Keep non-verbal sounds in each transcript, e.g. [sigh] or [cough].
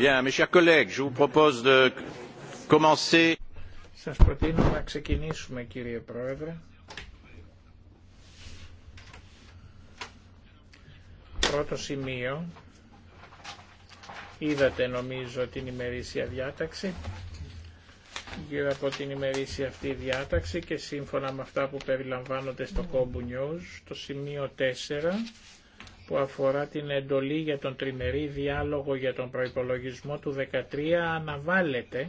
Bien, Σας προτείνω να ξεκινήσουμε κύριε Πρόεδρε. Πρώτο σημείο. Είδατε νομίζω την ημερήσια διάταξη. Γύρω από την ημερήσια αυτή διάταξη και σύμφωνα με αυτά που περιλαμβάνονται στο Κόμπου News, το σημείο 4 που αφορά την εντολή για τον τριμερή διάλογο για τον προϋπολογισμό του 13 αναβάλλεται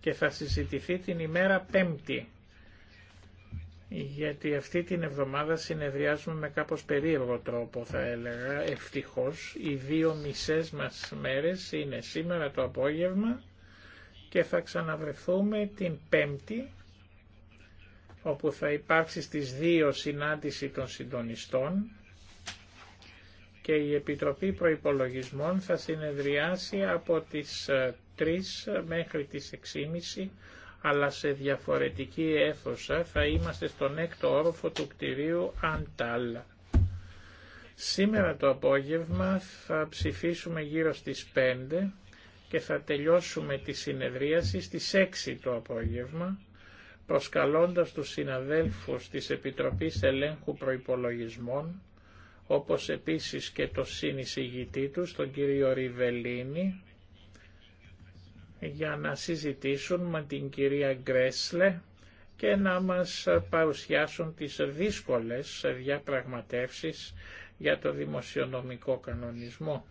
και θα συζητηθεί την ημέρα Πέμπτη. Γιατί αυτή την εβδομάδα συνεδριάζουμε με κάπως περίεργο τρόπο θα έλεγα, ευτυχώς. Οι δύο μισές μας μέρες είναι σήμερα το απόγευμα και θα ξαναβρεθούμε την Πέμπτη όπου θα υπάρξει στις δύο συνάντηση των συντονιστών και η Επιτροπή Προϋπολογισμών θα συνεδριάσει από τις 3 ε, μέχρι τις 6.30 αλλά σε διαφορετική αίθουσα θα είμαστε στον έκτο όροφο του κτηρίου Αντάλλα. Σήμερα το απόγευμα θα ψηφίσουμε γύρω στις 5 και θα τελειώσουμε τη συνεδρίαση στις 6 το απόγευμα προσκαλώντας τους συναδέλφους της Επιτροπής Ελέγχου Προϋπολογισμών όπως επίσης και το συνεισηγητή τους, τον κύριο Ριβελίνη, για να συζητήσουν με την κυρία Γκρέσλε και να μας παρουσιάσουν τις δύσκολες διαπραγματεύσεις για το δημοσιονομικό κανονισμό.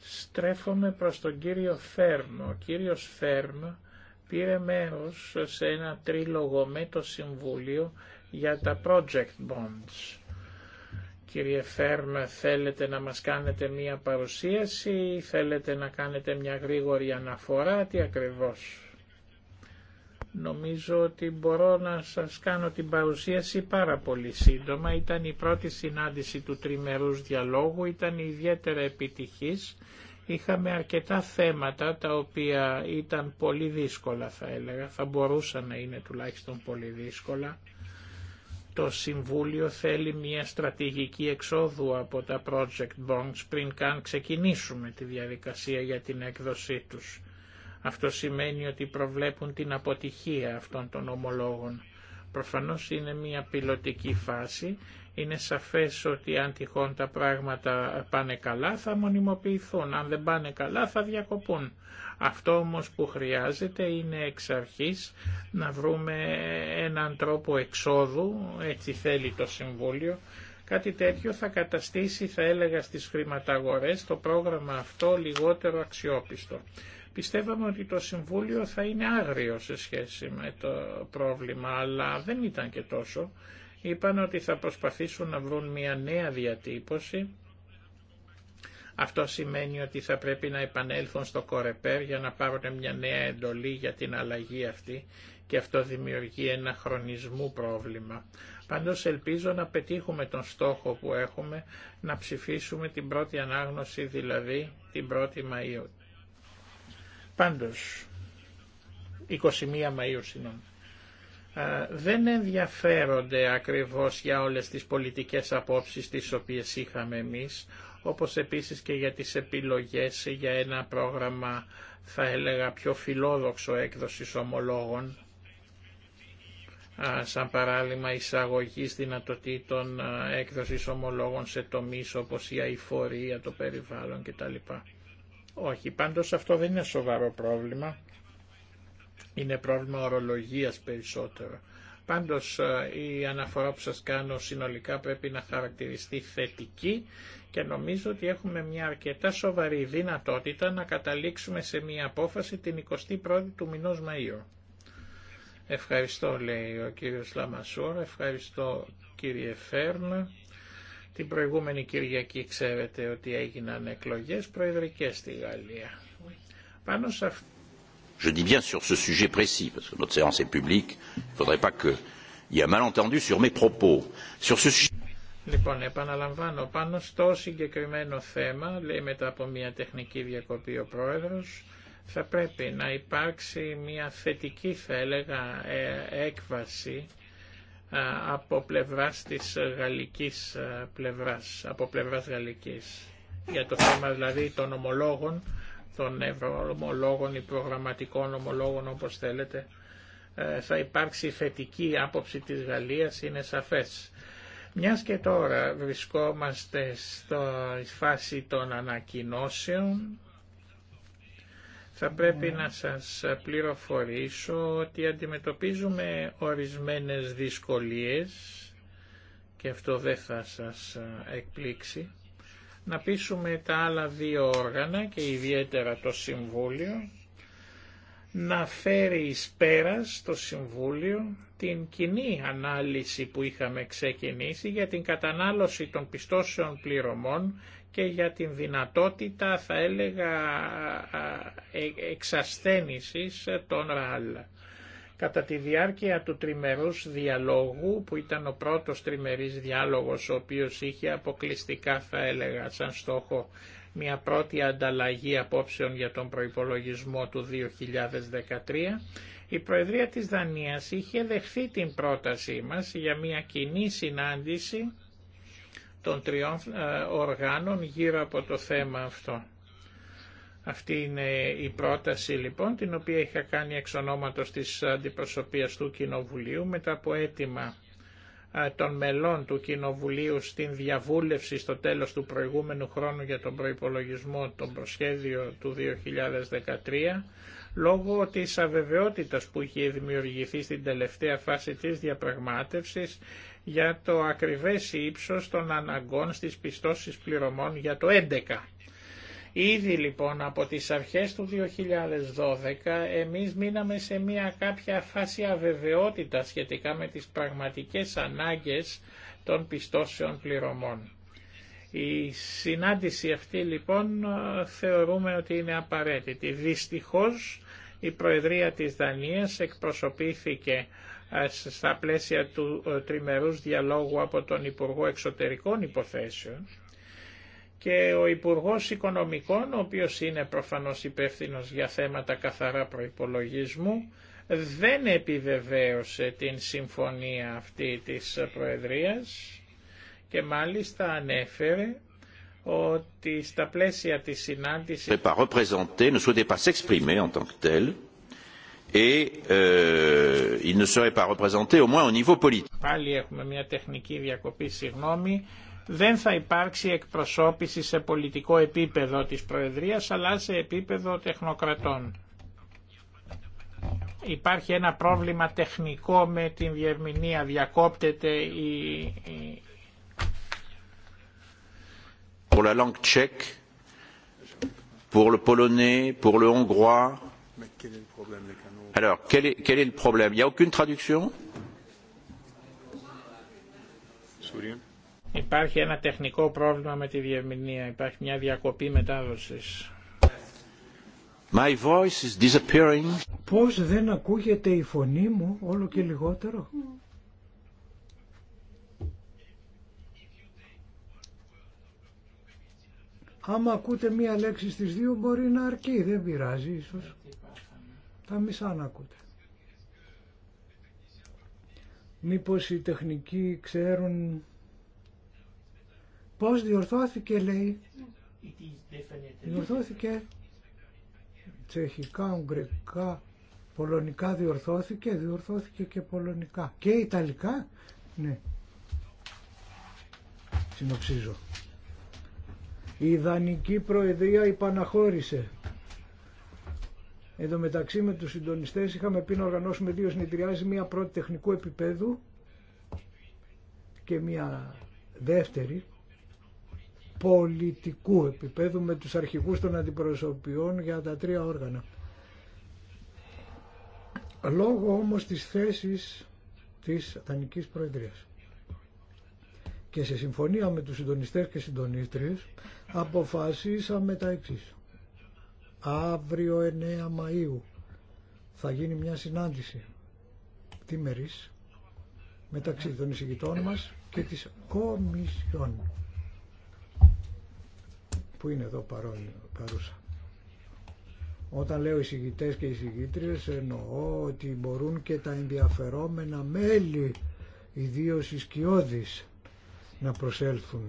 Στρέφομαι προς τον κύριο Φέρνο. Ο κύριος Φέρμ πήρε μέρος σε ένα τρίλογο με το Συμβούλιο για τα project bonds. Κύριε Φέρμα, θέλετε να μας κάνετε μία παρουσίαση ή θέλετε να κάνετε μια παρουσιαση θελετε να αναφορά, τι ακριβώς. Νομίζω ότι μπορώ να σας κάνω την παρουσίαση πάρα πολύ σύντομα. Ήταν η πρώτη συνάντηση του τριμερούς διαλόγου, ήταν ιδιαίτερα επιτυχής. Είχαμε αρκετά θέματα τα οποία ήταν πολύ δύσκολα θα έλεγα, θα μπορούσαν να είναι τουλάχιστον πολύ δύσκολα το Συμβούλιο θέλει μια στρατηγική εξόδου από τα project bonds πριν καν ξεκινήσουμε τη διαδικασία για την έκδοσή τους. Αυτό σημαίνει ότι προβλέπουν την αποτυχία αυτών των ομολόγων. Προφανώς είναι μια πιλωτική φάση. Είναι σαφές ότι αν τυχόν τα πράγματα πάνε καλά θα μονιμοποιηθούν. Αν δεν πάνε καλά θα διακοπούν. Αυτό όμως που χρειάζεται είναι εξ αρχής να βρούμε έναν τρόπο εξόδου, έτσι θέλει το Συμβούλιο, Κάτι τέτοιο θα καταστήσει, θα έλεγα, στις χρηματαγορές το πρόγραμμα αυτό λιγότερο αξιόπιστο. Πιστεύαμε ότι το Συμβούλιο θα είναι άγριο σε σχέση με το πρόβλημα, αλλά δεν ήταν και τόσο. Είπαν ότι θα προσπαθήσουν να βρουν μια νέα διατύπωση αυτό σημαίνει ότι θα πρέπει να επανέλθουν στο Κορεπέρ για να πάρουν μια νέα εντολή για την αλλαγή αυτή και αυτό δημιουργεί ένα χρονισμού πρόβλημα. Πάντως ελπίζω να πετύχουμε τον στόχο που έχουμε να ψηφίσουμε την πρώτη ανάγνωση, δηλαδή την 1η Μαΐου. Πάντως, 21 Μαΐου συγγνώμη. Δεν ενδιαφέρονται ακριβώς για όλες τις πολιτικές απόψεις τις οποίες είχαμε εμείς, όπως επίσης και για τις επιλογές για ένα πρόγραμμα θα έλεγα πιο φιλόδοξο έκδοσης ομολόγων, σαν παράδειγμα εισαγωγή δυνατοτήτων έκδοσης ομολόγων σε τομείς όπως η αηφορία, το περιβάλλον κτλ. Όχι, πάντως αυτό δεν είναι σοβαρό πρόβλημα, είναι πρόβλημα ορολογίας περισσότερο. Πάντως η αναφορά που σας κάνω συνολικά πρέπει να χαρακτηριστεί θετική και νομίζω ότι έχουμε μια αρκετά σοβαρή δυνατότητα να καταλήξουμε σε μια απόφαση την 21η του μηνός Μαΐου. Ευχαριστώ, λέει ο κύριος Λαμασούρ, ευχαριστώ κύριε Φέρνα. Την προηγούμενη Κυριακή ξέρετε ότι έγιναν εκλογές προεδρικές στη Γαλλία. Πάνω σε αυτό... Je dis bien sur ce sujet précis, parce que notre séance est publique, il faudrait pas y malentendu sur mes propos. Sur ce sujet... Λοιπόν, επαναλαμβάνω, πάνω στο συγκεκριμένο θέμα, λέει μετά από μια τεχνική διακοπή ο Πρόεδρος, θα πρέπει να υπάρξει μια θετική, θα έλεγα, ε, έκβαση από πλευράς της γαλλικής πλευράς, από πλευράς γαλλικής. Για το θέμα δηλαδή των ομολόγων, των ευρωομολόγων ή προγραμματικών ομολόγων όπως θέλετε, ε, θα υπάρξει θετική άποψη της Γαλλίας, είναι σαφές. Μιας και τώρα βρισκόμαστε στο φάση των ανακοινώσεων, θα πρέπει ναι. να σας πληροφορήσω ότι αντιμετωπίζουμε ορισμένες δυσκολίες και αυτό δεν θα σας εκπλήξει. Να πείσουμε τα άλλα δύο όργανα και ιδιαίτερα το Συμβούλιο να φέρει εις πέρας στο Συμβούλιο την κοινή ανάλυση που είχαμε ξεκινήσει για την κατανάλωση των πιστώσεων πληρωμών και για την δυνατότητα, θα έλεγα, ε, εξασθένησης των ΡΑΛ. Κατά τη διάρκεια του τριμερούς διαλόγου, που ήταν ο πρώτος τριμερής διάλογος, ο οποίος είχε αποκλειστικά, θα έλεγα, σαν στόχο μια πρώτη ανταλλαγή απόψεων για τον προϋπολογισμό του 2013, η Προεδρία της Δανίας είχε δεχθεί την πρότασή μας για μια κοινή συνάντηση των τριών ε, οργάνων γύρω από το θέμα αυτό. Αυτή είναι η πρόταση λοιπόν την οποία είχα κάνει εξ ονόματος της αντιπροσωπείας του Κοινοβουλίου μετά από αίτημα των μελών του Κοινοβουλίου στην διαβούλευση στο τέλος του προηγούμενου χρόνου για τον προϋπολογισμό, των προσχέδιο του 2013, λόγω της αβεβαιότητας που είχε δημιουργηθεί στην τελευταία φάση της διαπραγμάτευσης για το ακριβές ύψος των αναγκών στις πιστώσεις πληρωμών για το 2011. Ήδη λοιπόν από τις αρχές του 2012 εμείς μείναμε σε μια κάποια φάση αβεβαιότητα σχετικά με τις πραγματικές ανάγκες των πιστώσεων πληρωμών. Η συνάντηση αυτή λοιπόν θεωρούμε ότι είναι απαραίτητη. Δυστυχώς η Προεδρία της Δανίας εκπροσωπήθηκε στα πλαίσια του τριμερούς διαλόγου από τον Υπουργό Εξωτερικών Υποθέσεων και ο Υπουργός Οικονομικών, ο οποίος είναι προφανώς υπεύθυνος για θέματα καθαρά προϋπολογισμού, δεν επιβεβαίωσε την συμφωνία αυτή της Προεδρίας και μάλιστα ανέφερε ότι στα πλαίσια της συνάντησης δεν ne souhaitait pas s'exprimer en tant que tel et Πάλι έχουμε μια τεχνική διακοπή, συγγνώμη δεν θα υπάρξει εκπροσώπηση σε πολιτικό επίπεδο της Προεδρίας αλλά σε επίπεδο τεχνοκρατών. Υπάρχει ένα πρόβλημα τεχνικό με την διερμηνία, διακόπτεται η... Pour la langue tchèque, pour le polonais, pour le hongrois. Alors, quel est, quel est le problème Il n'y a aucune traduction Υπάρχει ένα τεχνικό πρόβλημα με τη διευμηνία. Υπάρχει μια διακοπή μετάδοσης. My voice is disappearing. Πώς δεν ακούγεται η φωνή μου όλο και λιγότερο. Άμα ακούτε μία λέξη στις δύο μπορεί να αρκεί, δεν πειράζει ίσως. Τα μισά να ακούτε. Μήπως οι τεχνικοί ξέρουν Πώς διορθώθηκε λέει. Διορθώθηκε τσεχικά, ουγγρικά, πολωνικά διορθώθηκε, διορθώθηκε και πολωνικά. Και ιταλικά, ναι. Συνοψίζω. Η ιδανική προεδρία υπαναχώρησε. Εδώ μεταξύ με τους συντονιστές είχαμε πει να οργανώσουμε δύο συνεδριάσεις, μία πρώτη τεχνικού επίπεδου και μία δεύτερη πολιτικού επίπεδου με τους αρχηγούς των αντιπροσωπιών για τα τρία όργανα. Λόγω όμως της θέσης της Δανικής Προεδρίας και σε συμφωνία με τους συντονιστές και συντονίστριες αποφασίσαμε τα εξή. Αύριο 9 Μαΐου θα γίνει μια συνάντηση τιμερής μεταξύ των εισηγητών μας και της Κομισιόν που είναι εδώ παρόν, παρούσα. Όταν λέω εισηγητές και εισηγήτριες εννοώ ότι μπορούν και τα ενδιαφερόμενα μέλη, ιδίως οι σκιώδεις, να προσέλθουν.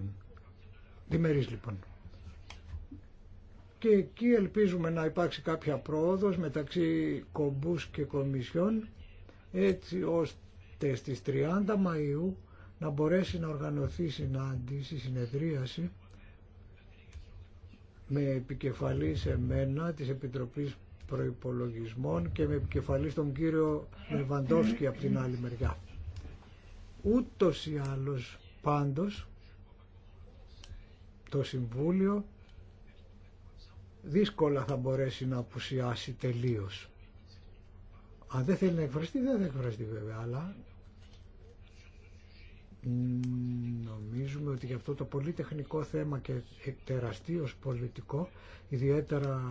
Δημερίς, λοιπόν. Και εκεί ελπίζουμε να υπάρξει κάποια πρόοδος μεταξύ κομπούς και κομισιών έτσι ώστε στις 30 Μαΐου να μπορέσει να οργανωθεί συνάντηση, συνεδρίαση με σε μένα, της Επιτροπής Προϋπολογισμών και με επικεφαλή τον κύριο Λεβαντόφσκι από την άλλη μεριά. Ούτως ή άλλως πάντως το Συμβούλιο δύσκολα θα μπορέσει να απουσιάσει τελείως. Αν δεν θέλει να εκφραστεί, δεν θα εκφραστεί βέβαια, αλλά Νομίζουμε ότι για αυτό το πολύ τεχνικό θέμα και τεραστίω πολιτικό, ιδιαίτερα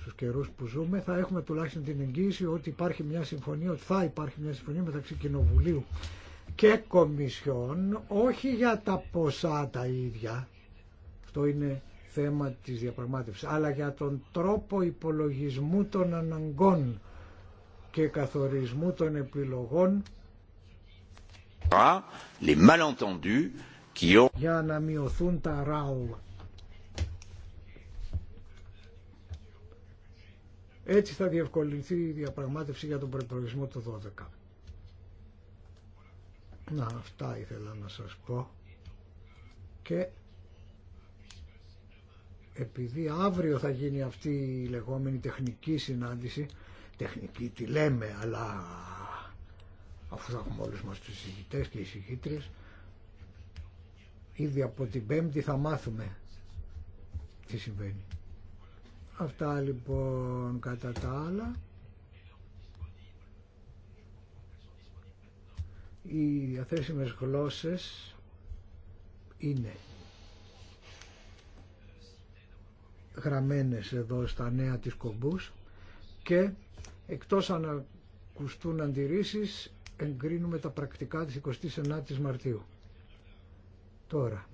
στους καιρούς που ζούμε, θα έχουμε τουλάχιστον την εγγύηση ότι υπάρχει μια συμφωνία, ότι θα υπάρχει μια συμφωνία μεταξύ Κοινοβουλίου και Κομισιών όχι για τα ποσά τα ίδια, αυτό είναι θέμα της διαπραγμάτευσης, αλλά για τον τρόπο υπολογισμού των αναγκών και καθορισμού των επιλογών για να μειωθούν τα ράου. Έτσι θα διευκολυνθεί η διαπραγμάτευση για τον προπολογισμό του 12. Να, αυτά ήθελα να σας πω. Και επειδή αύριο θα γίνει αυτή η λεγόμενη τεχνική συνάντηση, τεχνική τη λέμε, αλλά αφού έχουμε όλους μας τους συζητητές και συζητήτρες, ήδη από την Πέμπτη θα μάθουμε τι συμβαίνει. Αυτά λοιπόν κατά τα άλλα. Οι διαθέσιμες γλώσσες είναι γραμμένες εδώ στα νέα της κομπούς και εκτός αν ακουστούν αντιρρήσεις εγκρίνουμε τα πρακτικά της 29ης Μαρτίου. Τώρα.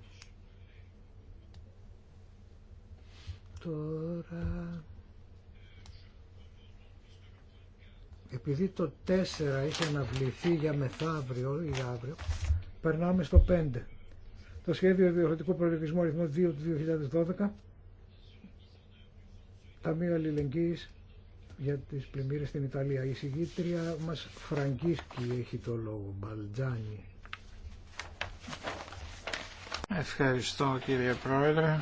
Τώρα... Επειδή το 4 έχει αναβληθεί για μεθαύριο ή για αύριο, περνάμε στο 5. Το σχέδιο διορθωτικού προλογισμού αριθμό 2 του 2012, Ταμείο Αλληλεγγύης για τις πλημμύρες στην Ιταλία. Η συγγήτρια μας Φραγκίσκη έχει το λόγο, Μπαλτζάνι. Ευχαριστώ κύριε Πρόεδρε.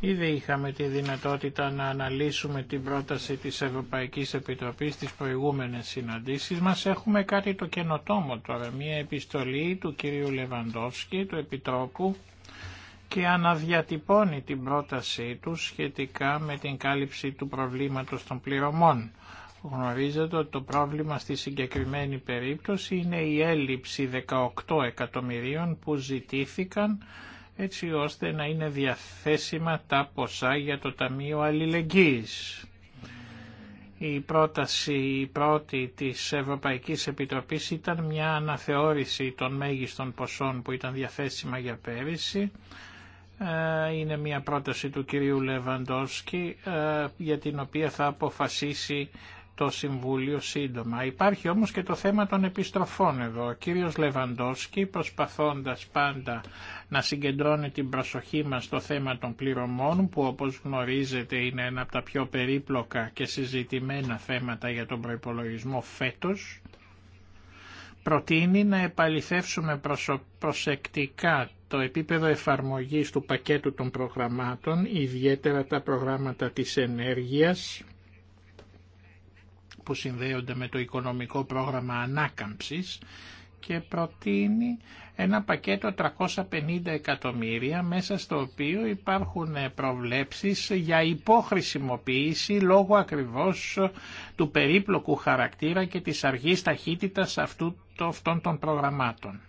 Ήδη είχαμε τη δυνατότητα να αναλύσουμε την πρόταση της Ευρωπαϊκής Επιτροπής στις προηγούμενες συναντήσεις μας. Έχουμε κάτι το καινοτόμο τώρα, μια επιστολή του κυρίου Λεβαντόφσκη, του Επιτρόπου, και αναδιατυπώνει την πρότασή του σχετικά με την κάλυψη του προβλήματος των πληρωμών. Γνωρίζετε ότι το πρόβλημα στη συγκεκριμένη περίπτωση είναι η έλλειψη 18 εκατομμυρίων που ζητήθηκαν έτσι ώστε να είναι διαθέσιμα τα ποσά για το Ταμείο Αλληλεγγύης. Η πρόταση η πρώτη της Ευρωπαϊκής Επιτροπής ήταν μια αναθεώρηση των μέγιστων ποσών που ήταν διαθέσιμα για πέρυσι ε, είναι μια πρόταση του κυρίου Λεβαντόσκη ε, για την οποία θα αποφασίσει το Συμβούλιο σύντομα. Υπάρχει όμως και το θέμα των επιστροφών εδώ. Ο κύριος Λεβαντοσκη προσπαθώντας πάντα να συγκεντρώνει την προσοχή μας στο θέμα των πληρωμών που όπως γνωρίζετε είναι ένα από τα πιο περίπλοκα και συζητημένα θέματα για τον προϋπολογισμό φέτος προτείνει να επαληθεύσουμε προσεκτικά το επίπεδο εφαρμογής του πακέτου των προγραμμάτων, ιδιαίτερα τα προγράμματα της ενέργειας που συνδέονται με το οικονομικό πρόγραμμα ανάκαμψης και προτείνει ένα πακέτο 350 εκατομμύρια μέσα στο οποίο υπάρχουν προβλέψεις για υποχρησιμοποίηση λόγω ακριβώς του περίπλοκου χαρακτήρα και της αργής ταχύτητας αυτού, αυτών των προγραμμάτων.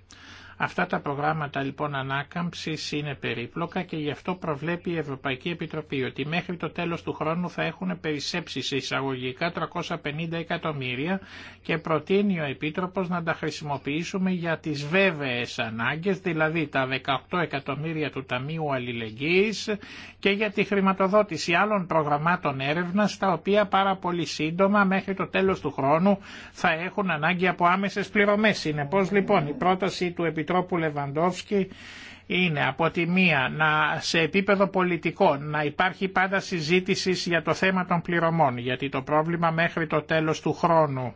Αυτά τα προγράμματα λοιπόν ανάκαμψης είναι περίπλοκα και γι' αυτό προβλέπει η Ευρωπαϊκή Επιτροπή ότι μέχρι το τέλος του χρόνου θα έχουν περισσέψει σε εισαγωγικά 350 εκατομμύρια και προτείνει ο Επίτροπος να τα χρησιμοποιήσουμε για τις βέβαιες ανάγκες, δηλαδή τα 18 εκατομμύρια του Ταμείου Αλληλεγγύης και για τη χρηματοδότηση άλλων προγραμμάτων έρευνας τα οποία πάρα πολύ σύντομα μέχρι το τέλος του χρόνου θα έχουν ανάγκη από άμεσες πληρωμές. Συνεπώς λοιπόν η πρόταση του Επιτροπή τρόπου Λεβαντόφσκι είναι από τη μία να, σε επίπεδο πολιτικό να υπάρχει πάντα συζήτηση για το θέμα των πληρωμών γιατί το πρόβλημα μέχρι το τέλος του χρόνου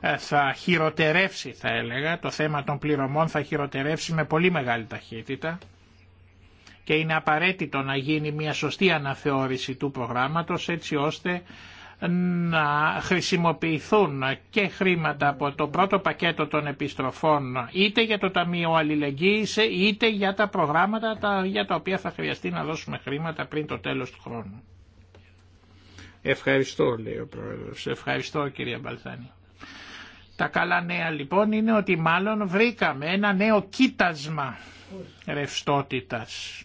ε, θα χειροτερεύσει θα έλεγα, το θέμα των πληρωμών θα χειροτερεύσει με πολύ μεγάλη ταχύτητα και είναι απαραίτητο να γίνει μια σωστή αναθεώρηση του προγράμματος έτσι ώστε να χρησιμοποιηθούν και χρήματα από το πρώτο πακέτο των επιστροφών είτε για το Ταμείο Αλληλεγγύης είτε για τα προγράμματα τα, για τα οποία θα χρειαστεί να δώσουμε χρήματα πριν το τέλος του χρόνου. Ευχαριστώ λέει ο Πρόεδρος. Ευχαριστώ κυρία Μπαλθάνη. Τα καλά νέα λοιπόν είναι ότι μάλλον βρήκαμε ένα νέο κοίτασμα ρευστότητας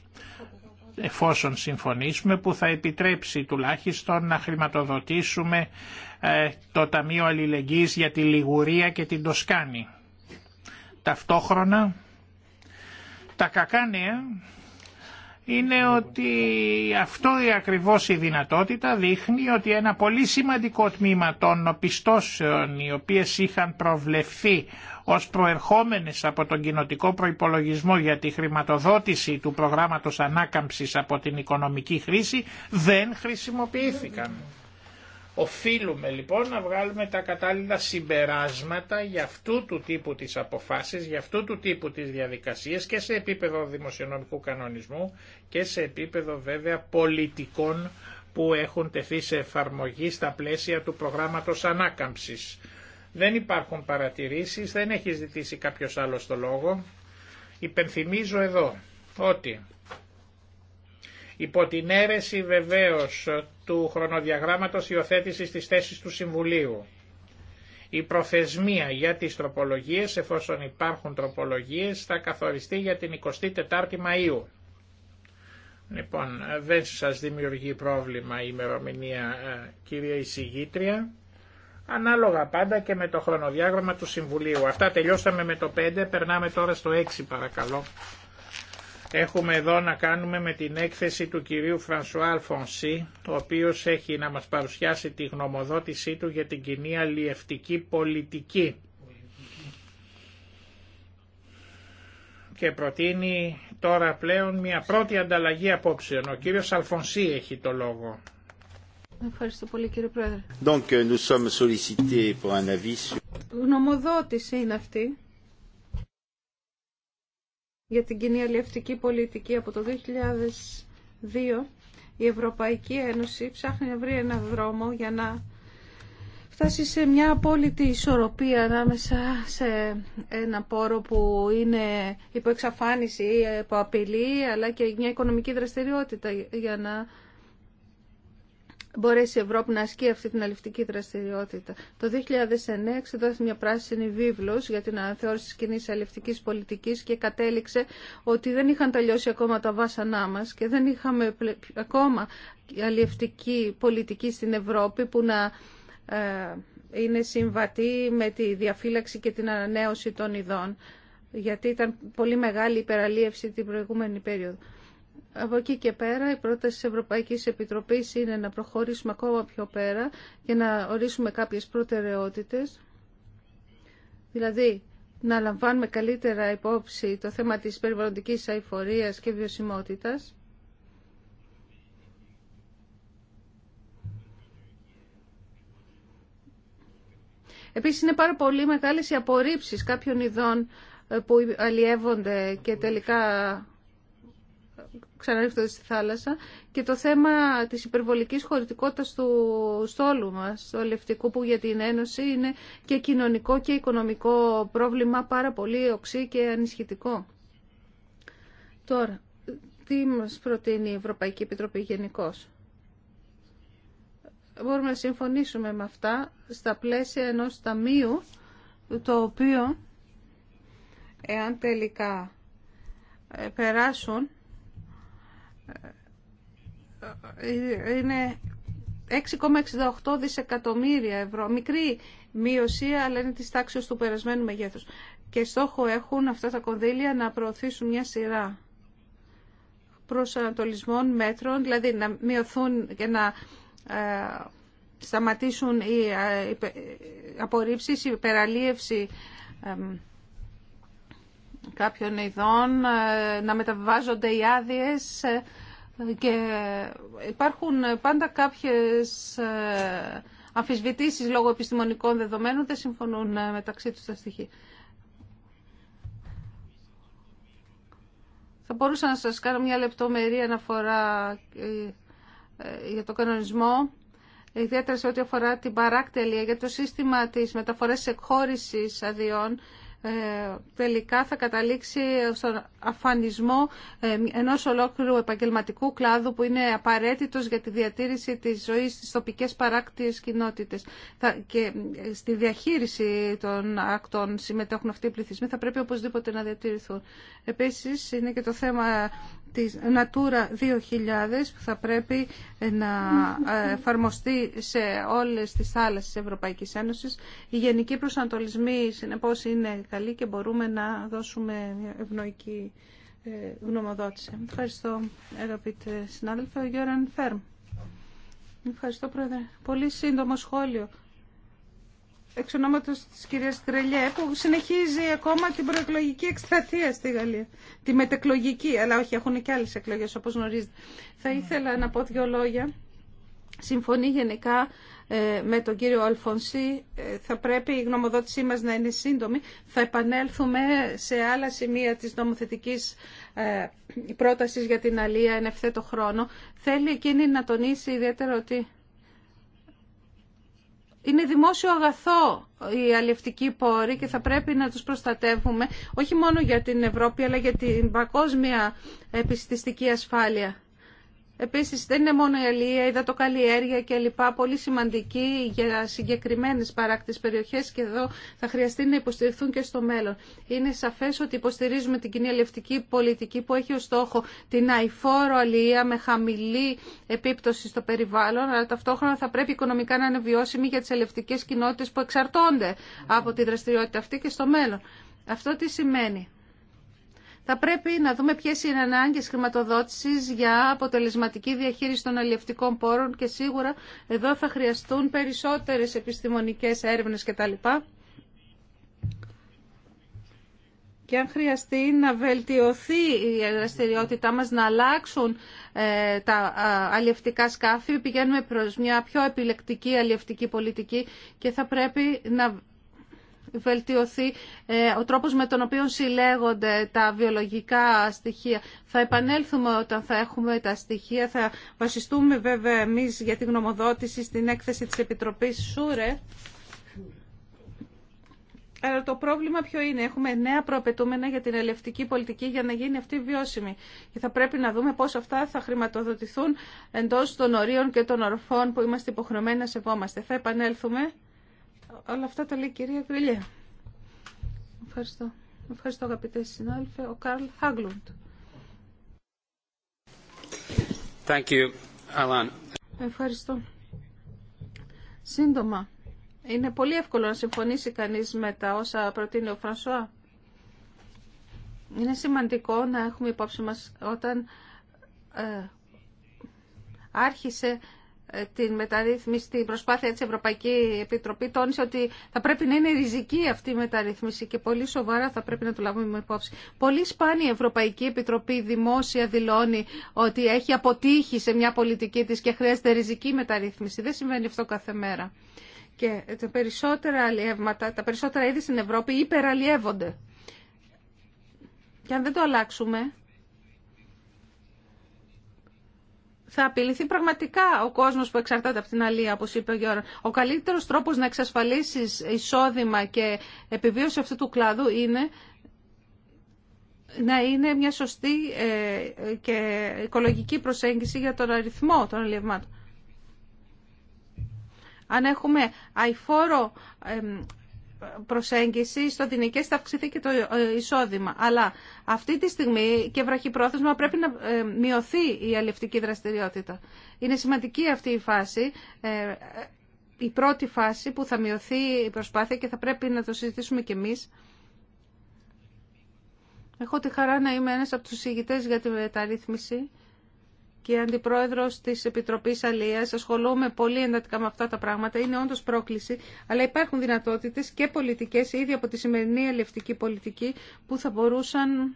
εφόσον συμφωνήσουμε, που θα επιτρέψει τουλάχιστον να χρηματοδοτήσουμε ε, το Ταμείο Αλληλεγγύης για τη Λιγουρία και την Τοσκάνη. Ταυτόχρονα, τα κακά είναι ότι αυτό η ακριβώς η δυνατότητα δείχνει ότι ένα πολύ σημαντικό τμήμα των πιστώσεων οι οποίες είχαν προβλεφθεί ως προερχόμενες από τον κοινοτικό προϋπολογισμό για τη χρηματοδότηση του προγράμματος ανάκαμψης από την οικονομική χρήση δεν χρησιμοποιήθηκαν. Οφείλουμε λοιπόν να βγάλουμε τα κατάλληλα συμπεράσματα για αυτού του τύπου τις αποφάσεις, για αυτού του τύπου τις διαδικασίας και σε επίπεδο δημοσιονομικού κανονισμού και σε επίπεδο βέβαια πολιτικών που έχουν τεθεί σε εφαρμογή στα πλαίσια του προγράμματος ανάκαμψης. Δεν υπάρχουν παρατηρήσεις, δεν έχει ζητήσει κάποιος άλλος το λόγο. Υπενθυμίζω εδώ ότι υπό την αίρεση βεβαίως του χρονοδιαγράμματος υιοθέτησης της θέσης του Συμβουλίου η προθεσμία για τις τροπολογίες, εφόσον υπάρχουν τροπολογίες, θα καθοριστεί για την 24η Μαΐου. Λοιπόν, δεν σας δημιουργεί πρόβλημα η ημερομηνία, ε, κυρία εισηγήτρια ανάλογα πάντα και με το χρονοδιάγραμμα του Συμβουλίου. Αυτά τελειώσαμε με το 5, περνάμε τώρα στο 6 παρακαλώ. Έχουμε εδώ να κάνουμε με την έκθεση του κυρίου Φρανσουά Αλφονσί, ο οποίος έχει να μας παρουσιάσει τη γνωμοδότησή του για την κοινή αλλιευτική πολιτική. Και προτείνει τώρα πλέον μια πρώτη ανταλλαγή απόψεων. Ο κύριος Αλφονσί έχει το λόγο. Ευχαριστώ πολύ κύριε Πρόεδρε. Donc, euh, nous sommes sollicités pour un avis. Γνωμοδότηση είναι αυτή για την κοινή αλληλευτική πολιτική από το 2002 η Ευρωπαϊκή Ένωση ψάχνει να βρει ένα δρόμο για να φτάσει σε μια απόλυτη ισορροπία ανάμεσα σε ένα πόρο που είναι υπό εξαφάνιση, υπό απειλή, αλλά και μια οικονομική δραστηριότητα για να μπορέσει η Ευρώπη να ασκεί αυτή την αληφτική δραστηριότητα. Το 2009 εξετάστηκε μια πράσινη βίβλος για την αναθεώρηση τη κοινή αληφτική πολιτική και κατέληξε ότι δεν είχαν τελειώσει ακόμα τα βάσανά μα και δεν είχαμε ακόμα αληφτική πολιτική στην Ευρώπη που να ε, είναι συμβατή με τη διαφύλαξη και την ανανέωση των ειδών γιατί ήταν πολύ μεγάλη υπεραλίευση την προηγούμενη περίοδο. Από εκεί και πέρα η πρόταση της Ευρωπαϊκής Επιτροπής είναι να προχωρήσουμε ακόμα πιο πέρα και να ορίσουμε κάποιες προτεραιότητες. Δηλαδή, να λαμβάνουμε καλύτερα υπόψη το θέμα της περιβαλλοντικής αηφορίας και βιωσιμότητας. Επίσης είναι πάρα πολύ μεγάλες οι απορρίψεις κάποιων ειδών ε, που αλλιεύονται και τελικά ξαναρίχτονται στη θάλασσα και το θέμα της υπερβολικής χωρητικότητας του στόλου μας, του αλευτικού που για την Ένωση είναι και κοινωνικό και οικονομικό πρόβλημα πάρα πολύ οξύ και ανισχυτικό. Τώρα, τι μας προτείνει η Ευρωπαϊκή Επιτροπή γενικώ. Μπορούμε να συμφωνήσουμε με αυτά στα πλαίσια ενός ταμείου το οποίο εάν τελικά ε, περάσουν είναι 6,68 δισεκατομμύρια ευρώ. Μικρή μείωση, αλλά είναι της τάξης του περασμένου μεγέθους. Και στόχο έχουν αυτά τα κονδύλια να προωθήσουν μια σειρά προσανατολισμών μέτρων, δηλαδή να μειωθούν και να ε, σταματήσουν οι ε, απορρίψεις, η υπεραλίευση κάποιων ειδών, ε, να μεταβάζονται οι άδειε ε, και υπάρχουν πάντα κάποιες ε, αμφισβητήσεις λόγω επιστημονικών δεδομένων, δεν συμφωνούν μεταξύ τους τα στοιχεία. Θα μπορούσα να σας κάνω μια λεπτομερή αναφορά για το κανονισμό, ιδιαίτερα σε ό,τι αφορά την παράκτελεια για το σύστημα της μεταφορές εκχώρησης αδειών ε, τελικά θα καταλήξει στον αφανισμό ε, ενός ολόκληρου επαγγελματικού κλάδου που είναι απαραίτητος για τη διατήρηση της ζωής στις τοπικές παράκτιες κοινότητες. Και ε, στη διαχείριση των ακτών συμμετέχουν αυτοί οι πληθυσμοί, θα πρέπει οπωσδήποτε να διατηρηθούν. Επίσης είναι και το θέμα της Natura 2000 που θα πρέπει ε, να ε, εφαρμοστεί σε όλες τις θάλασσες της Ευρωπαϊκής Ένωσης. Οι γενικοί προσανατολισμοί συνεπώς είναι καλοί και μπορούμε να δώσουμε ευνοϊκή ε, γνωμοδότηση. Ευχαριστώ αγαπητέ συνάδελφε, ο Γιώραν Φέρμ. Ευχαριστώ πρόεδρε. Πολύ σύντομο σχόλιο εξ ονόματος της κυρίας Τρελιέ που συνεχίζει ακόμα την προεκλογική εκστρατεία στη Γαλλία. Τη μετεκλογική, αλλά όχι έχουν και άλλες εκλογές όπως γνωρίζετε. Θα ναι. ήθελα να πω δύο λόγια. Συμφωνεί γενικά ε, με τον κύριο Αλφονσί. Ε, θα πρέπει η γνωμοδότησή μας να είναι σύντομη. Θα επανέλθουμε σε άλλα σημεία της νομοθετικής ε, πρότασης για την Αλία εν ευθέτω χρόνο. Θέλει εκείνη να τονίσει ιδιαίτερα ότι είναι δημόσιο αγαθό η αλληλευτικοί πόροι και θα πρέπει να τους προστατεύουμε όχι μόνο για την Ευρώπη αλλά για την παγκόσμια επιστηστική ασφάλεια. Επίσης δεν είναι μόνο η αλληλεία, η δατοκαλλιέργεια και λοιπά, πολύ σημαντική για συγκεκριμένες παράκτης περιοχές και εδώ θα χρειαστεί να υποστηριχθούν και στο μέλλον. Είναι σαφές ότι υποστηρίζουμε την κοινή αλληλευτική πολιτική που έχει ως στόχο την αηφόρο αλληλεία με χαμηλή επίπτωση στο περιβάλλον, αλλά ταυτόχρονα θα πρέπει οικονομικά να είναι βιώσιμη για τις αλληλευτικές κοινότητες που εξαρτώνται από τη δραστηριότητα αυτή και στο μέλλον. Αυτό τι σημαίνει. Θα πρέπει να δούμε ποιες είναι ανάγκες χρηματοδότησης για αποτελεσματική διαχείριση των αλλιευτικών πόρων και σίγουρα εδώ θα χρειαστούν περισσότερες επιστημονικές έρευνες κτλ. Και αν χρειαστεί να βελτιωθεί η δραστηριότητά μας, να αλλάξουν ε, τα αλλιευτικά σκάφη, πηγαίνουμε προς μια πιο επιλεκτική αλλιευτική πολιτική και θα πρέπει να βελτιωθεί ε, ο τρόπος με τον οποίο συλλέγονται τα βιολογικά στοιχεία. Θα επανέλθουμε όταν θα έχουμε τα στοιχεία. Θα βασιστούμε βέβαια εμείς για τη γνωμοδότηση στην έκθεση της Επιτροπής ΣΟΥΡΕ. Αλλά το πρόβλημα ποιο είναι. Έχουμε νέα προαπαιτούμενα για την ελευτική πολιτική για να γίνει αυτή βιώσιμη. Και θα πρέπει να δούμε πώς αυτά θα χρηματοδοτηθούν εντός των ορίων και των ορφών που είμαστε υποχρεωμένοι να σεβόμαστε. Θα επανέλθουμε Όλα αυτά τα λέει η κυρία Γκριλιέ. Ευχαριστώ. Ευχαριστώ αγαπητέ συνάδελφε. Ο Καρλ Χάγκλουντ. Ευχαριστώ. Σύντομα. Είναι πολύ εύκολο να συμφωνήσει κανείς με τα όσα προτείνει ο Φρανσουά. Είναι σημαντικό να έχουμε υπόψη μας όταν ε, άρχισε την μεταρρύθμιση, την προσπάθεια της Ευρωπαϊκή Επιτροπή τόνισε ότι θα πρέπει να είναι ριζική αυτή η μεταρρύθμιση και πολύ σοβαρά θα πρέπει να το λάβουμε υπόψη. Πολύ σπάνια η Ευρωπαϊκή Επιτροπή δημόσια δηλώνει ότι έχει αποτύχει σε μια πολιτική της και χρειάζεται ριζική μεταρρύθμιση. Δεν συμβαίνει αυτό κάθε μέρα. Και τα περισσότερα αλλιεύματα, τα περισσότερα είδη στην Ευρώπη υπεραλλιεύονται. Και αν δεν το αλλάξουμε, θα απειληθεί πραγματικά ο κόσμος που εξαρτάται από την αλία, όπως είπε ο Γιώργος. Ο καλύτερος τρόπος να εξασφαλίσεις εισόδημα και επιβίωση αυτού του κλάδου είναι να είναι μια σωστή ε, και οικολογική προσέγγιση για τον αριθμό των αλιευμάτων. Αν έχουμε αηφόρο προσέγγιση στο τεινικές θα αυξηθεί και το ε, εισόδημα. Αλλά αυτή τη στιγμή και βραχυπρόθεσμα πρέπει να ε, μειωθεί η αλληλευτική δραστηριότητα. Είναι σημαντική αυτή η φάση, ε, η πρώτη φάση που θα μειωθεί η προσπάθεια και θα πρέπει να το συζητήσουμε κι εμείς. Έχω τη χαρά να είμαι ένας από τους ηγητές για τη μεταρρύθμιση και αντιπρόεδρος της Επιτροπής Αλίας. Ασχολούμαι πολύ εντατικά με αυτά τα πράγματα. Είναι όντως πρόκληση, αλλά υπάρχουν δυνατότητες και πολιτικές, ήδη από τη σημερινή ελευτική πολιτική, που θα μπορούσαν,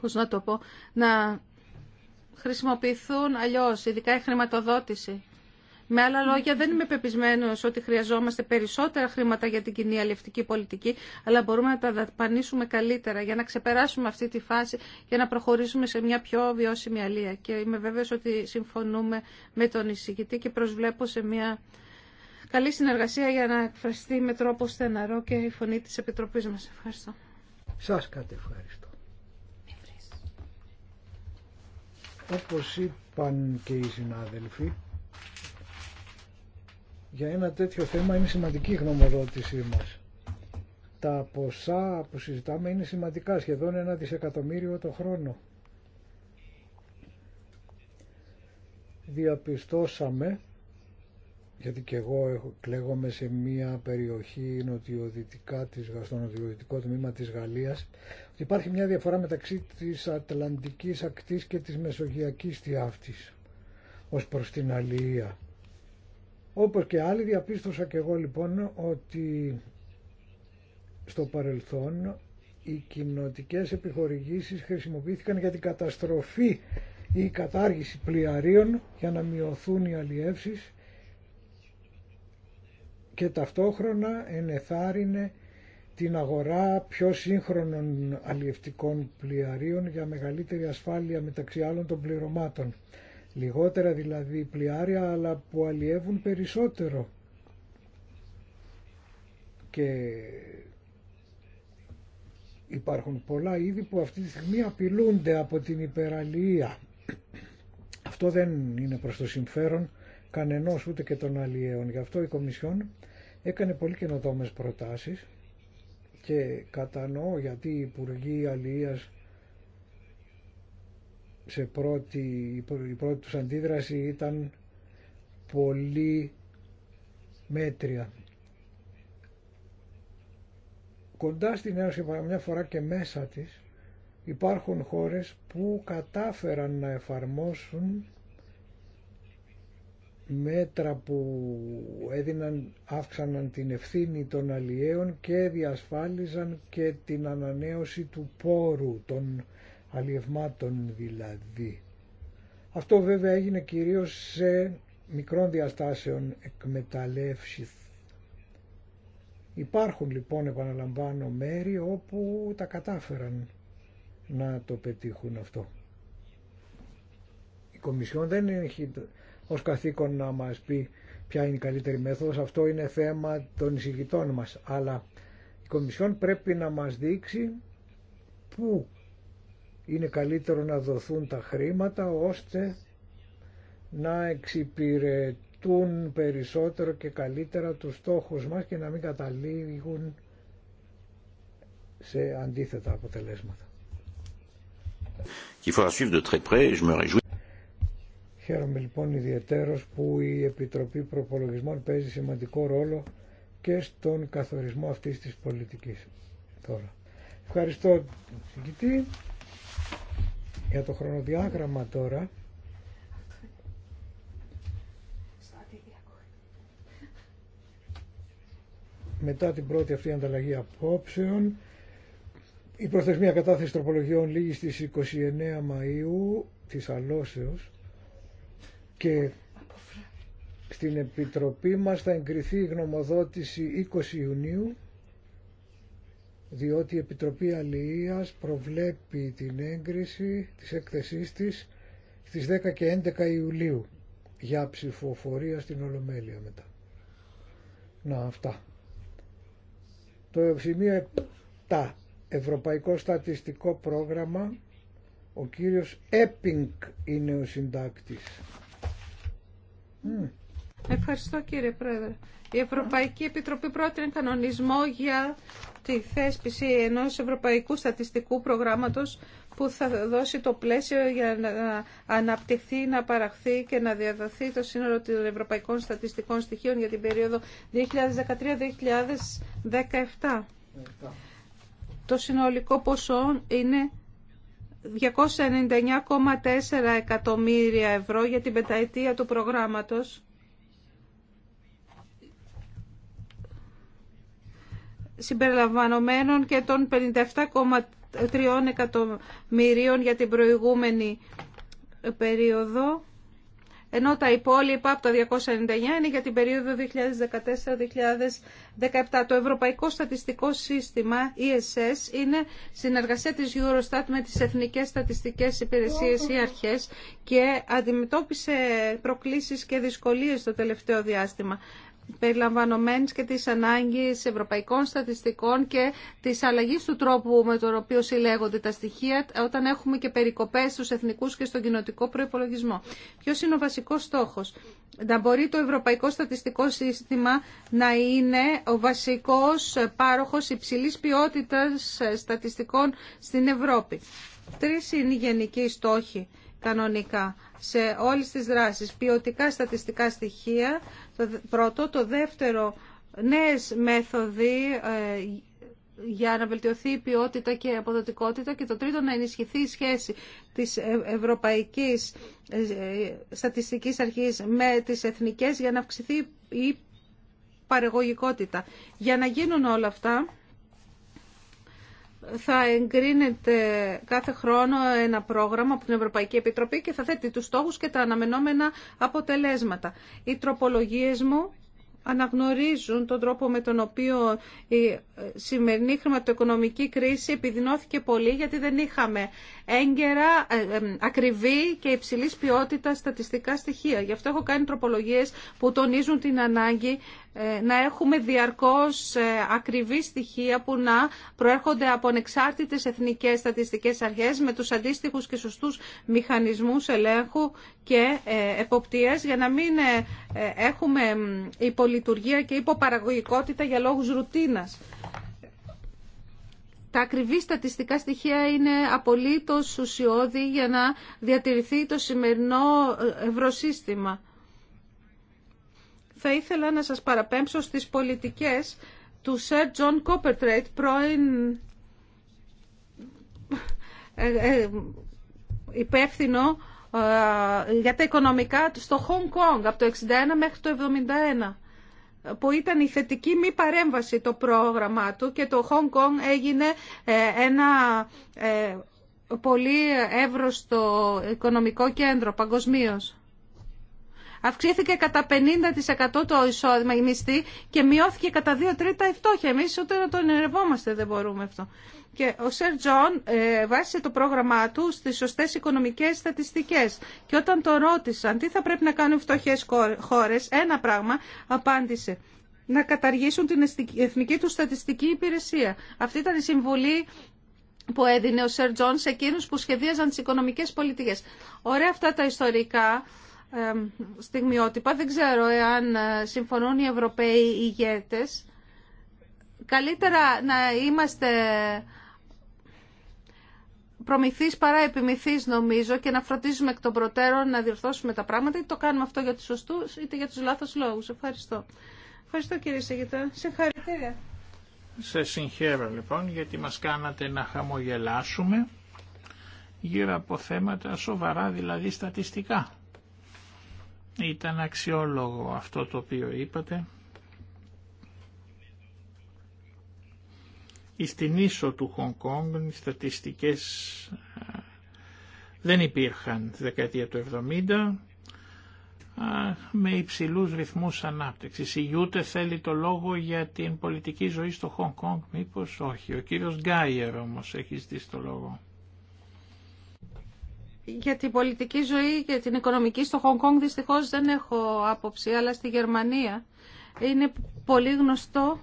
πώς να το πω, να χρησιμοποιηθούν αλλιώς, ειδικά η χρηματοδότηση. Με άλλα λόγια, δεν είμαι πεπισμένο ότι χρειαζόμαστε περισσότερα χρήματα για την κοινή αλληλευτική πολιτική, αλλά μπορούμε να τα δαπανίσουμε καλύτερα για να ξεπεράσουμε αυτή τη φάση και να προχωρήσουμε σε μια πιο βιώσιμη αλλήλεια. Και είμαι βέβαιο ότι συμφωνούμε με τον εισηγητή και προσβλέπω σε μια καλή συνεργασία για να εκφραστεί με τρόπο στεναρό και η φωνή τη Επιτροπή μα. Ευχαριστώ. Σα κάτι ευχαριστώ. Όπως είπαν και οι συνάδελφοι, για ένα τέτοιο θέμα είναι σημαντική η γνωμοδότησή μας. Τα ποσά που συζητάμε είναι σημαντικά, σχεδόν ένα δισεκατομμύριο το χρόνο. Διαπιστώσαμε, γιατί και εγώ κλαίγομαι σε μια περιοχή νοτιοδυτικά της, στο νοτιοδυτικό τμήμα της Γαλλίας, ότι υπάρχει μια διαφορά μεταξύ της Ατλαντικής ακτής και της Μεσογειακής Τιάφτης ως προς την αλληλεία. Όπως και άλλοι διαπίστωσα και εγώ λοιπόν ότι στο παρελθόν οι κοινοτικές επιχορηγήσεις χρησιμοποιήθηκαν για την καταστροφή ή η καταργηση πλοιαρίων για να μειωθούν οι αλλιεύσεις και ταυτόχρονα ενεθάρινε την αγορά πιο σύγχρονων αλλιευτικών πλοιαρίων για μεγαλύτερη ασφάλεια μεταξύ άλλων των πληρωμάτων λιγότερα δηλαδή πλοιάρια αλλά που αλλιεύουν περισσότερο και υπάρχουν πολλά είδη που αυτή τη στιγμή απειλούνται από την υπεραλία αυτό δεν είναι προς το συμφέρον κανενός ούτε και των αλλιέων γι' αυτό η Κομισιόν έκανε πολύ καινοτόμες προτάσεις και κατανοώ γιατί οι Υπουργοί Αλλιείας σε πρώτη, η πρώτη τους αντίδραση ήταν πολύ μέτρια. Κοντά στην Ένωση, μια φορά και μέσα της, υπάρχουν χώρες που κατάφεραν να εφαρμόσουν μέτρα που έδιναν, αύξαναν την ευθύνη των αλλιέων και διασφάλιζαν και την ανανέωση του πόρου των αλλιευμάτων δηλαδή. Αυτό βέβαια έγινε κυρίως σε μικρών διαστάσεων εκμεταλλεύσει. Υπάρχουν λοιπόν επαναλαμβάνω μέρη όπου τα κατάφεραν να το πετύχουν αυτό. Η Κομισιόν δεν έχει ως καθήκον να μας πει ποια είναι η καλύτερη μέθοδος, αυτό είναι θέμα των εισηγητών μας, αλλά η Κομισιόν πρέπει να μας δείξει πού είναι καλύτερο να δοθούν τα χρήματα ώστε να εξυπηρετούν περισσότερο και καλύτερα τους στόχους μας και να μην καταλήγουν σε αντίθετα αποτελέσματα. Χαίρομαι λοιπόν ιδιαίτερος που η Επιτροπή Προπολογισμών παίζει σημαντικό ρόλο και στον καθορισμό αυτής της πολιτικής. Τώρα. Ευχαριστώ, συγκητή. Για το χρονοδιάγραμμα τώρα, μετά την πρώτη αυτή ανταλλαγή απόψεων, η προθεσμία κατάθεση τροπολογιών λήγει στις 29 Μαΐου της Αλώσεως και στην Επιτροπή μας θα εγκριθεί η γνωμοδότηση 20 Ιουνίου διότι η Επιτροπή Αλληλείας προβλέπει την έγκριση της έκθεσής της στις 10 και 11 Ιουλίου για ψηφοφορία στην Ολομέλεια μετά. Να αυτά. Το σημείο 7. Ευρωπαϊκό Στατιστικό Πρόγραμμα. Ο κύριος Έπινγκ είναι ο συντάκτης. Ευχαριστώ κύριε Πρόεδρε. Η Ευρωπαϊκή Επιτροπή πρότεινε κανονισμό για τη θέσπιση ενός ευρωπαϊκού στατιστικού προγράμματος που θα δώσει το πλαίσιο για να αναπτυχθεί, να παραχθεί και να διαδοθεί το σύνολο των ευρωπαϊκών στατιστικών στοιχείων για την περίοδο 2013-2017. Το συνολικό ποσό είναι 299,4 εκατομμύρια ευρώ για την πενταετία του προγράμματος συμπεριλαμβανομένων και των 57,3 εκατομμυρίων για την προηγούμενη περίοδο, ενώ τα υπόλοιπα από τα 299 είναι για την περίοδο 2014-2017. Το Ευρωπαϊκό Στατιστικό Σύστημα, ESS, είναι συνεργασία της Eurostat με τις Εθνικές Στατιστικές Υπηρεσίες ή Αρχές και αντιμετώπισε προκλήσεις και δυσκολίες το τελευταίο διάστημα περιλαμβανομένης και της ανάγκης ευρωπαϊκών στατιστικών και της αλλαγής του τρόπου με τον οποίο συλλέγονται τα στοιχεία όταν έχουμε και περικοπές στους εθνικούς και στον κοινοτικό προϋπολογισμό. Ποιος είναι ο βασικός στόχος. Να μπορεί το Ευρωπαϊκό Στατιστικό Σύστημα να είναι ο βασικός πάροχος υψηλής ποιότητας στατιστικών στην Ευρώπη. Τρεις είναι οι γενικοί στόχοι κανονικά σε όλες τις δράσεις. Ποιοτικά στατιστικά στοιχεία, το πρώτο. Το δεύτερο, νέες μέθοδοι ε, για να βελτιωθεί η ποιότητα και η αποδοτικότητα και το τρίτο να ενισχυθεί η σχέση της ε, Ευρωπαϊκής ε, Στατιστικής Αρχής με τις εθνικές για να αυξηθεί η παρεγωγικότητα. Για να γίνουν όλα αυτά θα εγκρίνεται κάθε χρόνο ένα πρόγραμμα από την Ευρωπαϊκή Επιτροπή και θα θέτει τους στόχους και τα αναμενόμενα αποτελέσματα. Οι τροπολογίες μου αναγνωρίζουν τον τρόπο με τον οποίο η σημερινή χρηματοοικονομική κρίση επιδεινώθηκε πολύ γιατί δεν είχαμε έγκαιρα, ε, ε, ακριβή και υψηλής ποιότητα στατιστικά στοιχεία. Γι' αυτό έχω κάνει τροπολογίες που τονίζουν την ανάγκη ε, να έχουμε διαρκώς ε, ακριβή στοιχεία που να προέρχονται από ανεξάρτητες εθνικές στατιστικές αρχές με τους αντίστοιχους και σωστούς μηχανισμούς ελέγχου και ε, εποπτείας για να μην έχουμε υπολειτουργία και υποπαραγωγικότητα για λόγους ρουτίνας. Τα ακριβή στατιστικά στοιχεία είναι απολύτως ουσιώδη για να διατηρηθεί το σημερινό ευρωσύστημα θα ήθελα να σας παραπέμψω στις πολιτικές του Sir John Κόπερτρέιτ, πρώην ε, ε, υπεύθυνο ε, για τα οικονομικά στο Hong Kong από το 61 μέχρι το 71 που ήταν η θετική μη παρέμβαση το πρόγραμμά του και το Hong Kong έγινε ένα πολύ εύρωστο οικονομικό κέντρο παγκοσμίως. Αυξήθηκε κατά 50% το εισόδημα, η μισθή και μειώθηκε κατά 2 τρίτα η φτώχεια. εμεί, ούτε να το ενερευόμαστε δεν μπορούμε αυτό. Και ο Σερ Τζον ε, βάσισε το πρόγραμμά του στι σωστέ οικονομικέ στατιστικέ. Και όταν το ρώτησαν τι θα πρέπει να κάνουν φτωχέ χώρε, ένα πράγμα απάντησε να καταργήσουν την εθνική του στατιστική υπηρεσία. Αυτή ήταν η συμβουλή που έδινε ο Σερ Τζον σε εκείνου που σχεδίαζαν τι οικονομικέ πολιτικέ. Ωραία αυτά τα ιστορικά στιγμιότυπα. Δεν ξέρω εάν ε, συμφωνούν οι Ευρωπαίοι ηγέτες. Καλύτερα να είμαστε προμηθείς παρά επιμηθείς νομίζω και να φροντίζουμε εκ των προτέρων να διορθώσουμε τα πράγματα είτε το κάνουμε αυτό για τους σωστούς είτε για τους λάθος λόγους. Ευχαριστώ. Ευχαριστώ κύριε Σεγητά. Συγχαρητήρια. Σε συγχαίρω λοιπόν γιατί μας κάνατε να χαμογελάσουμε γύρω από θέματα σοβαρά δηλαδή στατιστικά. Ήταν αξιόλογο αυτό το οποίο είπατε. Στην ίσο του Χονγκ Κόγκ οι στατιστικές ε, δεν υπήρχαν τη δεκαετία του 70 με υψηλούς ρυθμούς ανάπτυξης. Η Γιούτε θέλει το λόγο για την πολιτική ζωή στο Χονγκ Κόγκ, μήπως όχι. Ο κύριος Γκάιερ όμως έχει ζητήσει το λόγο για την πολιτική ζωή και την οικονομική στο Χονγκ Κόνγκ δυστυχώς δεν έχω άποψη, αλλά στη Γερμανία είναι πολύ γνωστό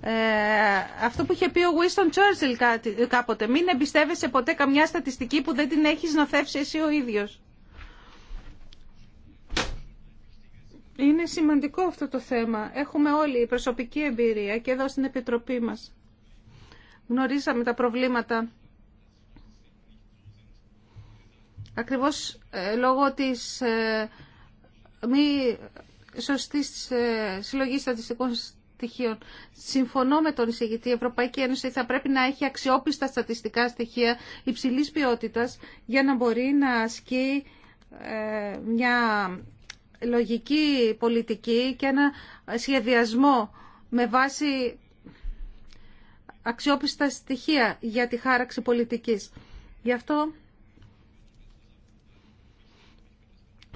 ε, αυτό που είχε πει ο Winston Churchill κάποτε. Μην εμπιστεύεσαι ποτέ καμιά στατιστική που δεν την έχεις να θεύσει εσύ ο ίδιος. Είναι σημαντικό αυτό το θέμα. Έχουμε όλοι η προσωπική εμπειρία και εδώ στην Επιτροπή μας. Γνωρίσαμε τα προβλήματα ακριβώς ε, λόγω της ε, μη σωστής ε, συλλογής στατιστικών στοιχείων. Συμφωνώ με τον εισηγητή. Η Ευρωπαϊκή Ένωση θα πρέπει να έχει αξιόπιστα στατιστικά στοιχεία υψηλής ποιότητας για να μπορεί να ασκεί μια λογική πολιτική και ένα σχεδιασμό με βάση αξιόπιστα στοιχεία για τη χάραξη πολιτικής. Γι' αυτό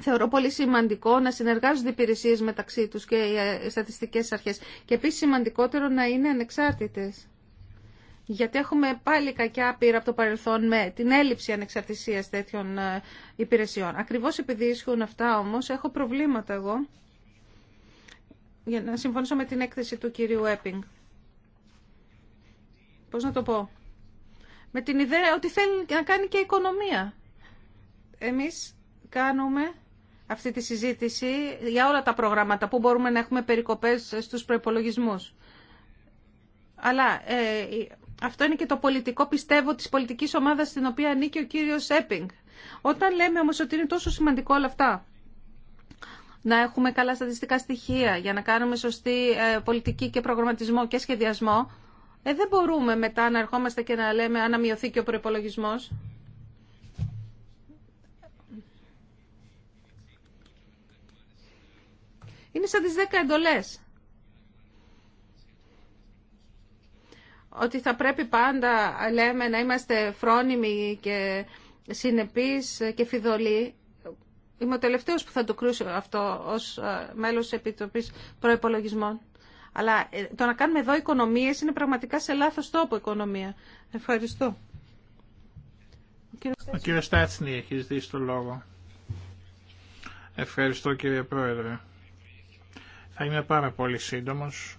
Θεωρώ πολύ σημαντικό να συνεργάζονται οι υπηρεσίες μεταξύ τους και ε, οι στατιστικές αρχές. Και επίσης σημαντικότερο να είναι ανεξάρτητες. Γιατί έχουμε πάλι κακιά πείρα από το παρελθόν με την έλλειψη ανεξαρτησίας τέτοιων ε, υπηρεσιών. Ακριβώς επειδή ισχύουν αυτά όμως, έχω προβλήματα εγώ. Για να συμφωνήσω με την έκθεση του κυρίου Έπινγκ. Πώς να το πω. Με την ιδέα ότι θέλει να κάνει και οικονομία. Εμείς κάνουμε αυτή τη συζήτηση για όλα τα προγράμματα που μπορούμε να έχουμε περικοπές στους προπολογισμού. Αλλά ε, αυτό είναι και το πολιτικό πιστεύω της πολιτικής ομάδας στην οποία ανήκει ο κύριος Έπινγκ. Όταν λέμε όμως ότι είναι τόσο σημαντικό όλα αυτά, να έχουμε καλά στατιστικά στοιχεία για να κάνουμε σωστή ε, πολιτική και προγραμματισμό και σχεδιασμό, ε, δεν μπορούμε μετά να ερχόμαστε και να λέμε αν μειωθεί και ο προπολογισμό. Είναι σαν τις 10 εντολές. Ότι θα πρέπει πάντα, λέμε, να είμαστε φρόνιμοι και συνεπείς και φιδωλοί. Είμαι ο τελευταίος που θα το κρούσω αυτό ως ε, μέλος Επιτροπής Προϋπολογισμών. Αλλά ε, το να κάνουμε εδώ οικονομίες είναι πραγματικά σε λάθος τόπο οικονομία. Ευχαριστώ. Ο κύριος Στάτσνη έχει ζητήσει το λόγο. Ευχαριστώ κύριε Πρόεδρε. Θα είμαι πάρα πολύ σύντομος.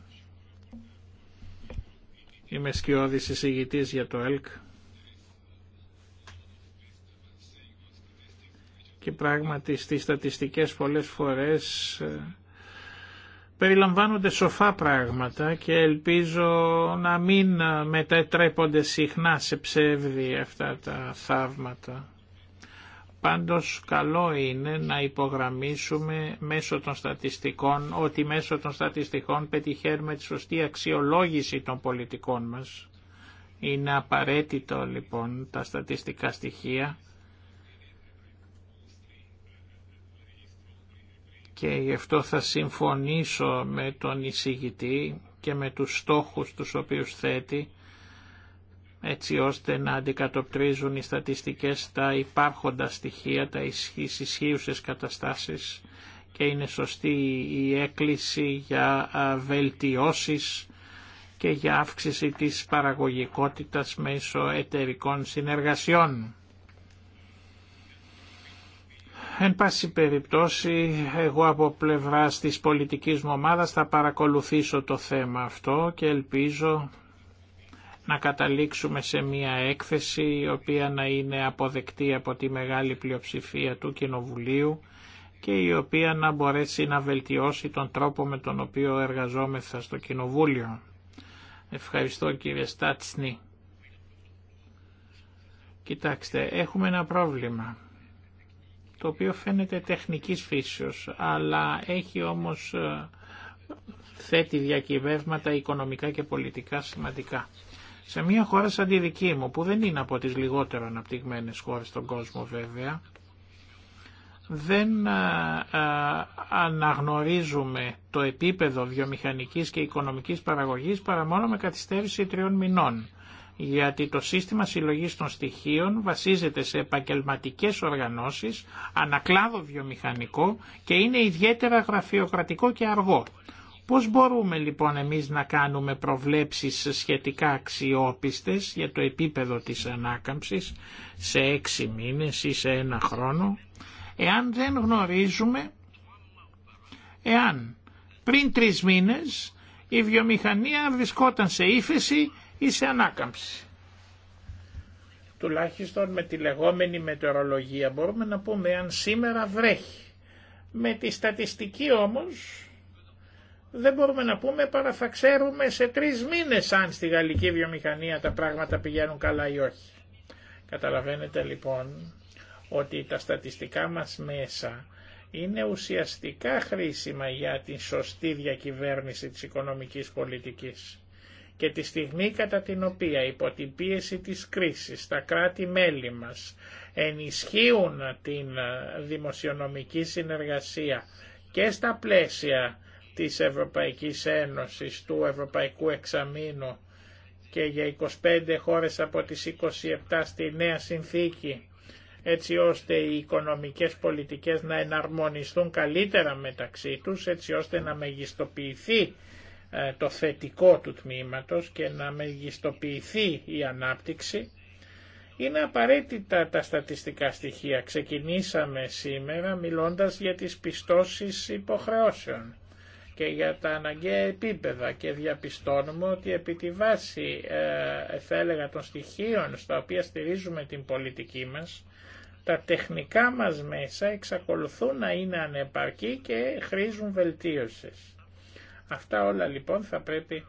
Είμαι σκιώδης εισηγητής για το ΕΛΚ. Και πράγματι στις στατιστικές πολλές φορές ε, περιλαμβάνονται σοφά πράγματα και ελπίζω να μην ε, μετατρέπονται συχνά σε ψεύδι αυτά τα θαύματα. Πάντως καλό είναι να υπογραμμίσουμε μέσω των στατιστικών ότι μέσω των στατιστικών πετυχαίνουμε τη σωστή αξιολόγηση των πολιτικών μας. Είναι απαραίτητο λοιπόν τα στατιστικά στοιχεία και γι' αυτό θα συμφωνήσω με τον εισηγητή και με τους στόχους τους οποίους θέτει έτσι ώστε να αντικατοπτρίζουν οι στατιστικές τα υπάρχοντα στοιχεία, τα ισχύουσες καταστάσεις και είναι σωστή η έκκληση για βελτιώσεις και για αύξηση της παραγωγικότητας μέσω εταιρικών συνεργασιών. Εν πάση περιπτώσει, εγώ από πλευράς της πολιτικής μου ομάδας θα παρακολουθήσω το θέμα αυτό και ελπίζω να καταλήξουμε σε μια έκθεση η οποία να είναι αποδεκτή από τη μεγάλη πλειοψηφία του Κοινοβουλίου και η οποία να μπορέσει να βελτιώσει τον τρόπο με τον οποίο εργαζόμεθα στο Κοινοβούλιο. Ευχαριστώ κύριε Στάτσνη. Κοιτάξτε, έχουμε ένα πρόβλημα το οποίο φαίνεται τεχνικής φύσεως, αλλά έχει όμως ε, θέτει διακυβεύματα οικονομικά και πολιτικά σημαντικά. Σε μια χώρα σαν τη δική μου, που δεν είναι από τις λιγότερο αναπτυγμένες χώρες στον κόσμο βέβαια, δεν αναγνωρίζουμε το επίπεδο βιομηχανικής και οικονομικής παραγωγής παρά μόνο με καθυστέρηση τριών μηνών, γιατί το σύστημα συλλογής των στοιχείων βασίζεται σε επαγγελματικές οργανώσεις, ανακλάδο βιομηχανικό και είναι ιδιαίτερα γραφειοκρατικό και αργό. Πώς μπορούμε λοιπόν εμείς να κάνουμε προβλέψεις σχετικά αξιόπιστες για το επίπεδο της ανάκαμψης σε έξι μήνες ή σε ένα χρόνο, εάν δεν γνωρίζουμε, εάν πριν τρεις μήνες η βιομηχανία βρισκόταν σε ύφεση ή σε ανάκαμψη. Τουλάχιστον με τη λεγόμενη μετεωρολογία μπορούμε να πούμε αν σήμερα βρέχει. Με τη στατιστική όμως δεν μπορούμε να πούμε παρά θα ξέρουμε σε τρεις μήνες αν στη γαλλική βιομηχανία τα πράγματα πηγαίνουν καλά ή όχι. Καταλαβαίνετε λοιπόν ότι τα στατιστικά μας μέσα είναι ουσιαστικά χρήσιμα για την σωστή διακυβέρνηση της οικονομικής πολιτικής και τη στιγμή κατά την οποία υπό την πίεση της κρίσης τα κράτη-μέλη μας ενισχύουν την δημοσιονομική συνεργασία και στα πλαίσια της Ευρωπαϊκής Ένωσης, του Ευρωπαϊκού Εξαμήνου και για 25 χώρες από τις 27 στη Νέα Συνθήκη, έτσι ώστε οι οικονομικές πολιτικές να εναρμονιστούν καλύτερα μεταξύ τους, έτσι ώστε να μεγιστοποιηθεί ε, το θετικό του τμήματος και να μεγιστοποιηθεί η ανάπτυξη, είναι απαραίτητα τα στατιστικά στοιχεία. Ξεκινήσαμε σήμερα μιλώντας για τις πιστώσεις υποχρεώσεων και για τα αναγκαία επίπεδα και διαπιστώνουμε ότι επί τη βάση ε, θα έλεγα των στοιχείων στα οποία στηρίζουμε την πολιτική μας τα τεχνικά μας μέσα εξακολουθούν να είναι ανεπαρκή και χρήζουν βελτίωσης. Αυτά όλα λοιπόν θα πρέπει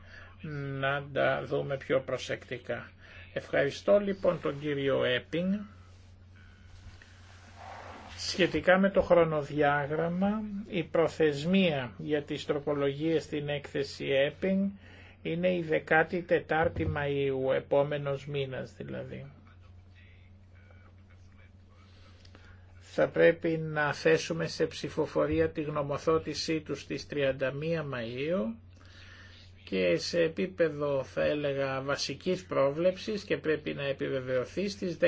να τα δούμε πιο προσεκτικά. Ευχαριστώ λοιπόν τον κύριο Έπινγκ Σχετικά με το χρονοδιάγραμμα, η προθεσμία για τις τροπολογίες στην έκθεση ΕΠΕΝ είναι η 14η Μαΐου, επόμενος μήνας δηλαδή. Θα πρέπει να θέσουμε σε ψηφοφορία τη γνωμοθότησή του στις 31 Μαΐου και σε επίπεδο θα έλεγα βασικής πρόβλεψης και πρέπει να επιβεβαιωθεί στις 18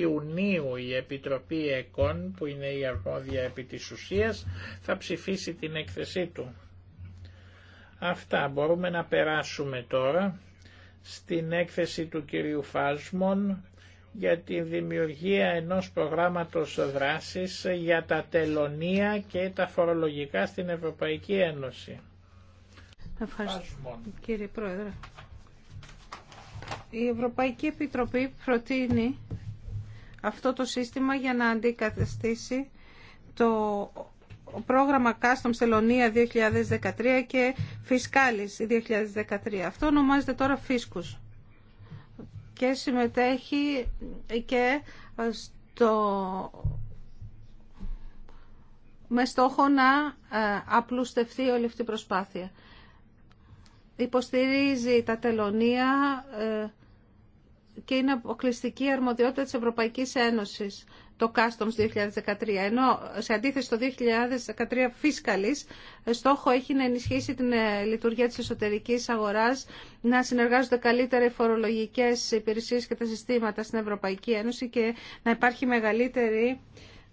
Ιουνίου η Επιτροπή ΕΚΟΝ που είναι η αρμόδια επί της ουσίας θα ψηφίσει την έκθεσή του. Αυτά μπορούμε να περάσουμε τώρα στην έκθεση του κυρίου Φάσμον για τη δημιουργία ενός προγράμματος δράσης για τα τελωνία και τα φορολογικά στην Ευρωπαϊκή Ένωση κύριε Πρόεδρε. Η Ευρωπαϊκή Επιτροπή προτείνει αυτό το σύστημα για να αντικαταστήσει το πρόγραμμα Customs Τελωνία 2013 και Fiscalis 2013. Αυτό ονομάζεται τώρα Fiscus και συμμετέχει και στο με στόχο να ε, απλουστευτεί όλη αυτή η προσπάθεια υποστηρίζει τα τελωνία ε, και είναι αποκλειστική αρμοδιότητα της Ευρωπαϊκής Ένωσης το Customs 2013, ενώ σε αντίθεση το 2013 Fiscalis ε, στόχο έχει να ενισχύσει την ε, λειτουργία της εσωτερικής αγοράς, να συνεργάζονται καλύτερα οι φορολογικές υπηρεσίες και τα συστήματα στην Ευρωπαϊκή Ένωση και να υπάρχει μεγαλύτερη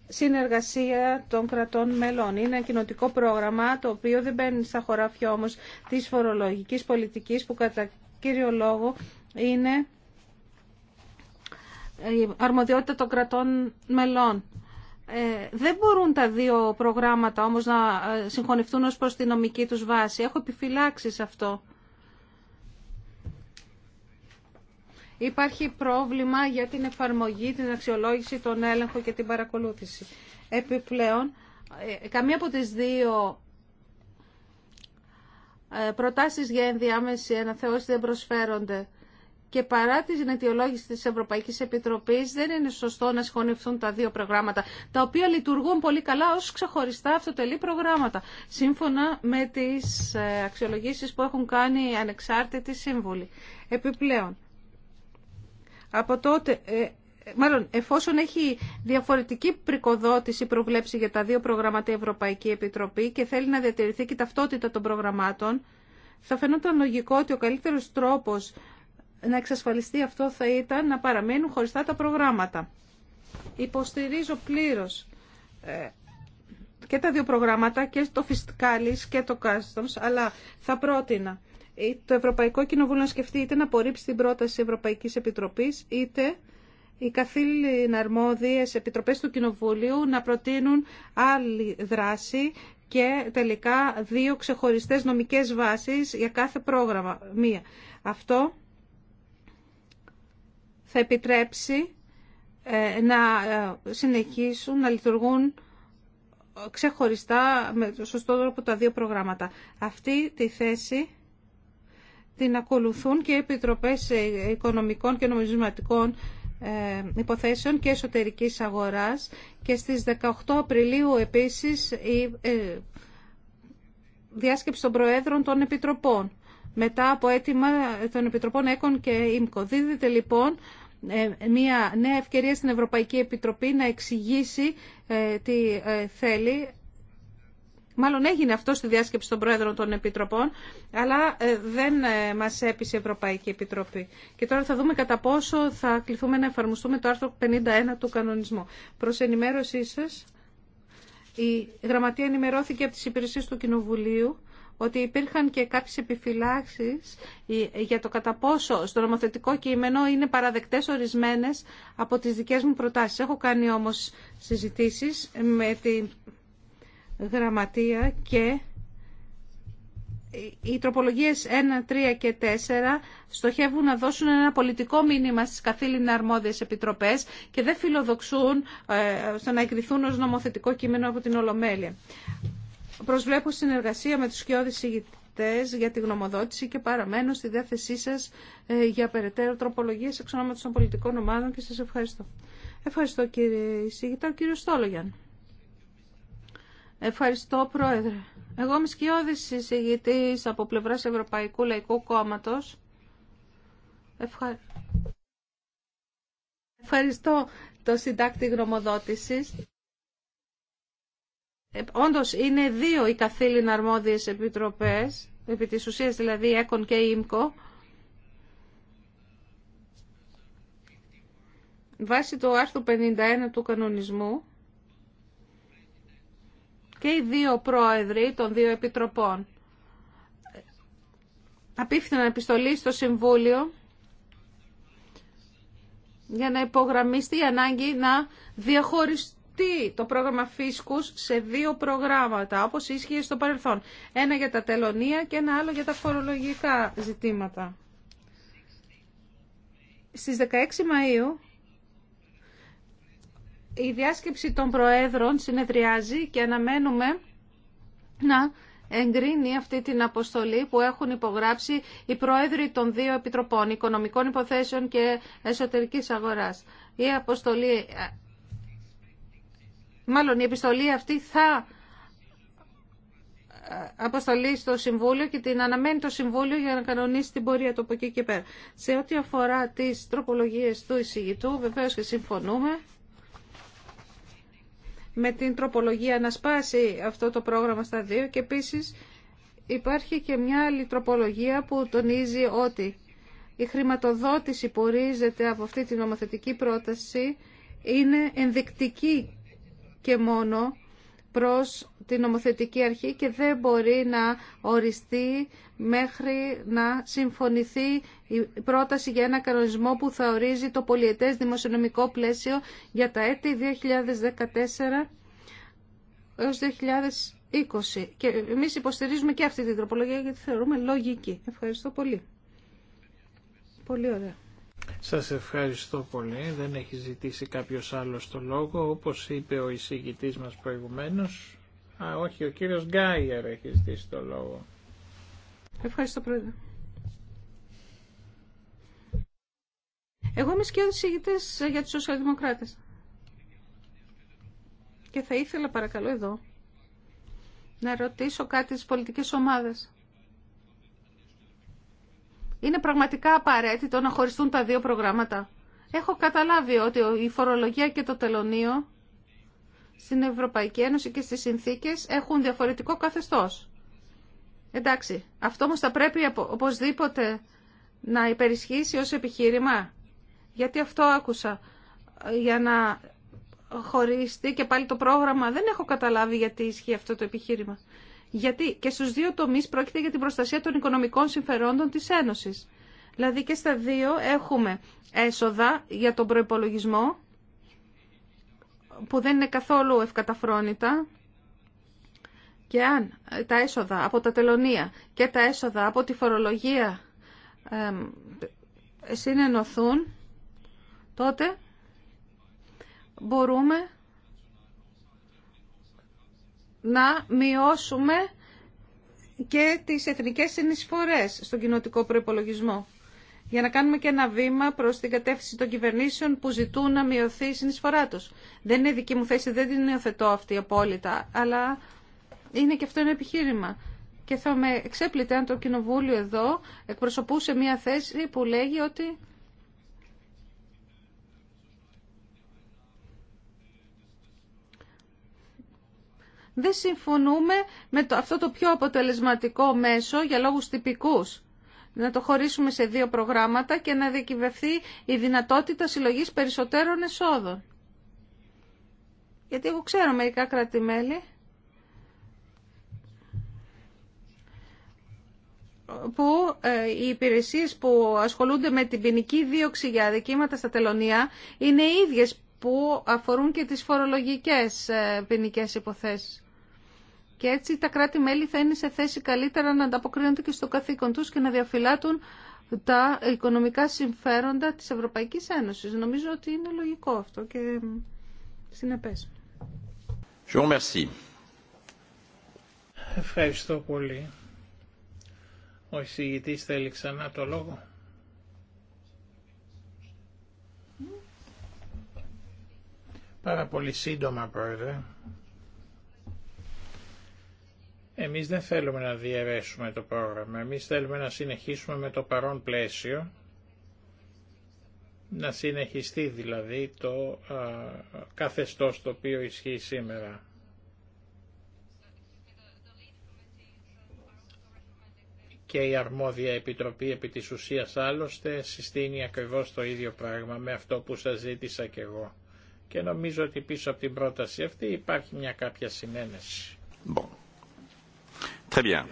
συνεργασία των κρατών μελών. Είναι ένα κοινοτικό πρόγραμμα το οποίο δεν μπαίνει στα χωράφια όμως της φορολογικής πολιτικής που κατά κύριο λόγο είναι η αρμοδιότητα των κρατών μελών. Ε, δεν μπορούν τα δύο προγράμματα όμως να ε, συγχωνευτούν ως προς τη νομική τους βάση. Έχω επιφυλάξει σε αυτό. υπάρχει πρόβλημα για την εφαρμογή, την αξιολόγηση, τον έλεγχο και την παρακολούθηση. Επιπλέον, ε, καμία από τις δύο ε, προτάσεις για ενδιάμεση αναθεώρηση δεν προσφέρονται και παρά τη αιτιολόγηση της Ευρωπαϊκής Επιτροπής δεν είναι σωστό να συγχωνευθούν τα δύο προγράμματα, τα οποία λειτουργούν πολύ καλά ως ξεχωριστά αυτοτελή προγράμματα, σύμφωνα με τις ε, αξιολογήσεις που έχουν κάνει οι ανεξάρτητοι σύμβουλοι. Επιπλέον, από τότε, ε, μάλλον εφόσον έχει διαφορετική πρικοδότηση προβλέψει για τα δύο προγράμματα η Ευρωπαϊκή Επιτροπή και θέλει να διατηρηθεί και ταυτότητα των προγραμμάτων, θα φαινόταν λογικό ότι ο καλύτερος τρόπος να εξασφαλιστεί αυτό θα ήταν να παραμένουν χωριστά τα προγράμματα. Υποστηρίζω πλήρως ε, και τα δύο προγράμματα, και το Fiscalis και το Customs, αλλά θα πρότεινα ε, το Ευρωπαϊκό Κοινοβούλιο να σκεφτεί είτε να απορρίψει την πρόταση Ευρωπαϊκής Επιτροπής, είτε οι καθήλυνα αρμόδιες επιτροπές του Κοινοβουλίου να προτείνουν άλλη δράση και τελικά δύο ξεχωριστές νομικές βάσεις για κάθε πρόγραμμα. Μία. Αυτό θα επιτρέψει ε, να ε, συνεχίσουν να λειτουργούν ξεχωριστά με το σωστό τρόπο τα δύο προγράμματα. Αυτή τη θέση την ακολουθούν και οι Επιτροπές Οικονομικών και Νομισματικών ε, Υποθέσεων και Εσωτερικής Αγοράς και στις 18 Απριλίου επίσης η ε, διάσκεψη των Προέδρων των Επιτροπών μετά από αίτημα των Επιτροπών ΕΚΟΝ και ΙΜΚΟ. Δίδεται λοιπόν ε, μια νέα ευκαιρία στην Ευρωπαϊκή Επιτροπή να εξηγήσει τι θέλει Μάλλον έγινε αυτό στη διάσκεψη των Πρόεδρων των Επιτροπών, αλλά ε, δεν ε, μας έπεισε η Ευρωπαϊκή Επιτροπή. Και τώρα θα δούμε κατά πόσο θα κληθούμε να εφαρμοστούμε το άρθρο 51 του κανονισμού. Προς ενημέρωσή σας, η Γραμματεία ενημερώθηκε από τις υπηρεσίες του Κοινοβουλίου ότι υπήρχαν και κάποιες επιφυλάξεις ε, για το κατά πόσο στο νομοθετικό κείμενο είναι παραδεκτές ορισμένες από τις δικές μου προτάσεις. Έχω κάνει όμως συζητήσεις με την γραμματεία και οι τροπολογίες 1, 3 και 4 στοχεύουν να δώσουν ένα πολιτικό μήνυμα στις καθήλυνα αρμόδιες επιτροπές και δεν φιλοδοξούν ε, στο να εγκριθούν ως νομοθετικό κείμενο από την Ολομέλεια. Προσβλέπω συνεργασία με τους σκιώδεις ηγητές για τη γνωμοδότηση και παραμένω στη διάθεσή σας ε, για περαιτέρω τροπολογίες εξ των πολιτικών ομάδων και σας ευχαριστώ. Ευχαριστώ κύριε ο κύριο Στόλογιαν. Ευχαριστώ, Πρόεδρε. Εγώ είμαι σκιώδης εισηγητής από πλευράς Ευρωπαϊκού Λαϊκού Κόμματος. Ευχαριστώ το συντάκτη γνωμοδότησης. Ε, όντως, είναι δύο οι καθήλυνα αρμόδιες επιτροπές, επί της ουσίας δηλαδή ΕΚΟΝ και ΙΜΚΟ, βάσει του άρθρο 51 του κανονισμού, και οι δύο πρόεδροι των δύο επιτροπών απίφθηναν επιστολή στο Συμβούλιο για να υπογραμμιστεί η ανάγκη να διαχωριστεί το πρόγραμμα φίσκους σε δύο προγράμματα, όπως ίσχυε στο παρελθόν. Ένα για τα τελωνία και ένα άλλο για τα φορολογικά ζητήματα. Στις 16 Μαΐου η διάσκεψη των Προέδρων συνεδριάζει και αναμένουμε να εγκρίνει αυτή την αποστολή που έχουν υπογράψει οι Πρόεδροι των δύο Επιτροπών, Οικονομικών Υποθέσεων και Εσωτερικής Αγοράς. Η αποστολή, μάλλον η επιστολή αυτή θα αποστολή στο Συμβούλιο και την αναμένει το Συμβούλιο για να κανονίσει την πορεία του από εκεί και πέρα. Σε ό,τι αφορά τις τροπολογίες του εισηγητού, βεβαίως και συμφωνούμε με την τροπολογία να σπάσει αυτό το πρόγραμμα στα δύο και επίσης υπάρχει και μια άλλη τροπολογία που τονίζει ότι η χρηματοδότηση που ορίζεται από αυτή την νομοθετική πρόταση είναι ενδεικτική και μόνο προς την νομοθετική αρχή και δεν μπορεί να οριστεί μέχρι να συμφωνηθεί η πρόταση για ένα κανονισμό που θα ορίζει το πολιετές δημοσιονομικό πλαίσιο για τα έτη 2014 έως 2020. Και εμείς υποστηρίζουμε και αυτή την τροπολογία γιατί θεωρούμε λογική. Ευχαριστώ πολύ. Πολύ ωραία. Σας ευχαριστώ πολύ. Δεν έχει ζητήσει κάποιος άλλος το λόγο, όπως είπε ο εισηγητής μας προηγουμένως. Α, όχι, ο κύριος Γκάιερ έχει ζητήσει το λόγο. Ευχαριστώ, Πρόεδρε. Εγώ είμαι σκιώδης ηγητής για τους σοσιαλδημοκράτες. Και θα ήθελα παρακαλώ εδώ να ρωτήσω κάτι στις πολιτικές ομάδες. Είναι πραγματικά απαραίτητο να χωριστούν τα δύο προγράμματα. Έχω καταλάβει ότι η φορολογία και το τελωνίο στην Ευρωπαϊκή Ένωση και στις συνθήκες έχουν διαφορετικό καθεστώς. Εντάξει, αυτό όμως θα πρέπει οπωσδήποτε να υπερισχύσει ως επιχείρημα. Γιατί αυτό άκουσα. Ε, για να χωριστεί και πάλι το πρόγραμμα. Δεν έχω καταλάβει γιατί ισχύει αυτό το επιχείρημα. Γιατί και στους δύο τομείς πρόκειται για την προστασία των οικονομικών συμφερόντων της Ένωσης. Δηλαδή και στα δύο έχουμε έσοδα για τον προϋπολογισμό που δεν είναι καθόλου ευκαταφρόνητα και αν ε, τα έσοδα από τα τελωνία και τα έσοδα από τη φορολογία συνενωθούν, τότε μπορούμε να μειώσουμε και τις εθνικές συνεισφορές στον κοινοτικό προϋπολογισμό για να κάνουμε και ένα βήμα προς την κατεύθυνση των κυβερνήσεων που ζητούν να μειωθεί η συνεισφορά τους. Δεν είναι δική μου θέση, δεν την υιοθετώ αυτή απόλυτα, αλλά είναι και αυτό ένα επιχείρημα. Και θα με εξέπλητε αν το κοινοβούλιο εδώ εκπροσωπούσε μια θέση που λέγει ότι δεν συμφωνούμε με το, αυτό το πιο αποτελεσματικό μέσο για λόγους τυπικούς. Να το χωρίσουμε σε δύο προγράμματα και να διακυβευτεί η δυνατότητα συλλογής περισσότερων εσόδων. Γιατί εγώ ξέρω μερικά που ε, οι υπηρεσίες που ασχολούνται με την ποινική δίωξη για αδικήματα στα τελωνία είναι οι ίδιες που αφορούν και τις φορολογικές ε, ποινικέ υποθέσεις. Και έτσι τα κράτη-μέλη θα είναι σε θέση καλύτερα να ανταποκρίνονται και στο καθήκον τους και να διαφυλάτουν τα οικονομικά συμφέροντα της Ευρωπαϊκής Ένωσης. Νομίζω ότι είναι λογικό αυτό και συνεπές. Ευχαριστώ πολύ. Ο εισηγητής θέλει ξανά το λόγο. Πάρα πολύ σύντομα, Πρόεδρε. Εμείς δεν θέλουμε να διαιρέσουμε το πρόγραμμα. Εμείς θέλουμε να συνεχίσουμε με το παρόν πλαίσιο, να συνεχιστεί δηλαδή το α, καθεστώς το οποίο ισχύει σήμερα. και η αρμόδια επιτροπή επί της ουσίας άλλωστε συστήνει ακριβώς το ίδιο πράγμα με αυτό που σας ζήτησα και εγώ. Και νομίζω ότι πίσω από την πρόταση αυτή υπάρχει μια κάποια συνένεση. Bon. Très bien.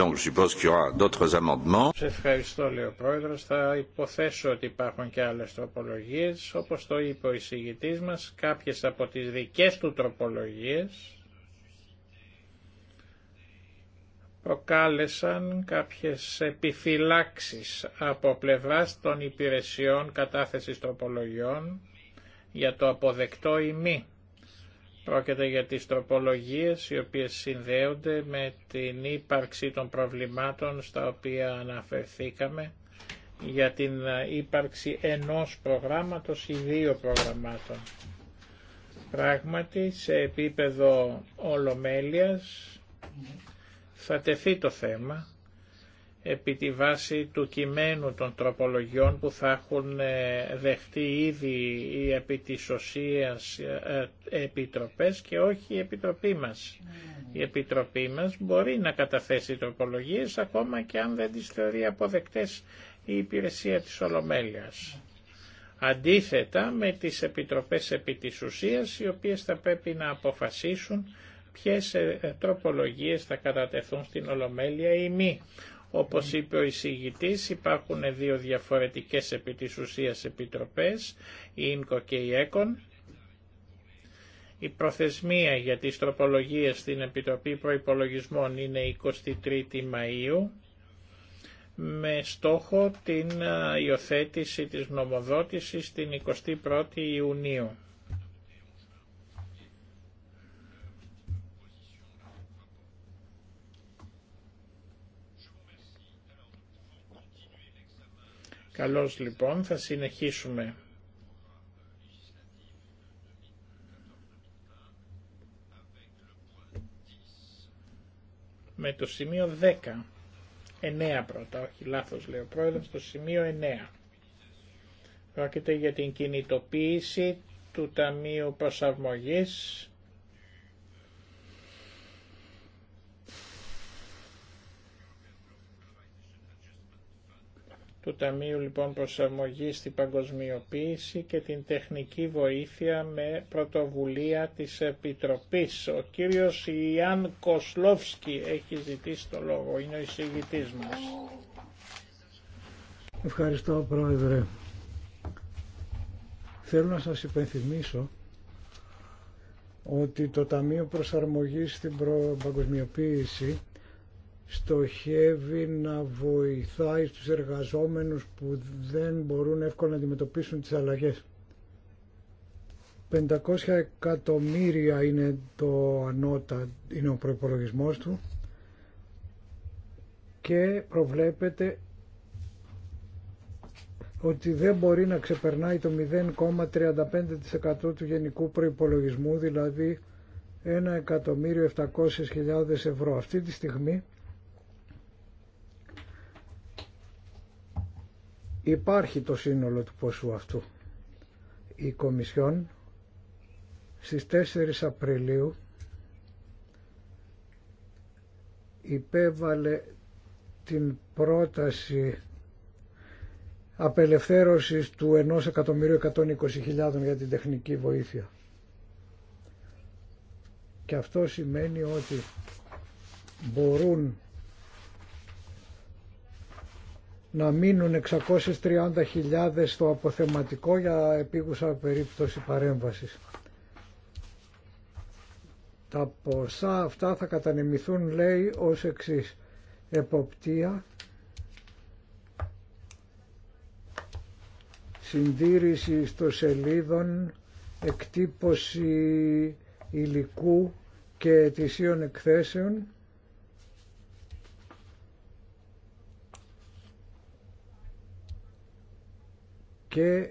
Donc, je suppose qu'il y aura d'autres amendements. Σε ευχαριστώ, λέει ο Πρόεδρος. Θα υποθέσω ότι υπάρχουν και άλλες τροπολογίες. Όπως το είπε ο εισηγητής μας, κάποιες από τις δικές του τροπολογίες προκάλεσαν κάποιες επιφυλάξεις από πλευράς των υπηρεσιών κατάθεσης τροπολογιών για το αποδεκτό ή μη. Πρόκειται για τις τροπολογίες οι οποίες συνδέονται με την ύπαρξη των προβλημάτων στα οποία αναφερθήκαμε για την ύπαρξη ενός προγράμματος ή δύο προγραμμάτων. Πράγματι, σε επίπεδο ολομέλειας θα τεθεί το θέμα επί τη βάση του κειμένου των τροπολογιών που θα έχουν ε, δεχτεί ήδη οι επί ε, ε, επιτροπές και όχι η Επιτροπή μας. Ναι. Η Επιτροπή μας μπορεί να καταθέσει τροπολογίες ακόμα και αν δεν τις θεωρεί αποδεκτές η υπηρεσία της Ολομέλειας. Αντίθετα με τις Επιτροπές επί οι οποίες θα πρέπει να αποφασίσουν ποιες ε, ε, τροπολογίες θα κατατεθούν στην Ολομέλεια ή μη. Όπως είπε ο εισηγητής υπάρχουν δύο διαφορετικές επί της ουσίας επιτροπές, η ΙΝΚΟ και η ΕΚΟΝ. Η προθεσμία για τις τροπολογίες στην Επιτροπή Προϋπολογισμών είναι 23η Μαΐου με στόχο την ε, υιοθέτηση της νομοδότησης την 21η Ιουνίου. Καλώς λοιπόν, θα συνεχίσουμε. Με το σημείο 10. 9 πρώτα, όχι λάθος λέω ο πρόεδρος, το σημείο 9. Πρόκειται για την κινητοποίηση του Ταμείου Προσαρμογής του Ταμείου λοιπόν Προσαρμογής στην Παγκοσμιοποίηση και την τεχνική βοήθεια με πρωτοβουλία της Επιτροπής. Ο κύριος Ιάν Κοσλόφσκι έχει ζητήσει το λόγο, είναι ο εισηγητής μας. Ευχαριστώ Πρόεδρε. Θέλω να σας υπενθυμίσω ότι το Ταμείο Προσαρμογής στην Παγκοσμιοποίηση στοχεύει να βοηθάει στους εργαζόμενους που δεν μπορούν εύκολα να αντιμετωπίσουν τις αλλαγές. 500 εκατομμύρια είναι το ανώτα, είναι ο προϋπολογισμός του και προβλέπεται ότι δεν μπορεί να ξεπερνάει το 0,35% του γενικού προϋπολογισμού, δηλαδή 1.700.000 ευρώ. Αυτή τη στιγμή Υπάρχει το σύνολο του ποσού αυτού. Η Κομισιόν στις 4 Απριλίου υπέβαλε την πρόταση απελευθέρωσης του 1.120.000 για την τεχνική βοήθεια. Και αυτό σημαίνει ότι μπορούν να μείνουν 630.000 στο αποθεματικό για επίγουσα περίπτωση παρέμβασης. Τα ποσά αυτά θα κατανεμηθούν λέει ως εξής. Εποπτεία, συντήρηση στο σελίδων, εκτύπωση υλικού και ετησίων εκθέσεων, και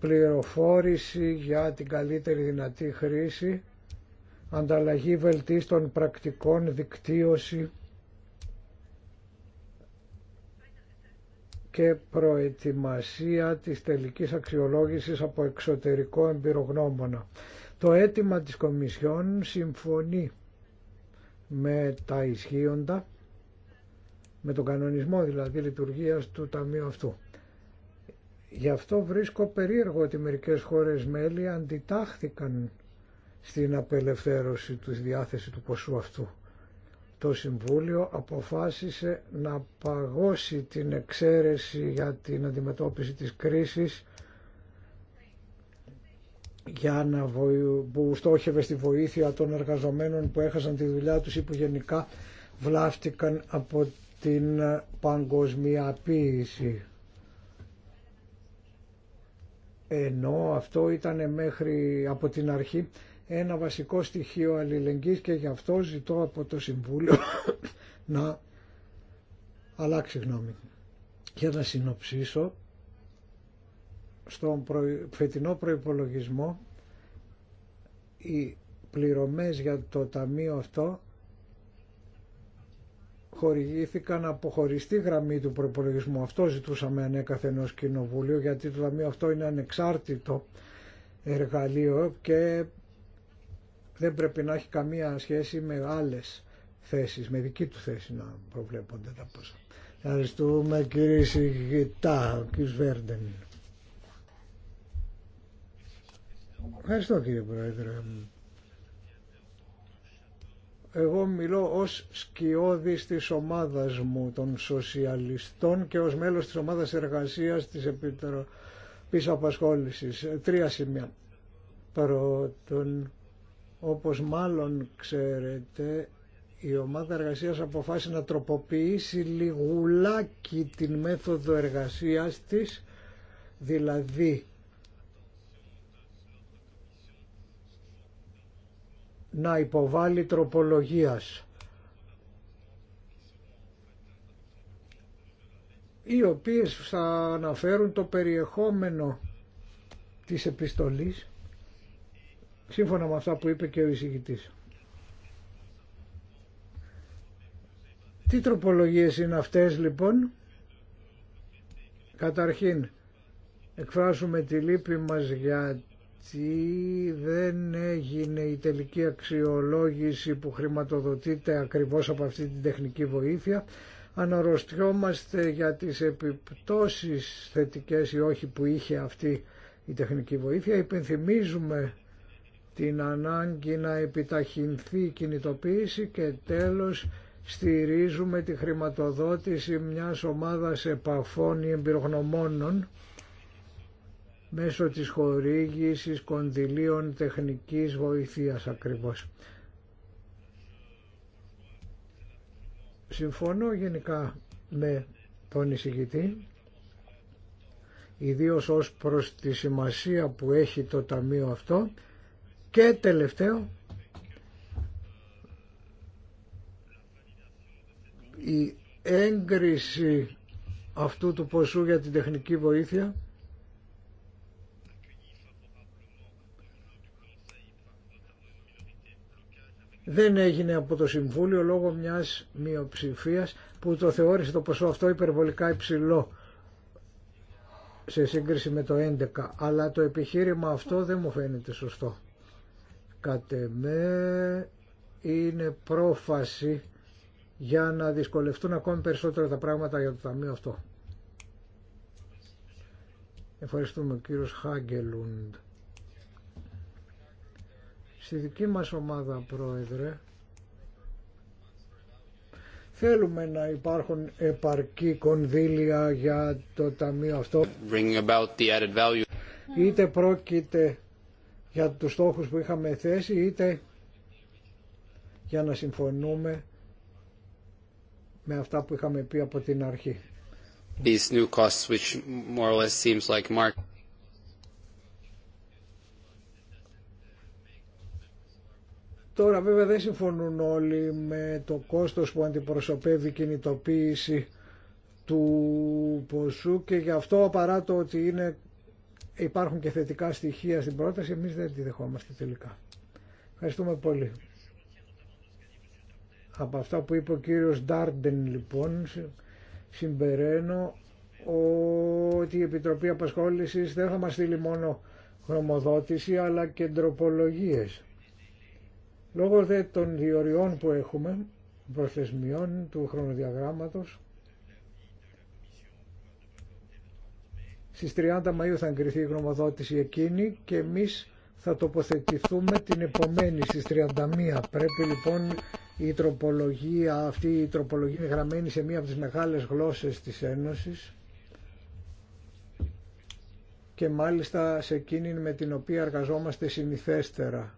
πληροφόρηση για την καλύτερη δυνατή χρήση, ανταλλαγή βελτίστων πρακτικών, δικτύωση και προετοιμασία της τελικής αξιολόγησης από εξωτερικό εμπειρογνώμονα. Το αίτημα της Κομισιόν συμφωνεί με τα ισχύοντα, με τον κανονισμό δηλαδή λειτουργίας του Ταμείου αυτού. Γι' αυτό βρίσκω περίεργο ότι μερικές χώρες μέλη αντιτάχθηκαν στην απελευθέρωση του διάθεση του ποσού αυτού. Το Συμβούλιο αποφάσισε να παγώσει την εξαίρεση για την αντιμετώπιση της κρίσης για να βοη... που στόχευε στη βοήθεια των εργαζομένων που έχασαν τη δουλειά τους ή που γενικά βλάφτηκαν από την παγκοσμιαποίηση ενώ αυτό ήταν μέχρι από την αρχή ένα βασικό στοιχείο αλληλεγγύης και γι' αυτό ζητώ από το Συμβούλιο [coughs] να αλλάξει γνώμη. Για να συνοψίσω, στον φετινό προϋπολογισμό οι πληρωμές για το ταμείο αυτό χορηγήθηκαν από χωριστή γραμμή του προπολογισμού. Αυτό ζητούσαμε ανέκαθεν ως κοινοβούλιο γιατί το ταμείο αυτό είναι ανεξάρτητο εργαλείο και δεν πρέπει να έχει καμία σχέση με άλλες θέσεις, με δική του θέση να προβλέπονται τα πόσα. Ευχαριστούμε κύριε Σιγητά, κύριε Βέρντεν. Ευχαριστώ κύριε Πρόεδρε. Εγώ μιλώ ως σκιώδης της ομάδας μου των σοσιαλιστών και ως μέλος της ομάδας εργασίας της Επιτροπής Απασχόλησης. Τρία σημεία. Πρώτον, όπως μάλλον ξέρετε, η ομάδα εργασίας αποφάσισε να τροποποιήσει λιγουλάκι την μέθοδο εργασίας της, δηλαδή να υποβάλει τροπολογίας οι οποίες θα αναφέρουν το περιεχόμενο της επιστολής σύμφωνα με αυτά που είπε και ο εισηγητής. Τι τροπολογίες είναι αυτές λοιπόν. Καταρχήν εκφράζουμε τη λύπη μας για γιατί δεν έγινε η τελική αξιολόγηση που χρηματοδοτείται ακριβώς από αυτή την τεχνική βοήθεια. Αναρωτιόμαστε για τις επιπτώσεις θετικές ή όχι που είχε αυτή η τεχνική βοήθεια. Υπενθυμίζουμε την ανάγκη να επιταχυνθεί η κινητοποίηση και τέλος στηρίζουμε τη χρηματοδότηση μιας ομάδας επαφών ή εμπειρογνωμόνων μέσω της χορήγησης κονδυλίων τεχνικής βοηθείας ακριβώς. Συμφωνώ γενικά με τον εισηγητή, ιδίως ως προς τη σημασία που έχει το ταμείο αυτό και τελευταίο η έγκριση αυτού του ποσού για την τεχνική βοήθεια δεν έγινε από το Συμβούλιο λόγω μιας μειοψηφίας που το θεώρησε το ποσό αυτό υπερβολικά υψηλό σε σύγκριση με το 11 αλλά το επιχείρημα αυτό δεν μου φαίνεται σωστό κατ' εμέ είναι πρόφαση για να δυσκολευτούν ακόμη περισσότερα τα πράγματα για το ταμείο αυτό. Ευχαριστούμε κύριος Χάγκελουντ. Στη δική μας ομάδα, Πρόεδρε, θέλουμε να υπάρχουν επαρκή κονδύλια για το ταμείο αυτό. Είτε πρόκειται για τους στόχους που είχαμε θέσει, είτε για να συμφωνούμε με αυτά που είχαμε πει από την αρχή. new Τώρα βέβαια δεν συμφωνούν όλοι με το κόστος που αντιπροσωπεύει η κινητοποίηση του ποσού και γι' αυτό παρά το ότι είναι, υπάρχουν και θετικά στοιχεία στην πρόταση εμείς δεν τη δεχόμαστε τελικά. Ευχαριστούμε πολύ. Από αυτά που είπε ο κύριος Ντάρντεν λοιπόν συμπεραίνω ότι η Επιτροπή Απασχόλησης δεν θα μας στείλει μόνο χρωμοδότηση αλλά και ντροπολογίες. Λόγω δε των διοριών που έχουμε, προθεσμιών του χρονοδιαγράμματος, στις 30 Μαΐου θα εγκριθεί η γνωμοδότηση εκείνη και εμείς θα τοποθετηθούμε την επομένη στις 31. Πρέπει λοιπόν η τροπολογία, αυτή η τροπολογία είναι γραμμένη σε μία από τις μεγάλες γλώσσες της Ένωσης και μάλιστα σε εκείνη με την οποία εργαζόμαστε συνηθέστερα.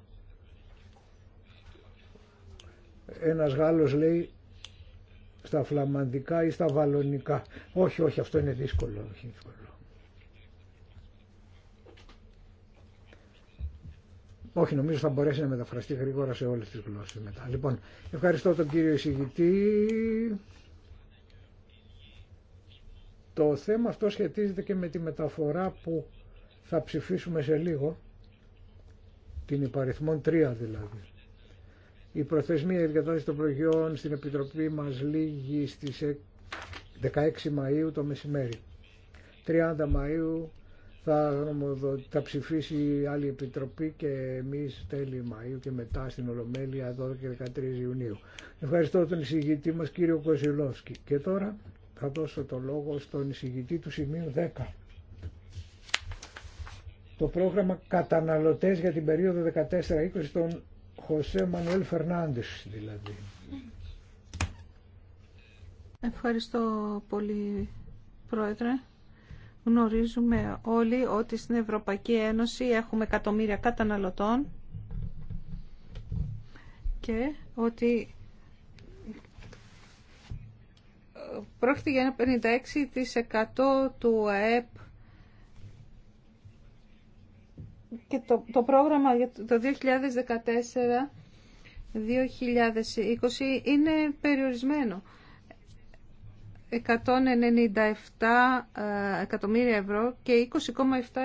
Ένας Γάλλος λέει στα φλαμανδικά ή στα βαλονικά. Όχι, όχι, αυτό είναι δύσκολο. Όχι, δύσκολο. Όχι, νομίζω θα μπορέσει να μεταφραστεί γρήγορα σε όλες τις γλώσσες μετά. Λοιπόν, ευχαριστώ τον κύριο εισηγητή. Το θέμα αυτό σχετίζεται και με τη μεταφορά που θα ψηφίσουμε σε λίγο, την υπαριθμόν 3 δηλαδή. Η προθεσμία διαδόση των προγειών στην Επιτροπή μας λήγει στις 16 Μαΐου το μεσημέρι. 30 Μαΐου θα, θα ψηφίσει άλλη Επιτροπή και εμείς τέλη Μαΐου και μετά στην Ολομέλεια 12 και 13 Ιουνίου. Ευχαριστώ τον εισηγητή μας κύριο Κοζηλόφσκι. Και τώρα θα δώσω το λόγο στον εισηγητή του σημείου 10. Το πρόγραμμα Καταναλωτές για την περίοδο 14-20 των Χωσέ Μανουέλ Φερνάντες δηλαδή. Ευχαριστώ πολύ Πρόεδρε. Γνωρίζουμε όλοι ότι στην Ευρωπαϊκή Ένωση έχουμε εκατομμύρια καταναλωτών και ότι πρόκειται για ένα 56% του ΑΕΠ και το, πρόγραμμα για το 2014-2020 είναι περιορισμένο. 197 ε, εκατομμύρια ευρώ και 20,7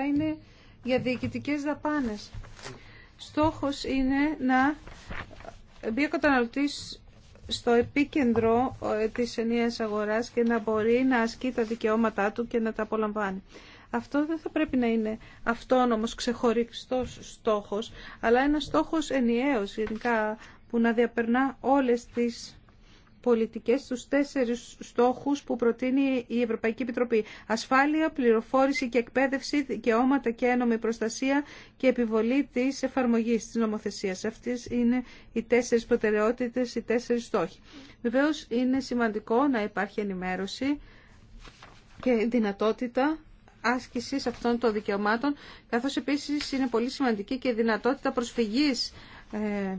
είναι για διοικητικές δαπάνες. Στόχος είναι να μπει ο καταναλωτής στο επίκεντρο ε, της ενίας αγοράς και να μπορεί να ασκεί τα δικαιώματά του και να τα απολαμβάνει αυτό δεν θα πρέπει να είναι αυτόνομος ξεχωριστός στόχος, αλλά ένα στόχος ενιαίος γενικά που να διαπερνά όλες τις πολιτικές, τους τέσσερις στόχους που προτείνει η Ευρωπαϊκή Επιτροπή. Ασφάλεια, πληροφόρηση και εκπαίδευση, δικαιώματα και ένομη προστασία και επιβολή της εφαρμογής της νομοθεσίας. Αυτές είναι οι τέσσερις προτεραιότητες, οι τέσσερις στόχοι. Βεβαίως είναι σημαντικό να υπάρχει ενημέρωση και δυνατότητα αυτών των δικαιωμάτων, καθώς επίσης είναι πολύ σημαντική και η δυνατότητα προσφυγής ε,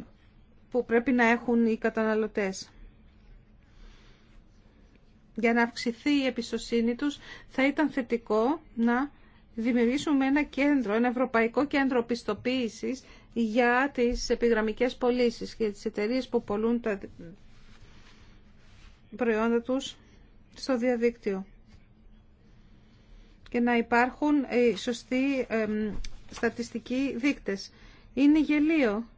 που πρέπει να έχουν οι καταναλωτές. Για να αυξηθεί η εμπιστοσύνη τους θα ήταν θετικό να δημιουργήσουμε ένα κέντρο, ένα ευρωπαϊκό κέντρο πιστοποίηση για τις επιγραμμικές πωλήσει και τις εταιρείε που πολλούν τα προϊόντα τους στο διαδίκτυο και να υπάρχουν σωστοί στατιστικοί δείκτες. Είναι γελίο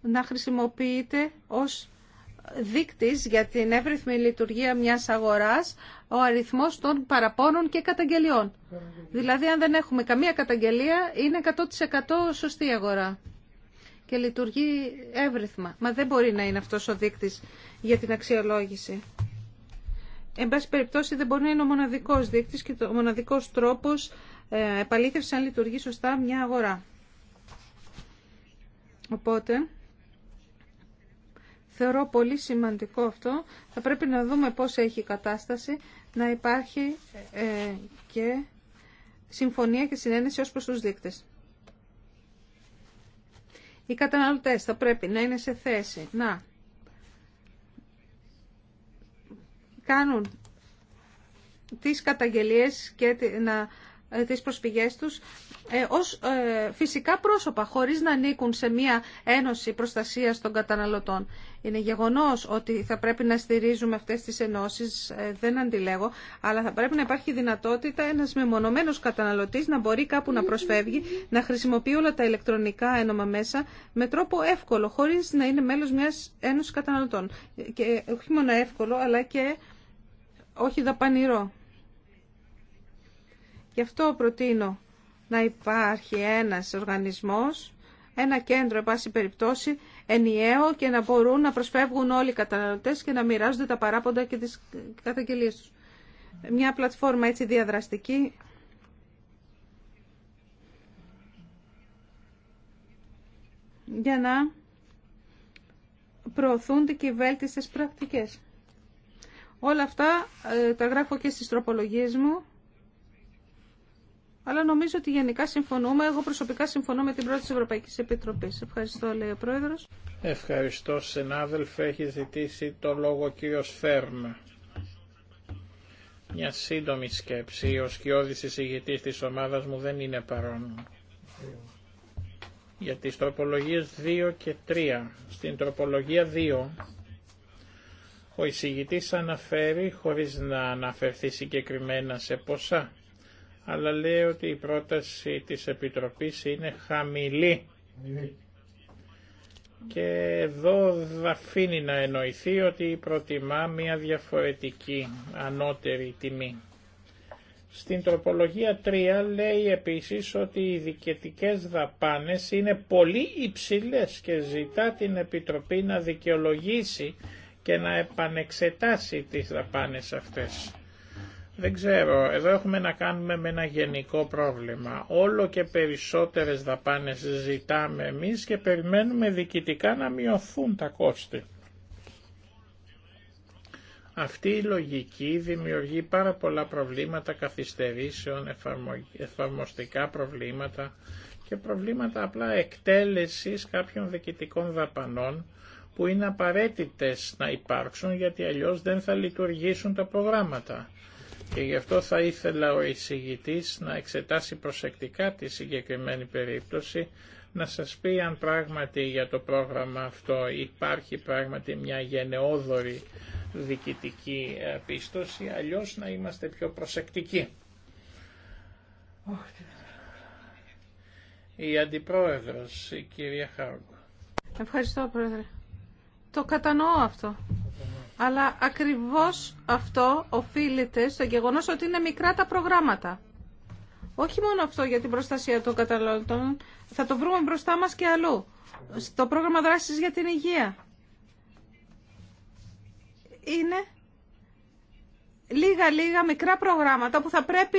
να χρησιμοποιείται ως δείκτης για την εύρυθμη λειτουργία μιας αγοράς ο αριθμός των παραπώνων και καταγγελιών. Δηλαδή αν δεν έχουμε καμία καταγγελία είναι 100% σωστή αγορά και λειτουργεί εύρυθμα. Μα δεν μπορεί να είναι αυτός ο δείκτης για την αξιολόγηση. Εν πάση περιπτώσει δεν μπορεί να είναι ο μοναδικός δείκτης και ο μοναδικός τρόπος ε, επαλήθευση αν λειτουργεί σωστά μια αγορά. Οπότε, θεωρώ πολύ σημαντικό αυτό. Θα πρέπει να δούμε πώς έχει η κατάσταση, να υπάρχει ε, και συμφωνία και συνένεση ως προς τους δείκτες. Οι καταναλωτές θα πρέπει να είναι σε θέση να κάνουν τις καταγγελίες και να ε, τις προσπηγές τους ε, ως ε, φυσικά πρόσωπα χωρίς να ανήκουν σε μια ένωση προστασίας των καταναλωτών. Είναι γεγονός ότι θα πρέπει να στηρίζουμε αυτές τις ενώσεις, δεν αντιλέγω, αλλά θα πρέπει να υπάρχει δυνατότητα ένας μεμονωμένος καταναλωτής να μπορεί κάπου να προσφεύγει, να χρησιμοποιεί όλα τα ηλεκτρονικά ένωμα μέσα με τρόπο εύκολο, χωρίς να είναι μέλος μιας ένωσης καταναλωτών. Και όχι μόνο εύκολο, αλλά και όχι δαπανηρό. Γι' αυτό προτείνω να υπάρχει ένας οργανισμός, ένα κέντρο, πάση περιπτώσει, ενιαίο και να μπορούν να προσφεύγουν όλοι οι καταναλωτές και να μοιράζονται τα παράποντα και τις καταγγελίες τους. Μια πλατφόρμα έτσι διαδραστική. για να προωθούνται και βέλτιστες πρακτικές. Όλα αυτά ε, τα γράφω και στις τροπολογίες μου. Αλλά νομίζω ότι γενικά συμφωνούμε. Εγώ προσωπικά συμφωνώ με την πρώτη της Ευρωπαϊκής Επιτροπής. Ευχαριστώ, λέει ο Πρόεδρος. Ευχαριστώ, συνάδελφε. Έχει ζητήσει το λόγο ο κύριος Φέρμα. Μια σύντομη σκέψη. Ο σκιώδης εισηγητής της ομάδας μου δεν είναι παρόν. Για τις τροπολογίες 2 και 3. Στην τροπολογία 2 ο εισηγητής αναφέρει, χωρίς να αναφερθεί συγκεκριμένα σε ποσά, αλλά λέει ότι η πρόταση της Επιτροπής είναι χαμηλή. Και εδώ αφήνει να εννοηθεί ότι προτιμά μια διαφορετική ανώτερη τιμή. Στην τροπολογία 3 λέει επίσης ότι οι δικαιτικές δαπάνες είναι πολύ υψηλές και ζητά την Επιτροπή να δικαιολογήσει και να επανεξετάσει τις δαπάνες αυτές. Δεν ξέρω, εδώ έχουμε να κάνουμε με ένα γενικό πρόβλημα. Όλο και περισσότερες δαπάνες ζητάμε εμείς και περιμένουμε διοικητικά να μειωθούν τα κόστη. Αυτή η λογική δημιουργεί πάρα πολλά προβλήματα καθυστερήσεων, εφαρμοστικά προβλήματα και προβλήματα απλά εκτέλεσης κάποιων διοικητικών δαπανών που είναι απαραίτητες να υπάρξουν γιατί αλλιώς δεν θα λειτουργήσουν τα προγράμματα. Και γι' αυτό θα ήθελα ο εισηγητής να εξετάσει προσεκτικά τη συγκεκριμένη περίπτωση, να σας πει αν πράγματι για το πρόγραμμα αυτό υπάρχει πράγματι μια γενναιόδορη διοικητική ε, πίστοση, αλλιώς να είμαστε πιο προσεκτικοί. Η Αντιπρόεδρος, η κυρία Χάουγκ. Ευχαριστώ, Πρόεδρε. Το κατανοώ αυτό. Αλλά ακριβώς αυτό οφείλεται στο γεγονός ότι είναι μικρά τα προγράμματα. Όχι μόνο αυτό για την προστασία των καταναλωτών, θα το βρούμε μπροστά μας και αλλού. Στο πρόγραμμα δράσης για την υγεία. Είναι λίγα-λίγα μικρά προγράμματα που θα πρέπει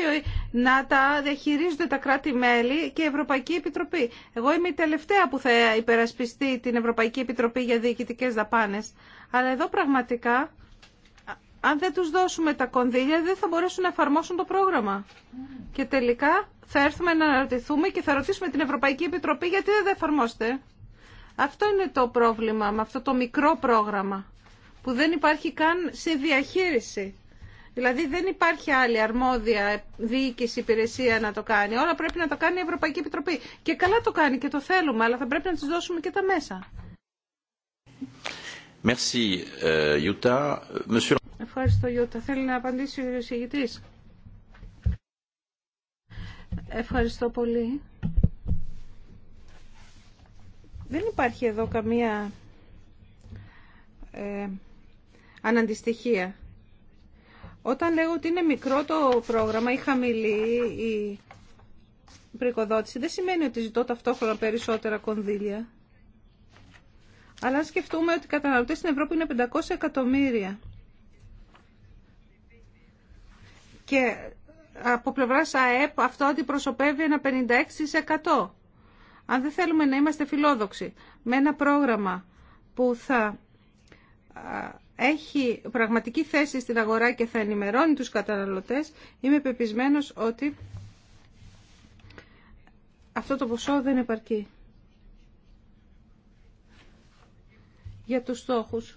να τα διαχειρίζονται τα κράτη-μέλη και η Ευρωπαϊκή Επιτροπή. Εγώ είμαι η τελευταία που θα υπερασπιστεί την Ευρωπαϊκή Επιτροπή για διοικητικές δαπάνες. Αλλά εδώ πραγματικά, αν δεν τους δώσουμε τα κονδύλια, δεν θα μπορέσουν να εφαρμόσουν το πρόγραμμα. Και τελικά θα έρθουμε να αναρωτηθούμε και θα ρωτήσουμε την Ευρωπαϊκή Επιτροπή γιατί δεν θα εφαρμόστε. Αυτό είναι το πρόβλημα με αυτό το μικρό πρόγραμμα που δεν υπάρχει καν σε διαχείριση. Δηλαδή δεν υπάρχει άλλη αρμόδια διοίκηση, υπηρεσία να το κάνει. Όλα πρέπει να το κάνει η Ευρωπαϊκή Επιτροπή. Και καλά το κάνει και το θέλουμε, αλλά θα πρέπει να τις δώσουμε και τα μέσα. Merci, ε, Monsieur... Ευχαριστώ, Ιούτα. Θέλει να απαντήσει ο εισηγητής. Ευχαριστώ πολύ. Δεν υπάρχει εδώ καμία ε, αναντιστοιχία όταν λέω ότι είναι μικρό το πρόγραμμα ή χαμηλή η πρικοδότηση, δεν σημαίνει ότι ζητώ ταυτόχρονα περισσότερα κονδύλια. Αλλά σκεφτούμε ότι οι καταναλωτές στην Ευρώπη είναι 500 εκατομμύρια και από πλευρά ΑΕΠ αυτό αντιπροσωπεύει ένα 56%. Αν δεν θέλουμε να είμαστε φιλόδοξοι με ένα πρόγραμμα που θα έχει πραγματική θέση στην αγορά και θα ενημερώνει τους καταναλωτές, είμαι πεπισμένος ότι αυτό το ποσό δεν επαρκεί. Για τους στόχους.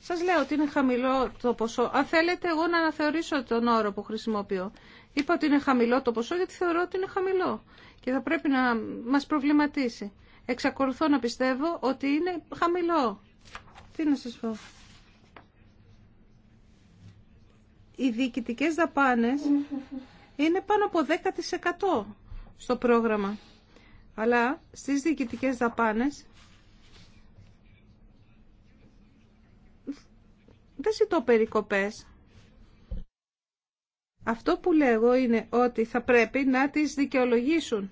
Σας λέω ότι είναι χαμηλό το ποσό. Αν θέλετε εγώ να αναθεωρήσω τον όρο που χρησιμοποιώ. Είπα ότι είναι χαμηλό το ποσό γιατί θεωρώ ότι είναι χαμηλό και θα πρέπει να μας προβληματίσει. Εξακολουθώ να πιστεύω ότι είναι χαμηλό τι να σας πω. Οι διοικητικέ δαπάνες είναι πάνω από 10% στο πρόγραμμα. Αλλά στις διοικητικέ δαπάνες δεν ζητώ περικοπές. Αυτό που λέγω είναι ότι θα πρέπει να τις δικαιολογήσουν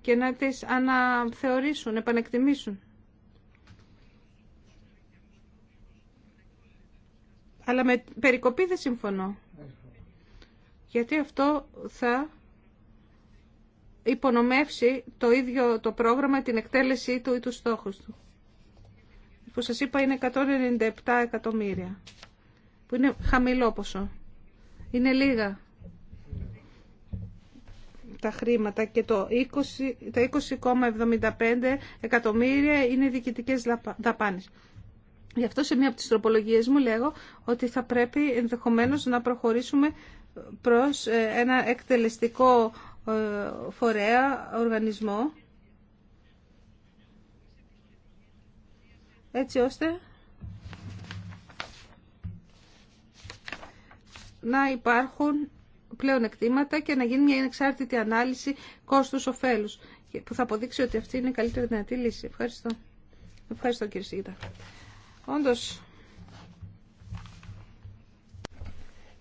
και να τις αναθεωρήσουν, επανεκτιμήσουν. Αλλά με περικοπή δεν συμφωνώ. Γιατί αυτό θα υπονομεύσει το ίδιο το πρόγραμμα, την εκτέλεσή του ή του στόχους του. Που σας είπα είναι 197 εκατομμύρια. Που είναι χαμηλό ποσό. Είναι λίγα τα χρήματα και το 20, τα 20,75 εκατομμύρια είναι διοικητικές δαπάνες. Γι' αυτό σε μία από τις τροπολογίες μου λέγω ότι θα πρέπει ενδεχομένως να προχωρήσουμε προς ε, ένα εκτελεστικό ε, φορέα, οργανισμό, έτσι ώστε να υπάρχουν πλέον εκτήματα και να γίνει μια εξάρτητη ανάλυση κόστους-οφέλους που θα αποδείξει ότι αυτή είναι η καλύτερη δυνατή λύση. Ευχαριστώ. Ευχαριστώ κύριε Σίγητα. Όντως,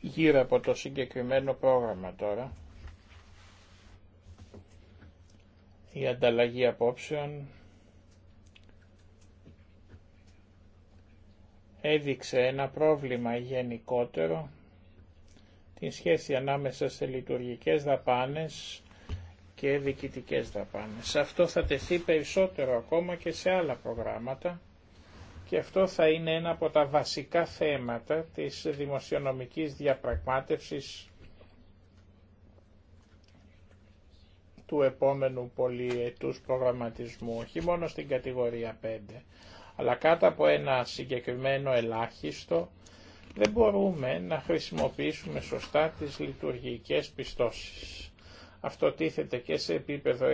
γύρω από το συγκεκριμένο πρόγραμμα τώρα, η ανταλλαγή απόψεων έδειξε ένα πρόβλημα γενικότερο την σχέση ανάμεσα σε λειτουργικές δαπάνες και διοικητικές δαπάνες. Αυτό θα τεθεί περισσότερο ακόμα και σε άλλα προγράμματα και αυτό θα είναι ένα από τα βασικά θέματα της δημοσιονομικής διαπραγμάτευσης του επόμενου πολυετούς προγραμματισμού, όχι μόνο στην κατηγορία 5, αλλά κάτω από ένα συγκεκριμένο ελάχιστο δεν μπορούμε να χρησιμοποιήσουμε σωστά τις λειτουργικές πιστώσεις. Αυτό τίθεται και σε επίπεδο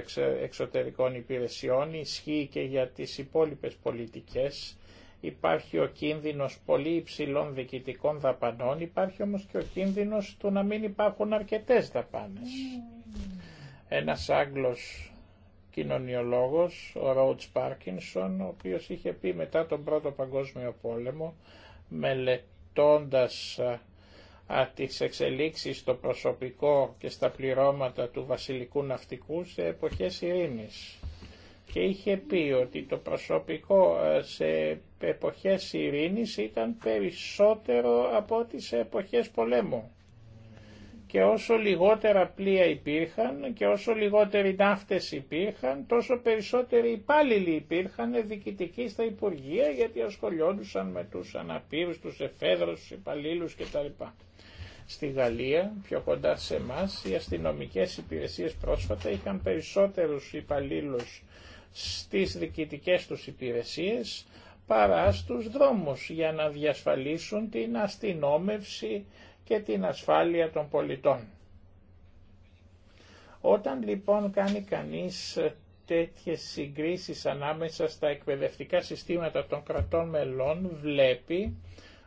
εξωτερικών υπηρεσιών, ισχύει και για τις υπόλοιπες πολιτικές, υπάρχει ο κίνδυνος πολύ υψηλών διοικητικών δαπανών, υπάρχει όμως και ο κίνδυνος του να μην υπάρχουν αρκετές δαπάνες. Mm. Ένας Άγγλος κοινωνιολόγος, ο Ρότς Πάρκινσον, ο οποίος είχε πει μετά τον Πρώτο Παγκόσμιο Πόλεμο, μελετώντας τις εξελίξεις στο προσωπικό και στα πληρώματα του βασιλικού ναυτικού σε εποχές ειρήνης και είχε πει ότι το προσωπικό ε, σε εποχές ειρήνης ήταν περισσότερο από ό,τι σε εποχές πολέμου. Και όσο λιγότερα πλοία υπήρχαν και όσο λιγότεροι ναύτες υπήρχαν, τόσο περισσότεροι υπάλληλοι υπήρχαν διοικητικοί στα Υπουργεία γιατί ασχολιόντουσαν με τους αναπήρους, τους εφέδρους, τους υπαλλήλους κτλ. Στη Γαλλία, πιο κοντά σε εμά, οι αστυνομικές υπηρεσίες πρόσφατα είχαν περισσότερους υπαλλήλους στις δικητικές τους υπηρεσίες παρά στους δρόμους για να διασφαλίσουν την αστυνόμευση και την ασφάλεια των πολιτών. Όταν λοιπόν κάνει κανείς τέτοιες συγκρίσεις ανάμεσα στα εκπαιδευτικά συστήματα των κρατών μελών βλέπει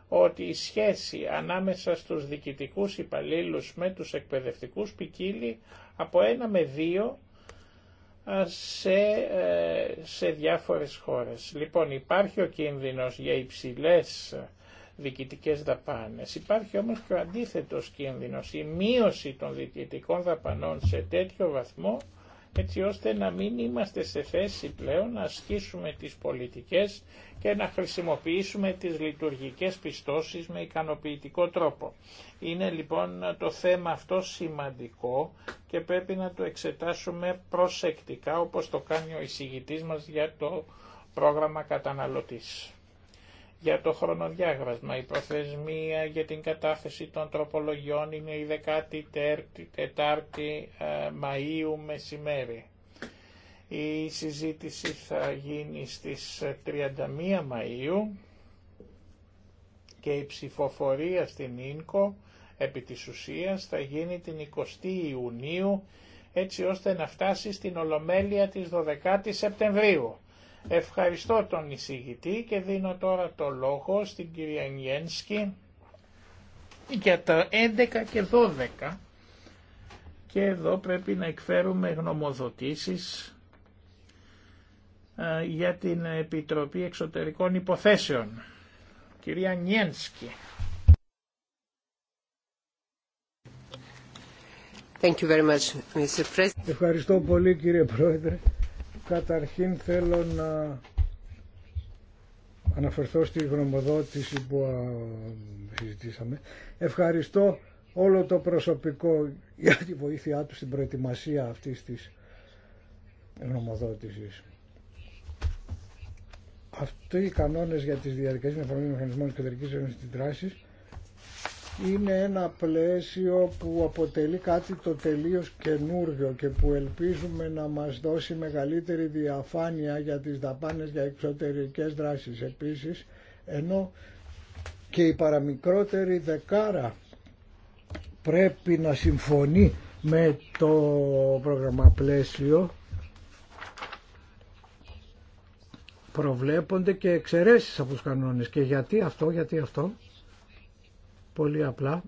ότι η σχέση ανάμεσα στους διοικητικούς υπαλλήλους με τους εκπαιδευτικούς ποικίλει από ένα με δύο σε, ε, σε διάφορες χώρες. Λοιπόν υπάρχει ο κίνδυνος για υψηλές διοικητικές δαπάνες. Υπάρχει όμως και ο αντίθετος κίνδυνος, η μείωση των διοικητικών δαπανών σε τέτοιο βαθμό έτσι ώστε να μην είμαστε σε θέση πλέον να ασκήσουμε τις πολιτικές και να χρησιμοποιήσουμε τις λειτουργικές πιστώσεις με ικανοποιητικό τρόπο. Είναι λοιπόν το θέμα αυτό σημαντικό και πρέπει να το εξετάσουμε προσεκτικά όπως το κάνει ο εισηγητής μας για το πρόγραμμα καταναλωτής. Για το χρονοδιάγραμμα, η προθεσμία για την κατάθεση των τροπολογιών είναι η 14η ε, Μαΐου μεσημέρι. Η συζήτηση θα γίνει στις 31 Μαΐου και η ψηφοφορία στην ΙΝΚΟ επί της ουσίας θα γίνει την 20η Ιουνίου έτσι ώστε να φτάσει στην Ολομέλεια της 12ης Σεπτεμβρίου. Ευχαριστώ τον εισηγητή και δίνω τώρα το λόγο στην κυρία Νιένσκι για τα 11 και 12 και εδώ πρέπει να εκφέρουμε γνωμοδοτήσεις ε, για την Επιτροπή Εξωτερικών Υποθέσεων. Κυρία Νιένσκι. Ευχαριστώ πολύ κύριε Πρόεδρε. Καταρχήν θέλω να αναφερθώ στη γνωμοδότηση που συζητήσαμε. Ευχαριστώ όλο το προσωπικό για τη βοήθειά του στην προετοιμασία αυτής της γνωμοδότησης. Αυτοί οι κανόνες για τις διαδικασίες εφαρμογή μηχανισμών κεντρικής ένωσης της δράσης είναι ένα πλαίσιο που αποτελεί κάτι το τελείως καινούργιο και που ελπίζουμε να μας δώσει μεγαλύτερη διαφάνεια για τις δαπάνες για εξωτερικές δράσεις επίσης, ενώ και η παραμικρότερη δεκάρα πρέπει να συμφωνεί με το πρόγραμμα πλαίσιο προβλέπονται και εξαιρέσεις από τους κανόνες. Και γιατί αυτό, γιατί αυτό. Πολύ απλά,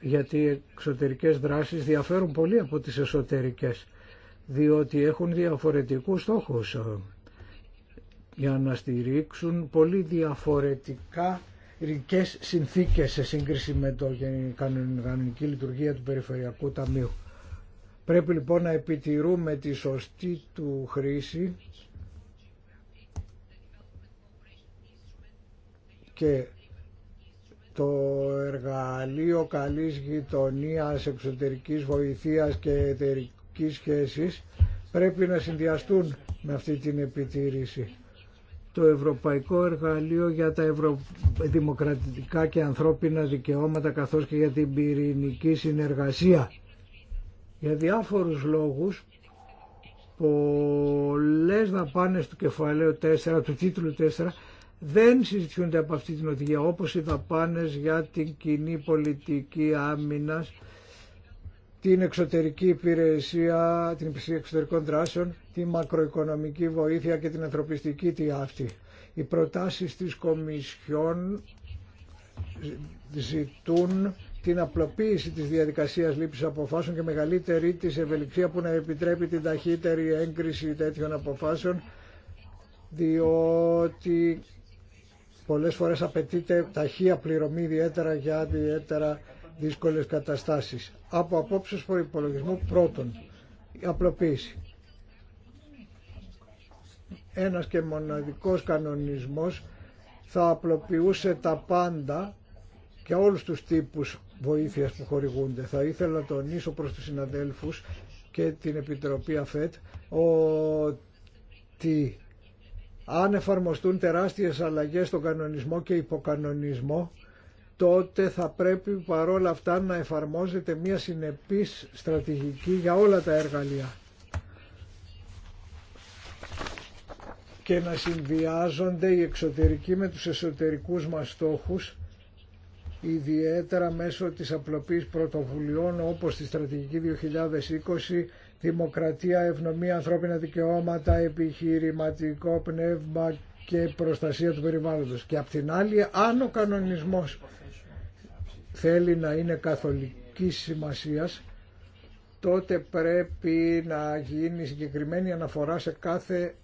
γιατί οι εξωτερικές δράσεις διαφέρουν πολύ από τις εσωτερικές, διότι έχουν διαφορετικούς στόχους για να στηρίξουν πολύ διαφορετικά ρικές συνθήκες σε σύγκριση με το κανονική λειτουργία του Περιφερειακού Ταμείου. Πρέπει λοιπόν να επιτηρούμε τη σωστή του χρήση και το εργαλείο καλής γειτονίας, εξωτερικής βοηθείας και εταιρικής σχέσης πρέπει να συνδυαστούν με αυτή την επιτήρηση. Το Ευρωπαϊκό Εργαλείο για τα Δημοκρατικά και Ανθρώπινα Δικαιώματα καθώς και για την πυρηνική συνεργασία. Για διάφορους λόγους πολλές πάνε του κεφαλαίου 4, του τίτλου 4 δεν συζητιούνται από αυτή την οδηγία όπως οι δαπάνες για την κοινή πολιτική άμυνας την εξωτερική υπηρεσία, την υπηρεσία εξωτερικών δράσεων, τη μακροοικονομική βοήθεια και την ανθρωπιστική τη αυτή. Οι προτάσεις της Κομισιόν ζητούν την απλοποίηση της διαδικασίας λήψης αποφάσεων και μεγαλύτερη της ευελιξία που να επιτρέπει την ταχύτερη έγκριση τέτοιων αποφάσεων διότι πολλές φορές απαιτείται ταχεία πληρωμή ιδιαίτερα για ιδιαίτερα δύσκολες καταστάσεις. Από απόψεις προϋπολογισμού πρώτον, η απλοποίηση. Ένας και μοναδικός κανονισμός θα απλοποιούσε τα πάντα και όλους τους τύπους βοήθειας που χορηγούνται. Θα ήθελα να τονίσω προς τους συναδέλφους και την Επιτροπή ΑΦΕΤ ότι αν εφαρμοστούν τεράστιες αλλαγές στον κανονισμό και υποκανονισμό, τότε θα πρέπει παρόλα αυτά να εφαρμόζεται μια συνεπής στρατηγική για όλα τα εργαλεία. και να συνδυάζονται οι εξωτερικοί με τους εσωτερικούς μας στόχους ιδιαίτερα μέσω της απλοποίησης πρωτοβουλειών όπως τη στρατηγική 2020 δημοκρατία, ευνομία, ανθρώπινα δικαιώματα, επιχειρηματικό πνεύμα και προστασία του περιβάλλοντος. Και απ' την άλλη, αν ο κανονισμός θέλει να είναι καθολικής σημασίας, τότε πρέπει να γίνει συγκεκριμένη αναφορά σε κάθε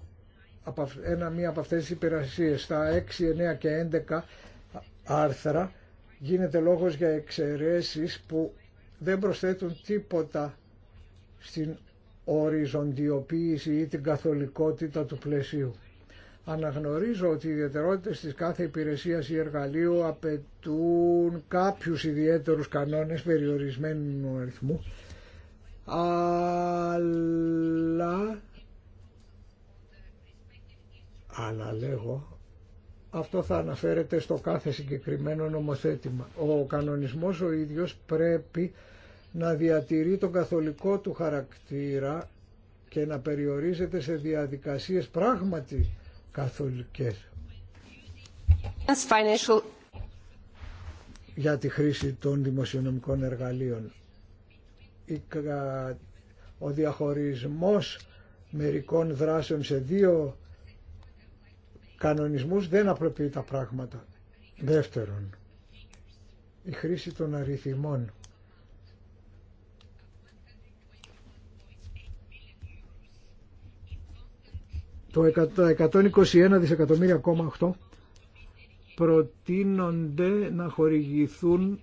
ένα μία από αυτές τις υπηρεσίες. Στα 6, 9 και 11 άρθρα γίνεται λόγος για εξαιρέσεις που δεν προσθέτουν τίποτα στην οριζοντιοποίηση ή την καθολικότητα του πλαισίου. Αναγνωρίζω ότι οι ιδιαιτερότητες της κάθε υπηρεσίας ή εργαλείου απαιτούν κάποιου ιδιαίτερους κανόνες περιορισμένου αριθμού, αλλά, αλλά λέγω, αυτό θα αναφέρεται στο κάθε συγκεκριμένο νομοθέτημα. Ο κανονισμός ο ίδιος πρέπει να διατηρεί τον καθολικό του χαρακτήρα και να περιορίζεται σε διαδικασίες πράγματι καθολικές για τη χρήση των δημοσιονομικών εργαλείων. Ο διαχωρισμός μερικών δράσεων σε δύο κανονισμούς δεν απλοποιεί τα πράγματα. Δεύτερον, η χρήση των αριθμών. Το 121 δισεκατομμύρια 8 προτείνονται να χορηγηθούν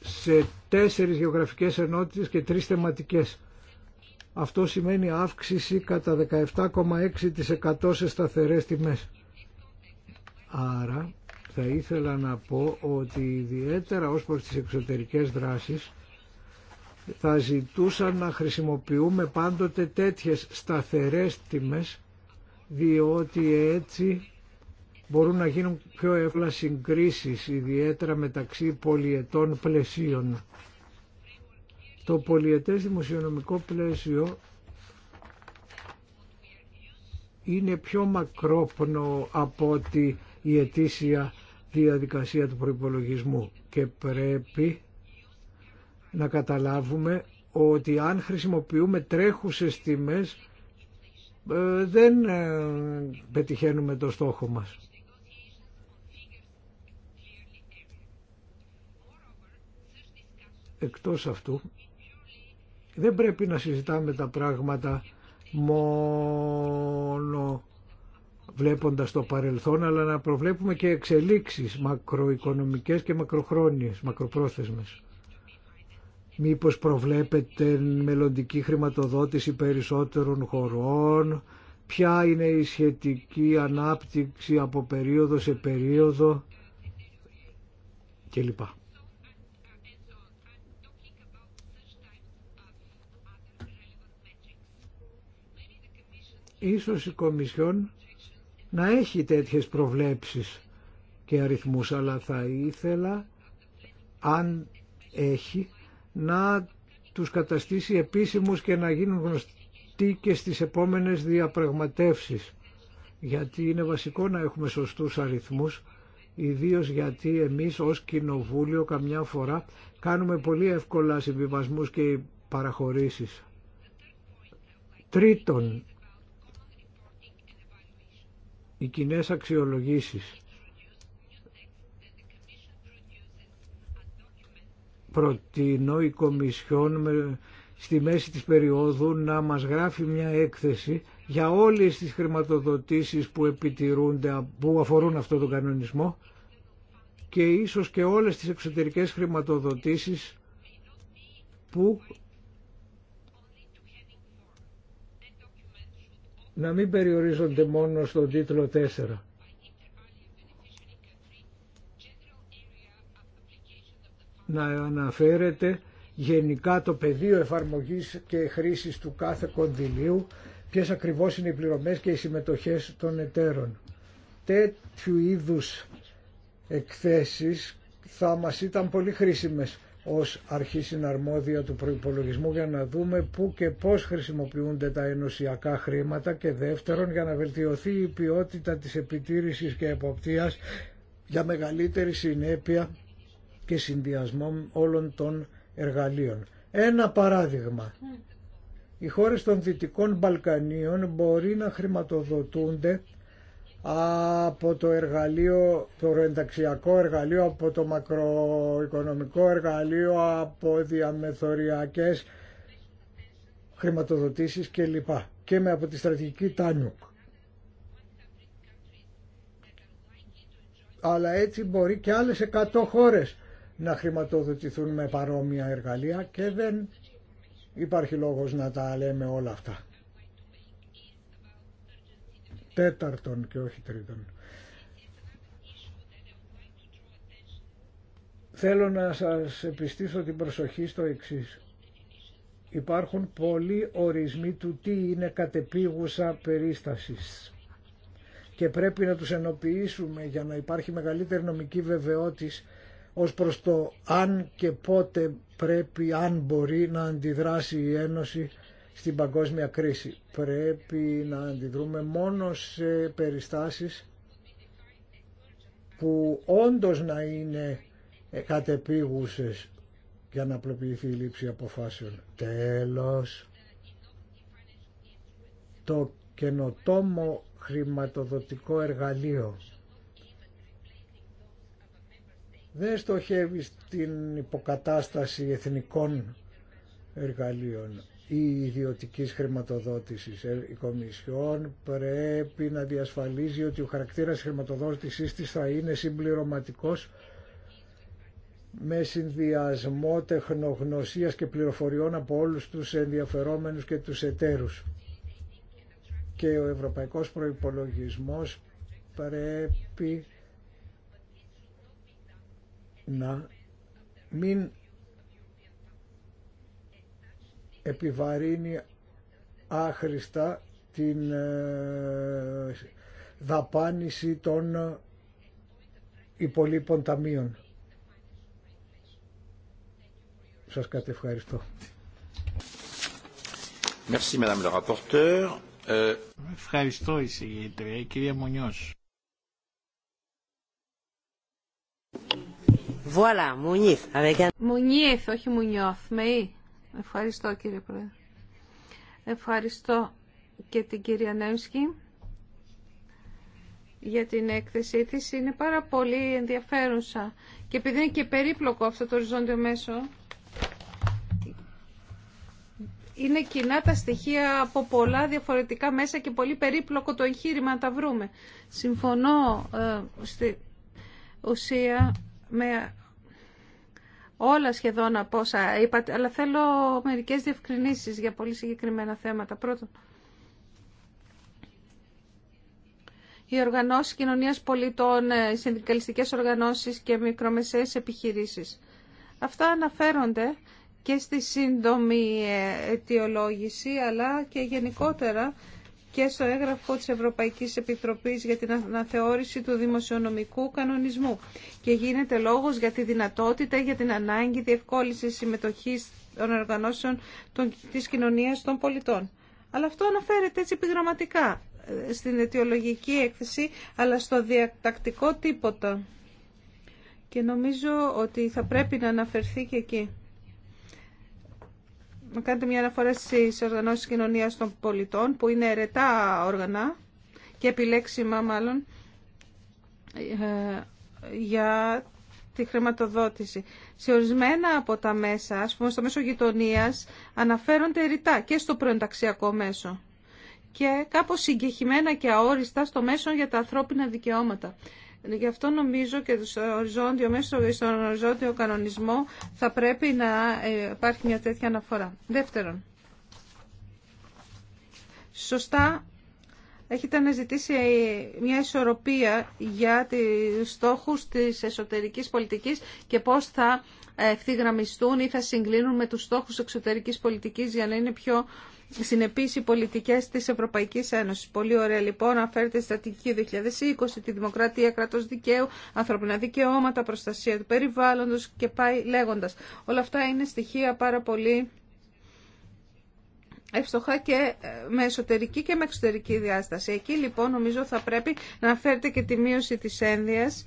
σε τέσσερις γεωγραφικές ενότητες και τρεις θεματικές. Αυτό σημαίνει αύξηση κατά 17,6% σε σταθερές τιμές. Άρα θα ήθελα να πω ότι ιδιαίτερα ως προς τις εξωτερικές δράσεις θα ζητούσαν να χρησιμοποιούμε πάντοτε τέτοιες σταθερές τιμές διότι έτσι μπορούν να γίνουν πιο εύκολα συγκρίσεις, ιδιαίτερα μεταξύ πολιετών πλαισίων. Το πολιετές δημοσιονομικό πλαίσιο είναι πιο μακρόπνο από ότι η ετήσια διαδικασία του προϋπολογισμού και πρέπει να καταλάβουμε ότι αν χρησιμοποιούμε τρέχουσες τιμές ε, δεν ε, πετυχαίνουμε το στόχο μας. Εκτός αυτού, δεν πρέπει να συζητάμε τα πράγματα μόνο βλέποντας το παρελθόν, αλλά να προβλέπουμε και εξελίξεις μακροοικονομικές και μακροχρόνιες, μακροπρόθεσμες. Μήπως προβλέπετε μελλοντική χρηματοδότηση περισσότερων χωρών. Ποια είναι η σχετική ανάπτυξη από περίοδο σε περίοδο κλπ. Ίσως η Κομισιόν να έχει τέτοιες προβλέψεις και αριθμούς, αλλά θα ήθελα αν έχει να τους καταστήσει επίσημους και να γίνουν γνωστοί και στις επόμενες διαπραγματεύσεις. Γιατί είναι βασικό να έχουμε σωστούς αριθμούς, ιδίως γιατί εμείς ως κοινοβούλιο καμιά φορά κάνουμε πολύ εύκολα συμβιβασμούς και παραχωρήσεις. Τρίτον, οι κοινέ αξιολογήσεις. προτείνω η Κομισιόν στη μέση της περίοδου να μας γράφει μια έκθεση για όλες τις χρηματοδοτήσεις που επιτηρούνται, που αφορούν αυτό τον κανονισμό και ίσως και όλες τις εξωτερικές χρηματοδοτήσεις που να μην περιορίζονται μόνο στον τίτλο 4. να αναφέρεται γενικά το πεδίο εφαρμογής και χρήσης του κάθε κονδυλίου, ποιες ακριβώς είναι οι πληρωμές και οι συμμετοχές των εταίρων. Τέτοιου είδους εκθέσεις θα μας ήταν πολύ χρήσιμες ως αρχή συναρμόδια του προϋπολογισμού για να δούμε πού και πώς χρησιμοποιούνται τα ενωσιακά χρήματα και δεύτερον για να βελτιωθεί η ποιότητα της επιτήρησης και εποπτείας για μεγαλύτερη συνέπεια και συνδυασμό όλων των εργαλείων. Ένα παράδειγμα. Οι χώρες των Δυτικών Βαλκανίων μπορεί να χρηματοδοτούνται από το εργαλείο, το ενταξιακό εργαλείο, από το μακροοικονομικό εργαλείο, από διαμεθοριακές χρηματοδοτήσεις κλπ. Και με από τη στρατηγική Τάνιουκ. Αλλά έτσι μπορεί και άλλες 100 χώρες να χρηματοδοτηθούν με παρόμοια εργαλεία και δεν υπάρχει λόγος να τα λέμε όλα αυτά. Τέταρτον και όχι τρίτον. Θέλω να σας επιστήσω την προσοχή στο εξής. Υπάρχουν πολλοί ορισμοί του τι είναι κατεπίγουσα περίστασης και πρέπει να τους ενοποιήσουμε για να υπάρχει μεγαλύτερη νομική βεβαιότηση ως προς το αν και πότε πρέπει, αν μπορεί να αντιδράσει η Ένωση στην παγκόσμια κρίση. Πρέπει να αντιδρούμε μόνο σε περιστάσεις που όντως να είναι κατεπίγουσες για να απλοποιηθεί η λήψη αποφάσεων. Τέλος, το καινοτόμο χρηματοδοτικό εργαλείο δεν στοχεύει στην υποκατάσταση εθνικών εργαλείων ή ιδιωτικής χρηματοδότησης. Ε, η Κομισιόν πρέπει να διασφαλίζει ότι ο χαρακτήρας χρηματοδότησής της θα είναι συμπληρωματικός με συνδυασμό τεχνογνωσίας και πληροφοριών από όλους τους ενδιαφερόμενους και τους εταίρους. Και ο ευρωπαϊκός προϋπολογισμός πρέπει να μην επιβαρύνει άχρηστα την ε, δαπάνηση των υπολείπων ταμείων. Σας κατευχαριστώ. Merci, Madame le Rapporteur. Ε, Ευχαριστώ, εισηγήτρια. Κυρία Μονιός. Voilà, όχι Με Ευχαριστώ κύριε Πρόεδρε. Ευχαριστώ και την κυρία Νέμσκι για την έκθεσή της. Είναι πάρα πολύ ενδιαφέρουσα. Και επειδή είναι και περίπλοκο αυτό το οριζόντιο μέσο, είναι κοινά τα στοιχεία από πολλά διαφορετικά μέσα και πολύ περίπλοκο το εγχείρημα να τα βρούμε. Συμφωνώ ε, ουσία με όλα σχεδόν από όσα είπατε, αλλά θέλω μερικές διευκρινήσεις για πολύ συγκεκριμένα θέματα. Πρώτον, οι οργανώσεις κοινωνίας πολιτών, ε, οι συνδικαλιστικές οργανώσεις και μικρομεσαίες επιχειρήσεις. Αυτά αναφέρονται και στη σύντομη ε, αιτιολόγηση, αλλά και γενικότερα και στο έγγραφο της Ευρωπαϊκής Επιτροπής για την αναθεώρηση του δημοσιονομικού κανονισμού και γίνεται λόγος για τη δυνατότητα για την ανάγκη διευκόλυνση συμμετοχής των οργανώσεων των, της κοινωνίας των πολιτών. Αλλά αυτό αναφέρεται έτσι επιγραμματικά ε, στην αιτιολογική έκθεση, αλλά στο διατακτικό τίποτα. Και νομίζω ότι θα πρέπει να αναφερθεί και εκεί να κάνετε μια αναφορά στις οργανώσεις κοινωνίας των πολιτών που είναι ερετά όργανα και επιλέξιμα μάλλον ε, για τη χρηματοδότηση. Σε ορισμένα από τα μέσα, ας πούμε στο μέσο γειτονία, αναφέρονται ερετά και στο προενταξιακό μέσο και κάπως συγκεχημένα και αόριστα στο μέσο για τα ανθρώπινα δικαιώματα. Ε, γι' αυτό νομίζω και στο οριζόντιο, μέσα στον οριζόντιο κανονισμό θα πρέπει να ε, υπάρχει μια τέτοια αναφορά. Δεύτερον, σωστά έχετε αναζητήσει ε, μια ισορροπία για τους στόχους της εσωτερικής πολιτικής και πώς θα ευθυγραμμιστούν ή θα συγκλίνουν με τους στόχους εξωτερικής πολιτικής για να είναι πιο Συνεπίσει οι πολιτικέ τη Ευρωπαϊκή Ένωση. Πολύ ωραία λοιπόν αναφέρεται η στρατηγική 2020, τη δημοκρατία, κράτος δικαίου, ανθρώπινα δικαιώματα, προστασία του περιβάλλοντο και πάει λέγοντα. Όλα αυτά είναι στοιχεία πάρα πολύ ευστοχά και ε, με εσωτερική και με εξωτερική διάσταση. Εκεί λοιπόν νομίζω θα πρέπει να αναφέρεται και τη μείωση της ένδυας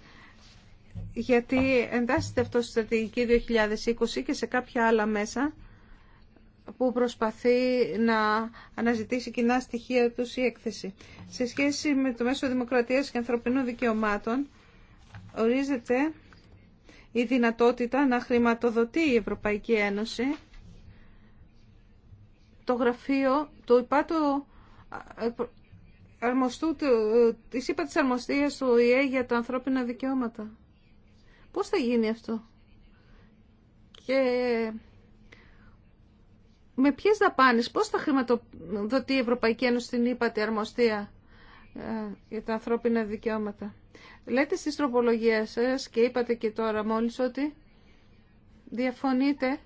γιατί εντάσσεται αυτό στη στρατηγική 2020 και σε κάποια άλλα μέσα που προσπαθεί να αναζητήσει κοινά στοιχεία τους η έκθεση. Σε σχέση με το μέσο δημοκρατίας και ανθρωπινών δικαιωμάτων, ορίζεται η δυνατότητα να χρηματοδοτεί η Ευρωπαϊκή Ένωση το γραφείο του υπάτο ε, αρμοστού, της είπα της αρμοστίας του ΟΗΕ για τα ανθρώπινα δικαιώματα. Πώς θα γίνει αυτό. Και με ποιε δαπάνε, πώς θα χρηματοδοτεί η Ευρωπαϊκή Ένωση την ύπατη αρμοστία ε, για τα ανθρώπινα δικαιώματα. Λέτε στι τροπολογίες σα και είπατε και τώρα μόλι ότι διαφωνείτε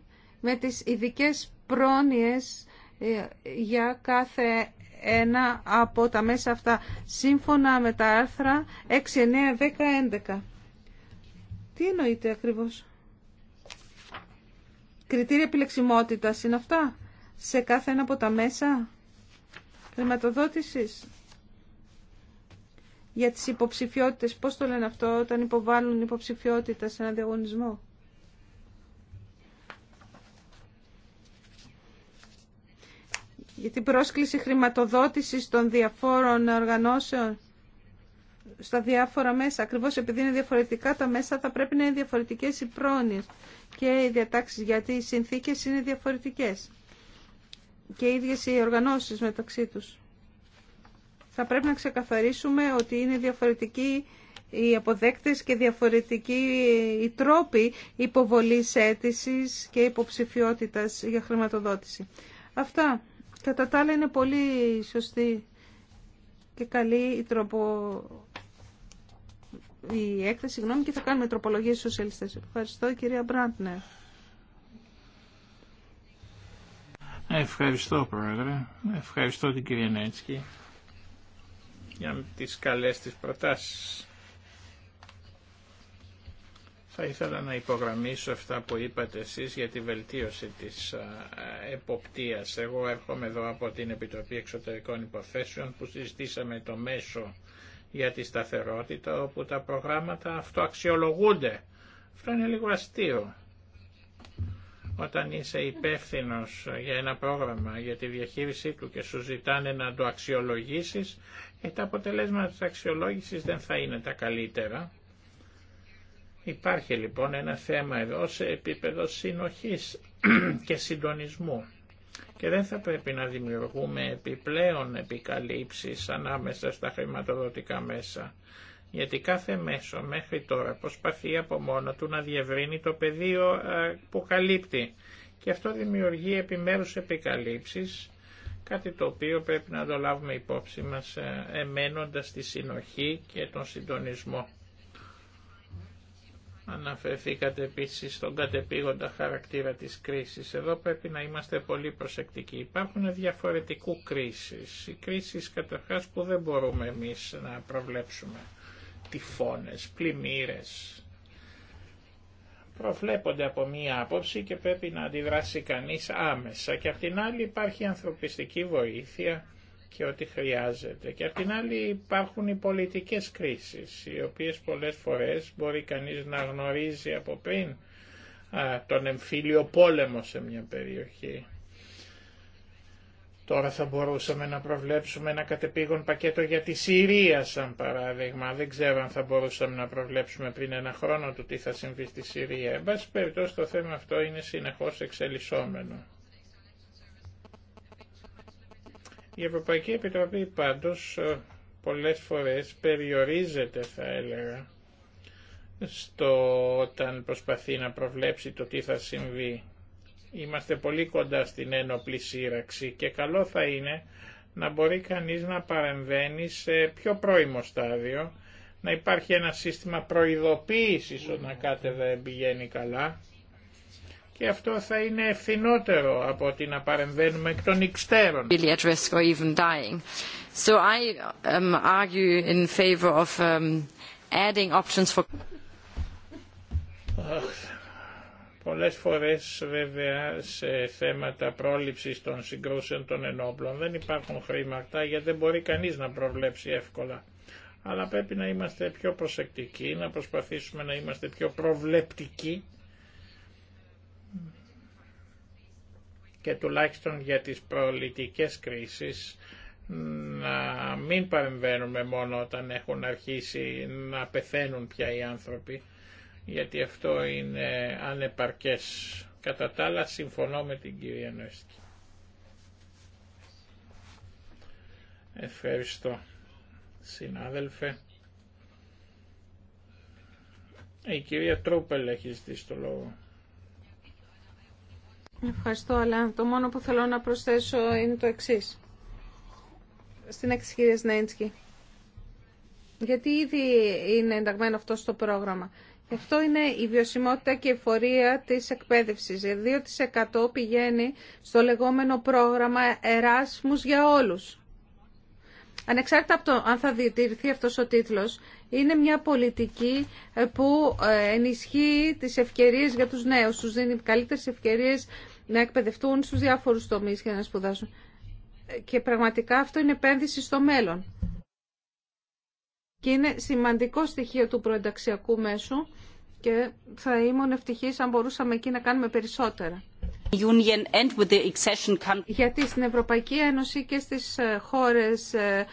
με τις ειδικέ πρόνοιες ε, για κάθε ένα από τα μέσα αυτά σύμφωνα με τα άρθρα 6, 9, 10, 11. Τι εννοείτε ακριβώς. Κριτήρια επιλεξιμότητας είναι αυτά σε κάθε ένα από τα μέσα χρηματοδότησης για τις υποψηφιότητες. Πώς το λένε αυτό όταν υποβάλλουν υποψηφιότητα σε έναν διαγωνισμό. Για την πρόσκληση χρηματοδότησης των διαφόρων οργανώσεων στα διάφορα μέσα. Ακριβώς επειδή είναι διαφορετικά τα μέσα θα πρέπει να είναι διαφορετικές οι πρόνοιες και οι διατάξεις γιατί οι συνθήκες είναι διαφορετικές και οι ίδιες οι οργανώσεις μεταξύ τους. Θα πρέπει να ξεκαθαρίσουμε ότι είναι διαφορετικοί οι αποδέκτες και διαφορετικοί οι τρόποι υποβολής αίτησης και υποψηφιότητας για χρηματοδότηση. Αυτά. Κατά τα άλλα είναι πολύ σωστή και καλή η τρόπο η έκθεση γνώμη και θα κάνουμε τροπολογία στους σοσιαλιστές. Ευχαριστώ κυρία Μπραντνερ. Ευχαριστώ Πρόεδρε. Ευχαριστώ την κυρία Νέτσκι για τις καλές της προτάσεις. Θα ήθελα να υπογραμμίσω αυτά που είπατε εσείς για τη βελτίωση της εποπτείας. Εγώ έρχομαι εδώ από την Επιτροπή Εξωτερικών Υποθέσεων που συζητήσαμε το μέσο για τη σταθερότητα όπου τα προγράμματα αυτοαξιολογούνται. Αυτό είναι λίγο αστείο. Όταν είσαι υπεύθυνο για ένα πρόγραμμα, για τη διαχείρισή του και σου ζητάνε να το αξιολογήσεις, ε, τα αποτελέσματα της αξιολόγησης δεν θα είναι τα καλύτερα. Υπάρχει λοιπόν ένα θέμα εδώ σε επίπεδο συνοχής [clears throat] και συντονισμού και δεν θα πρέπει να δημιουργούμε επιπλέον επικαλύψεις ανάμεσα στα χρηματοδοτικά μέσα, γιατί κάθε μέσο μέχρι τώρα προσπαθεί από μόνο του να διευρύνει το πεδίο ε, που καλύπτει και αυτό δημιουργεί επιμέρους επικαλύψεις, κάτι το οποίο πρέπει να το λάβουμε υπόψη μας ε, εμένοντας τη συνοχή και τον συντονισμό. Αναφερθήκατε επίση στον κατεπήγοντα χαρακτήρα της κρίσης. Εδώ πρέπει να είμαστε πολύ προσεκτικοί. Υπάρχουν διαφορετικού κρίσεις. Οι κρίσεις καταρχάς που δεν μπορούμε εμείς να προβλέψουμε. Τυφώνες, πλημμύρες. Προβλέπονται από μία άποψη και πρέπει να αντιδράσει κανείς άμεσα. Και απ' την άλλη υπάρχει ανθρωπιστική βοήθεια και ό,τι χρειάζεται. Και απ' την άλλη υπάρχουν οι πολιτικές κρίσεις, οι οποίες πολλές φορές μπορεί κανείς να γνωρίζει από πριν α, τον εμφύλιο πόλεμο σε μια περιοχή. Τώρα θα μπορούσαμε να προβλέψουμε ένα κατεπήγον πακέτο για τη Συρία σαν παράδειγμα. Δεν ξέρω αν θα μπορούσαμε να προβλέψουμε πριν ένα χρόνο του τι θα συμβεί στη Συρία. Εν πάση περιπτώσει το θέμα αυτό είναι συνεχώς εξελισσόμενο. Η Ευρωπαϊκή Επιτροπή πάντως ε, πολλές φορές περιορίζεται θα έλεγα στο όταν προσπαθεί να προβλέψει το τι θα συμβεί. Είμαστε πολύ κοντά στην ένοπλη σύραξη και καλό θα είναι να μπορεί κανείς να παρεμβαίνει σε πιο πρώιμο στάδιο, να υπάρχει ένα σύστημα προειδοποίησης όταν κάτι δεν πηγαίνει καλά και αυτό θα είναι ευθυνότερο από ότι να παρεμβαίνουμε εκ των υξτέρων. Πολλές φορές βέβαια σε θέματα πρόληψης των συγκρούσεων των ενόπλων δεν υπάρχουν χρήματα γιατί δεν μπορεί κανείς να προβλέψει εύκολα. Αλλά πρέπει να είμαστε πιο προσεκτικοί, να προσπαθήσουμε να είμαστε πιο προβλεπτικοί και τουλάχιστον για τις πολιτικές κρίσεις να μην παρεμβαίνουμε μόνο όταν έχουν αρχίσει να πεθαίνουν πια οι άνθρωποι γιατί αυτό είναι ανεπαρκές. Κατά τα άλλα συμφωνώ με την κυρία Ευχαριστώ συνάδελφε. Η κυρία Τρούπελ έχει ζητήσει το λόγο. Ευχαριστώ, αλλά το μόνο που θέλω να προσθέσω είναι το εξή. Στην έξι κυρία Σνέντσκι. Γιατί ήδη είναι ενταγμένο αυτό στο πρόγραμμα. Γι' αυτό είναι η βιωσιμότητα και η εφορία της εκπαίδευσης. 2% πηγαίνει στο λεγόμενο πρόγραμμα Εράσμους για όλους. Ανεξάρτητα από το αν θα διατηρηθεί αυτός ο τίτλος, είναι μια πολιτική ε, που ε, ενισχύει τις ευκαιρίες για τους νέους, τους δίνει καλύτερες ευκαιρίες να εκπαιδευτούν στους διάφορους τομείς και να σπουδάσουν. Και πραγματικά αυτό είναι επένδυση στο μέλλον. Και είναι σημαντικό στοιχείο του προενταξιακού μέσου και θα ήμουν ευτυχής αν μπορούσαμε εκεί να κάνουμε περισσότερα. Γιατί στην Ευρωπαϊκή Ένωση και στις ε, χώρες ε,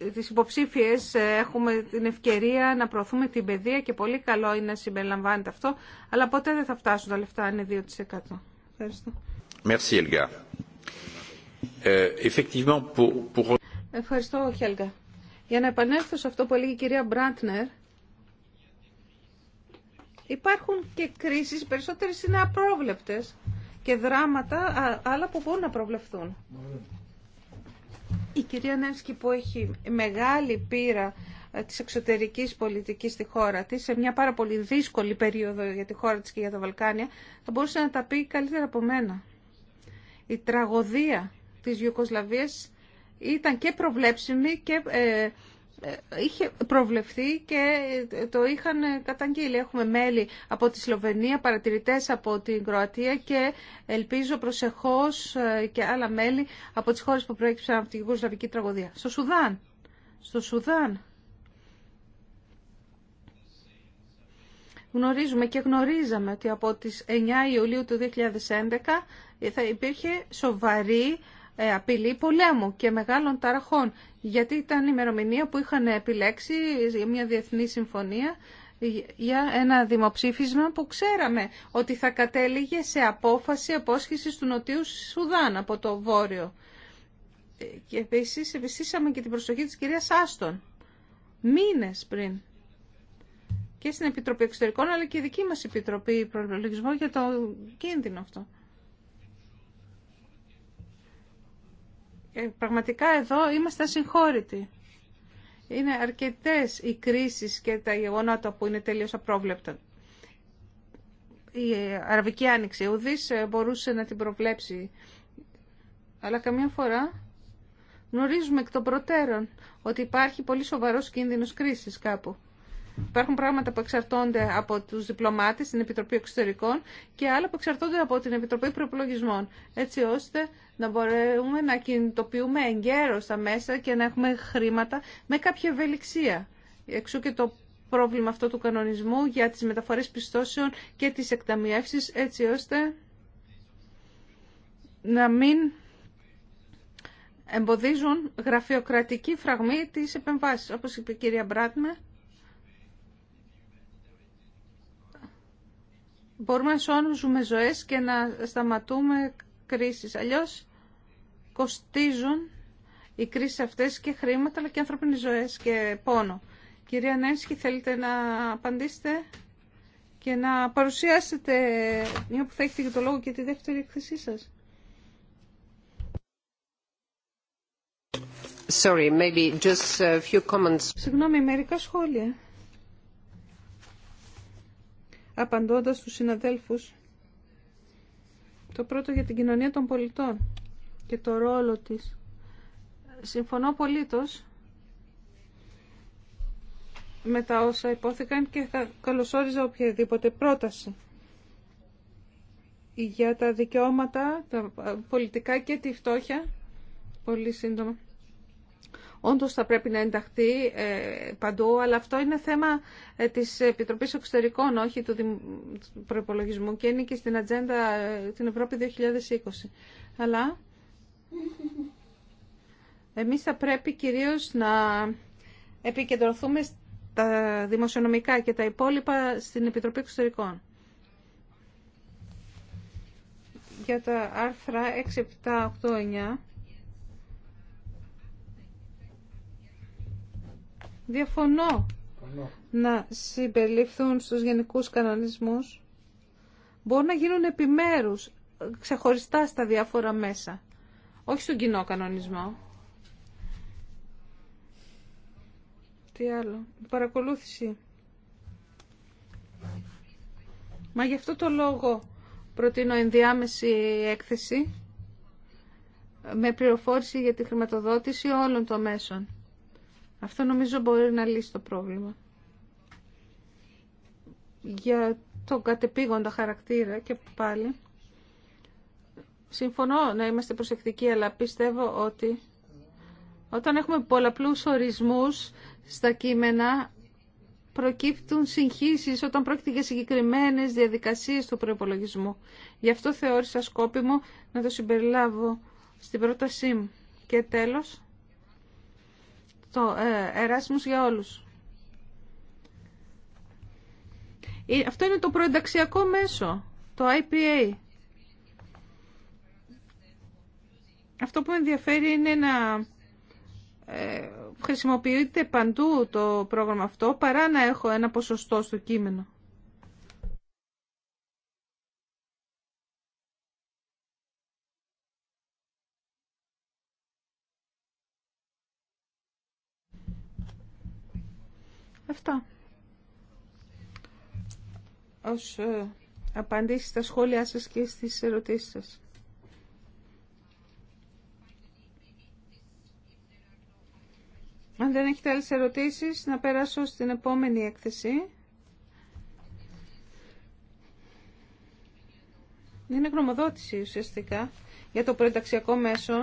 ε, τις υποψήφιες έχουμε την ευκαιρία να προωθούμε την παιδεία και πολύ καλό είναι να συμπεριλαμβάνεται αυτό, αλλά ποτέ δεν θα φτάσουν τα λεφτά, είναι 2%. Ευχαριστώ. Merci, Elga. Ε, Χέλγα. Για να επανέλθω σε αυτό που έλεγε η κυρία Μπράντνερ, υπάρχουν και κρίσεις, περισσότερες είναι απρόβλεπτες και δράματα, άλλα που μπορούν να προβλεφθούν. Η κυρία Νέσκι, που έχει μεγάλη πείρα της εξωτερικής πολιτικής στη χώρα της, σε μια πάρα πολύ δύσκολη περίοδο για τη χώρα της και για τα Βαλκάνια, θα μπορούσε να τα πει καλύτερα από μένα. Η τραγωδία της Ιουκοσλαβίας ήταν και προβλέψιμη και ε, ε, είχε προβλεφθεί και ε, το είχαν καταγγείλει. Έχουμε μέλη από τη Σλοβενία, παρατηρητές από την Κροατία και ελπίζω προσεχώς και άλλα μέλη από τις χώρες που προέκυψαν από την Ιουγκοσλαβική τραγωδία. Στο Σουδάν. Στο Σουδάν γνωρίζουμε και γνωρίζαμε ότι από τις 9 Ιουλίου του 2011 θα υπήρχε σοβαρή ε, απειλή πολέμου και μεγάλων ταραχών, γιατί ήταν η ημερομηνία που είχαν επιλέξει για μια διεθνή συμφωνία για ένα δημοψήφισμα που ξέραμε ότι θα κατέληγε σε απόφαση απόσχηση του Νοτιού Σουδάν από το Βόρειο. Και επίσης ευαισθήσαμε και την προσοχή της κυρίας Άστον μήνες πριν και στην Επιτροπή Εξωτερικών, αλλά και η δική μας Επιτροπή Προλογισμού για το κίνδυνο αυτό. Ε, πραγματικά εδώ είμαστε ασυγχώρητοι. Είναι αρκετές οι κρίσεις και τα γεγονότα που είναι τελείως απρόβλεπτα. Η ε, Αραβική Άνοιξη ουδής ε, μπορούσε να την προβλέψει, αλλά καμιά φορά γνωρίζουμε εκ των προτέρων ότι υπάρχει πολύ σοβαρός κίνδυνος κρίσης κάπου. Υπάρχουν πράγματα που εξαρτώνται από τους διπλωμάτε την Επιτροπή Εξωτερικών και άλλα που εξαρτώνται από την Επιτροπή Προπολογισμών, έτσι ώστε να μπορούμε να κινητοποιούμε εγκαίρω τα μέσα και να έχουμε χρήματα με κάποια ευελιξία. Εξού και το πρόβλημα αυτό του κανονισμού για τις μεταφορές πιστώσεων και τις εκταμιεύσεις, έτσι ώστε να μην εμποδίζουν γραφειοκρατική φραγμή της επεμβάσης, όπως είπε η κυρία Μπράτμε μπορούμε να σώνουμε ζωές και να σταματούμε κρίσεις. Αλλιώς κοστίζουν οι κρίσεις αυτές και χρήματα αλλά και ανθρώπινες ζωές και πόνο. Κυρία Νέσχη, θέλετε να απαντήσετε και να παρουσιάσετε μια που θα έχετε και το λόγο και τη δεύτερη εκθεσή σας. Sorry, maybe just a few comments. Συγγνώμη, μερικά σχόλια απαντώντας στους συναδέλφους. Το πρώτο για την κοινωνία των πολιτών και το ρόλο της. Συμφωνώ πολύτος με τα όσα υπόθηκαν και θα καλωσόριζα οποιαδήποτε πρόταση για τα δικαιώματα, τα πολιτικά και τη φτώχεια. Πολύ σύντομα όντως θα πρέπει να ενταχθεί ε, παντού, αλλά αυτό είναι θέμα ε, της Επιτροπής Εξωτερικών, όχι του προπολογισμού και είναι και στην ατζέντα ε, την Ευρώπη 2020. Αλλά εμείς θα πρέπει κυρίως να επικεντρωθούμε τα δημοσιονομικά και τα υπόλοιπα στην Επιτροπή Εξωτερικών. Για τα άρθρα 6, 7, 8, 9 Διαφωνώ να συμπεριληφθούν στους γενικούς κανονισμούς. Μπορούν να γίνουν επιμέρους, ξεχωριστά στα διάφορα μέσα. Όχι στον κοινό κανονισμό. Τι άλλο. Παρακολούθηση. Μα γι' αυτό το λόγο προτείνω ενδιάμεση έκθεση με πληροφόρηση για τη χρηματοδότηση όλων των μέσων. Αυτό νομίζω μπορεί να λύσει το πρόβλημα. Για τον κατεπήγοντα χαρακτήρα και πάλι. Συμφωνώ να είμαστε προσεκτικοί, αλλά πιστεύω ότι όταν έχουμε πολλαπλούς ορισμούς στα κείμενα, προκύπτουν συγχύσεις όταν πρόκειται για συγκεκριμένες διαδικασίες του προπολογισμού. Γι' αυτό θεώρησα σκόπιμο να το συμπεριλάβω στην πρότασή μου. Και τέλος, το εράσιμος για όλους. Ε, αυτό είναι το προενταξιακό μέσο, το IPA. Αυτό που με ενδιαφέρει είναι να ε, χρησιμοποιείται παντού το πρόγραμμα αυτό παρά να έχω ένα ποσοστό στο κείμενο. Αυτά. Ως ε, απαντήσεις στα σχόλιά σας και στις ερωτήσεις σας. Αν δεν έχετε άλλες ερωτήσεις, να περάσω στην επόμενη έκθεση. Είναι γνωμοδότηση ουσιαστικά για το προενταξιακό μέσο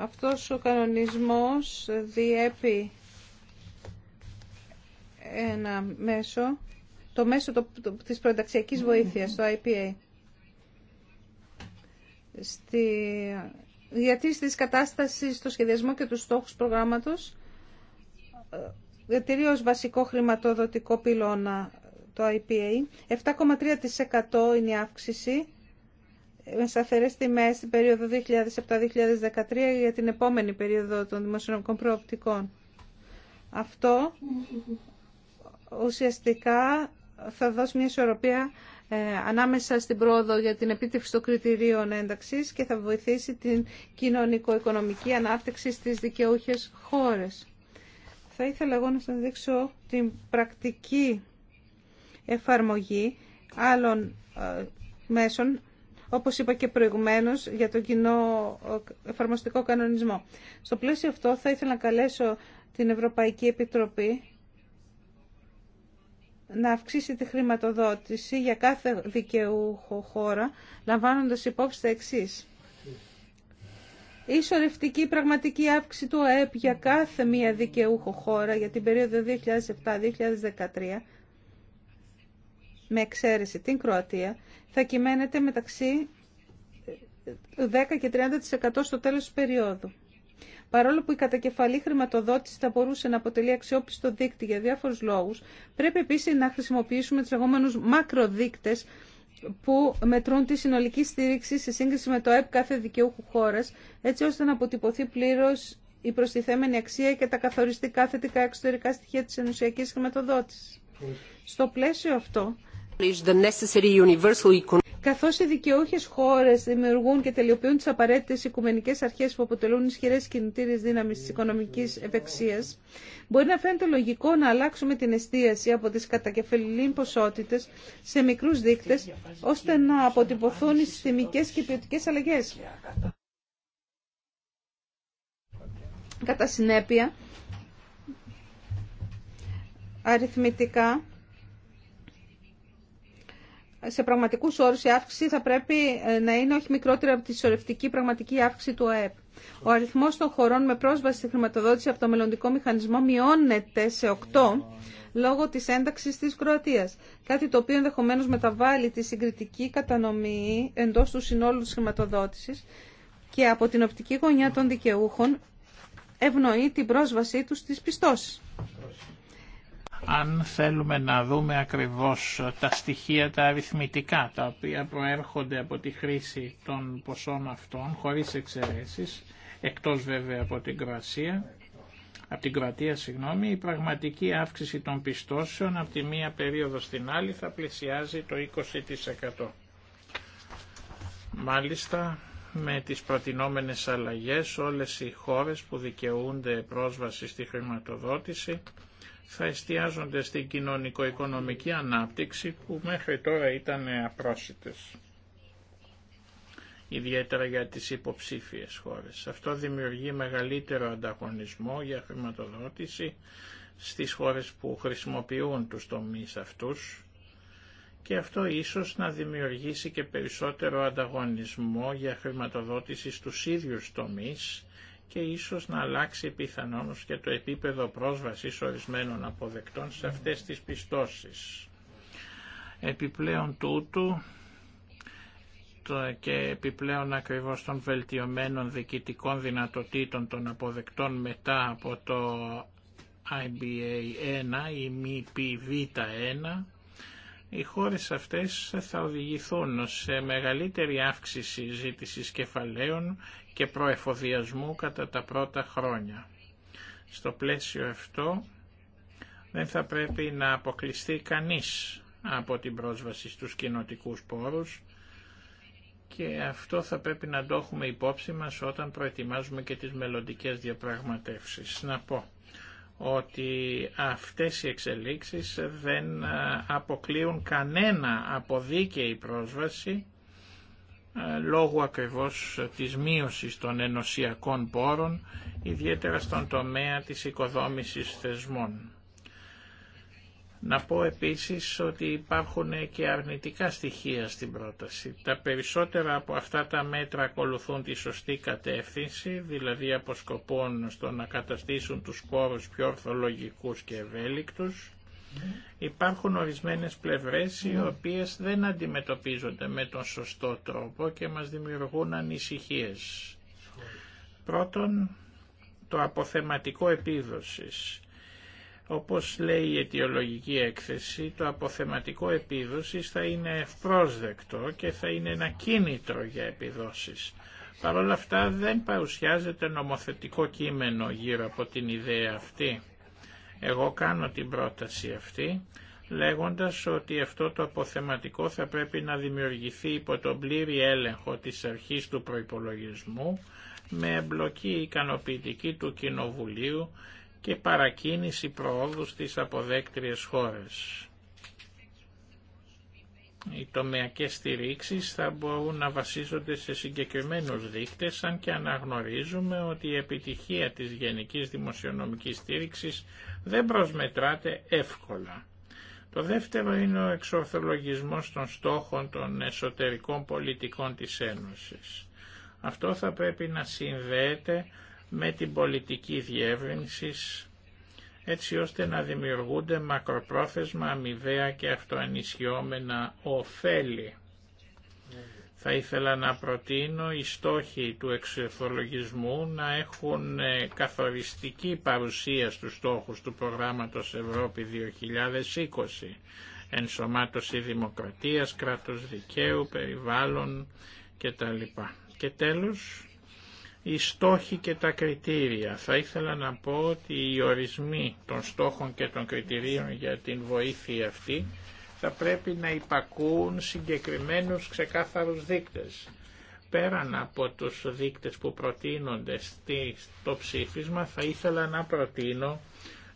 Αυτός ο κανονισμός διέπει ένα μέσο, το μέσο της προενταξιακής βοήθειας, το IPA. Στη διατήρηση της κατάστασης στο σχεδιασμό και τους στόχους προγράμματος, ε, διατηρεί ως βασικό χρηματοδοτικό πυλώνα το IPA. 7,3% είναι η αύξηση με σταθερές τιμές στην περίοδο 2007-2013 για την επόμενη περίοδο των δημοσιονομικών προοπτικών. Αυτό ουσιαστικά θα δώσει μια ισορροπία ε, ανάμεσα στην πρόοδο για την επίτευξη των κριτηρίων ένταξης και θα βοηθήσει την κοινωνικο-οικονομική ανάπτυξη στις δικαιούχες χώρες. Θα ήθελα εγώ να σας δείξω την πρακτική εφαρμογή άλλων ε, μέσων όπως είπα και προηγουμένως, για τον κοινό εφαρμοστικό κανονισμό. Στο πλαίσιο αυτό θα ήθελα να καλέσω την Ευρωπαϊκή Επιτροπή να αυξήσει τη χρηματοδότηση για κάθε δικαιούχο χώρα, λαμβάνοντας υπόψη τα εξής. Η πραγματική αύξηση του ΑΕΠ για κάθε μία δικαιούχο χώρα για την περίοδο 2007-2013, με εξαίρεση την Κροατία, θα κυμαίνεται μεταξύ 10 και 30% στο τέλος της περίοδου. Παρόλο που η κατακεφαλή χρηματοδότηση θα μπορούσε να αποτελεί αξιόπιστο δίκτυ για διάφορους λόγους, πρέπει επίσης να χρησιμοποιήσουμε τους λεγόμενους μακροδείκτες που μετρούν τη συνολική στήριξη σε σύγκριση με το ΕΠ κάθε δικαιούχου χώρας, έτσι ώστε να αποτυπωθεί πλήρως η προστιθέμενη αξία και τα καθοριστικά θετικά εξωτερικά στοιχεία της ενωσιακής χρηματοδότησης. Στο πλαίσιο αυτό, Καθώς οι δικαιούχες χώρες δημιουργούν και τελειοποιούν τις απαραίτητες οικουμενικές αρχές που αποτελούν ισχυρές κινητήρες δύναμης της οικονομικής ευεξίας, μπορεί να φαίνεται λογικό να αλλάξουμε την εστίαση από τις κατακεφαλήν ποσότητες σε μικρούς δείκτες, ώστε να αποτυπωθούν οι συστημικές και ποιοτικές αλλαγές. Κατά συνέπεια, αριθμητικά, σε πραγματικούς όρους η αύξηση θα πρέπει ε, να είναι όχι μικρότερη από τη σωρευτική πραγματική αύξηση του ΑΕΠ. Ο αριθμός των χωρών με πρόσβαση στη χρηματοδότηση από το μελλοντικό μηχανισμό μειώνεται σε 8 λόγω της ένταξης της Κροατίας, κάτι το οποίο ενδεχομένως μεταβάλλει τη συγκριτική κατανομή εντός του συνόλου της χρηματοδότησης και από την οπτική γωνιά των δικαιούχων ευνοεί την πρόσβασή τους στις πιστώσεις αν θέλουμε να δούμε ακριβώς τα στοιχεία τα αριθμητικά τα οποία προέρχονται από τη χρήση των ποσών αυτών χωρίς εξαιρέσεις εκτός βέβαια από την Κροασία από την Κροατία συγγνώμη, η πραγματική αύξηση των πιστώσεων από τη μία περίοδο στην άλλη θα πλησιάζει το 20%. Μάλιστα με τις προτινόμενες αλλαγές όλες οι χώρες που δικαιούνται πρόσβαση στη χρηματοδότηση θα εστιάζονται στην κοινωνικο-οικονομική ανάπτυξη που μέχρι τώρα ήταν απρόσιτες, ιδιαίτερα για τις υποψήφιες χώρες. Αυτό δημιουργεί μεγαλύτερο ανταγωνισμό για χρηματοδότηση στις χώρες που χρησιμοποιούν τους τομείς αυτούς και αυτό ίσως να δημιουργήσει και περισσότερο ανταγωνισμό για χρηματοδότηση στους ίδιους τομείς και ίσως να αλλάξει πιθανόν και το επίπεδο πρόσβασης ορισμένων αποδεκτών σε αυτές τις πιστώσεις. Επιπλέον τούτου και επιπλέον ακριβώς των βελτιωμένων διοικητικών δυνατοτήτων των αποδεκτών μετά από το IBA 1 ή MIPV 1 οι χώρες αυτές θα οδηγηθούν σε μεγαλύτερη αύξηση ζήτησης κεφαλαίων και προεφοδιασμού κατά τα πρώτα χρόνια. Στο πλαίσιο αυτό δεν θα πρέπει να αποκλειστεί κανείς από την πρόσβαση στους κοινοτικούς πόρους και αυτό θα πρέπει να το έχουμε υπόψη μας όταν προετοιμάζουμε και τις μελλοντικές διαπραγματεύσεις. Να πω ότι αυτές οι εξελίξεις δεν ε, αποκλείουν κανένα από δίκαιη πρόσβαση ε, λόγω ακριβώς της μείωσης των ενωσιακών πόρων, ιδιαίτερα στον τομέα της οικοδόμησης θεσμών. Να πω επίσης ότι υπάρχουν και αρνητικά στοιχεία στην πρόταση. Τα περισσότερα από αυτά τα μέτρα ακολουθούν τη σωστή κατεύθυνση, δηλαδή αποσκοπούν στο να καταστήσουν τους πόρους πιο ορθολογικούς και ευέλικτους. Ναι. Υπάρχουν ορισμένες πλευρές οι ναι. οποίες δεν αντιμετωπίζονται με τον σωστό τρόπο και μας δημιουργούν ανησυχίες. Πρώτον, το αποθεματικό επίδοσης όπως λέει η αιτιολογική έκθεση, το αποθεματικό επίδοσης θα είναι ευπρόσδεκτο και θα είναι ένα κίνητρο για επιδόσεις. Παρ' όλα αυτά δεν παρουσιάζεται νομοθετικό κείμενο γύρω από την ιδέα αυτή. Εγώ κάνω την πρόταση αυτή, λέγοντας ότι αυτό το αποθεματικό θα πρέπει να δημιουργηθεί υπό τον πλήρη έλεγχο της αρχής του προϋπολογισμού, με εμπλοκή ικανοποιητική του Κοινοβουλίου και παρακίνηση προόδου στις αποδέκτριες χώρες. Οι τομεακές στηρίξεις θα μπορούν να βασίζονται σε συγκεκριμένους δείκτες, αν και αναγνωρίζουμε ότι η επιτυχία της γενικής δημοσιονομικής στήριξης δεν προσμετράται εύκολα. Το δεύτερο είναι ο εξορθολογισμός των στόχων των εσωτερικών πολιτικών της Ένωσης. Αυτό θα πρέπει να συνδέεται με την πολιτική διεύρυνση έτσι ώστε να δημιουργούνται μακροπρόθεσμα αμοιβαία και αυτοανισχυόμενα ωφέλη. Θα ήθελα να προτείνω οι στόχοι του εξορθολογισμού να έχουν ε, καθοριστική παρουσία στους στόχους του προγράμματος Ευρώπη 2020, ενσωμάτωση δημοκρατίας, κράτος δικαίου, περιβάλλον κτλ. Και τέλος, οι στόχοι και τα κριτήρια. Θα ήθελα να πω ότι οι ορισμοί των στόχων και των κριτηρίων για την βοήθεια αυτή θα πρέπει να υπακούν συγκεκριμένους ξεκάθαρους δείκτες. Πέραν από τους δείκτες που προτείνονται στο ψήφισμα θα ήθελα να προτείνω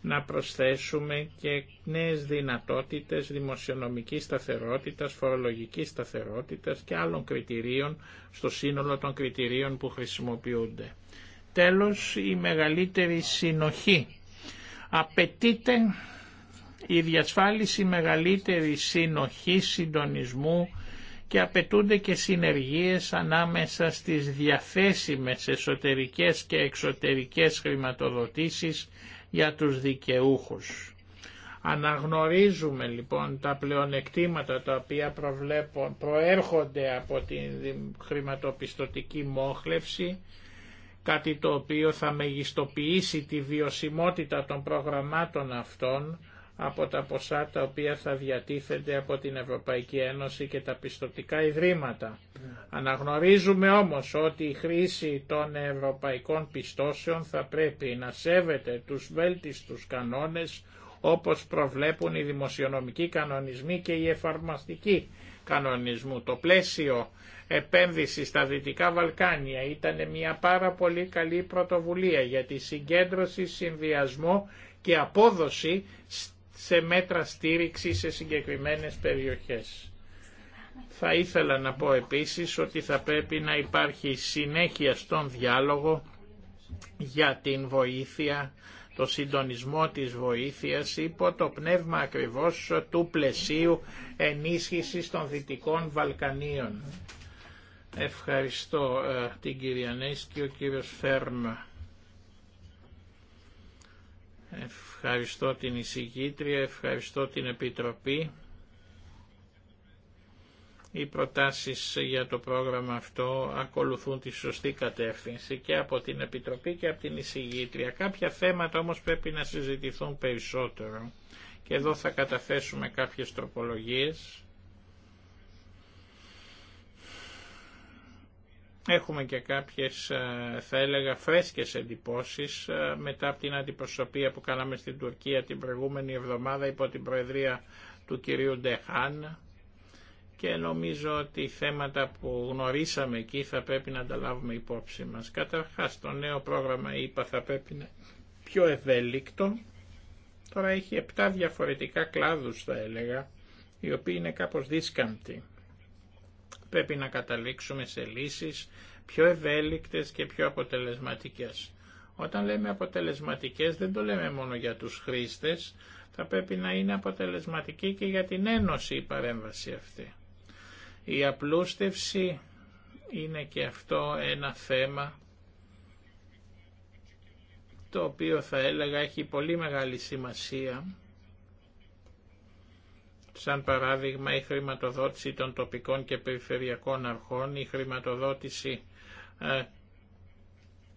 να προσθέσουμε και νέες δυνατότητες δημοσιονομικής σταθερότητας, φορολογικής σταθερότητας και άλλων κριτηρίων στο σύνολο των κριτηρίων που χρησιμοποιούνται. Τέλος, η μεγαλύτερη συνοχή. Απαιτείται η διασφάλιση μεγαλύτερη συνοχή συντονισμού και απαιτούνται και συνεργίες ανάμεσα στις διαθέσιμες εσωτερικές και εξωτερικές χρηματοδοτήσεις για τους δικαιούχους. Αναγνωρίζουμε λοιπόν τα πλεονεκτήματα τα οποία προέρχονται από την χρηματοπιστωτική μόχλευση, κάτι το οποίο θα μεγιστοποιήσει τη βιωσιμότητα των προγραμμάτων αυτών από τα ποσά τα οποία θα διατίθενται από την Ευρωπαϊκή Ένωση και τα πιστοτικά ιδρύματα. Αναγνωρίζουμε όμως ότι η χρήση των ευρωπαϊκών πιστώσεων θα πρέπει να σέβεται τους βέλτιστους κανόνες όπως προβλέπουν οι δημοσιονομικοί κανονισμοί και οι εφαρμαστικοί κανονισμού. Το πλαίσιο επένδυση στα Δυτικά Βαλκάνια ήταν μια πάρα πολύ καλή πρωτοβουλία για τη συγκέντρωση, συνδυασμό και απόδοση σε μέτρα στήριξη σε συγκεκριμένες περιοχές. Θα ήθελα να πω επίσης ότι θα πρέπει να υπάρχει συνέχεια στον διάλογο για την βοήθεια, το συντονισμό της βοήθειας υπό το πνεύμα ακριβώς του πλαισίου ενίσχυσης των Δυτικών Βαλκανίων. Ευχαριστώ ε, την κυρία Νέσκη ο κύριος Φέρμα. Ευχαριστώ την εισηγήτρια, ευχαριστώ την Επιτροπή. Οι προτάσεις για το πρόγραμμα αυτό ακολουθούν τη σωστή κατεύθυνση και από την Επιτροπή και από την εισηγήτρια. Κάποια θέματα όμως πρέπει να συζητηθούν περισσότερο και εδώ θα καταθέσουμε κάποιες τροπολογίες Έχουμε και κάποιες, ε, θα έλεγα, φρέσκες εντυπώσεις ε, μετά από την αντιπροσωπεία που κάναμε στην Τουρκία την προηγούμενη εβδομάδα υπό την Προεδρία του κυρίου Ντεχάν και νομίζω ότι θέματα που γνωρίσαμε εκεί θα πρέπει να τα λάβουμε υπόψη μας. Καταρχάς, το νέο πρόγραμμα είπα θα πρέπει να πιο ευέλικτο. Τώρα έχει επτά διαφορετικά κλάδους θα έλεγα, οι οποίοι είναι κάπως δίσκαμπτοι. Πρέπει να καταλήξουμε σε λύσεις πιο ευέλικτες και πιο αποτελεσματικές. Όταν λέμε αποτελεσματικές δεν το λέμε μόνο για τους χρήστες, θα πρέπει να είναι αποτελεσματική και για την Ένωση η παρέμβαση αυτή. Η απλούστευση είναι και αυτό ένα θέμα το οποίο θα έλεγα έχει πολύ μεγάλη σημασία σαν παράδειγμα η χρηματοδότηση των τοπικών και περιφερειακών αρχών, η χρηματοδότηση ε,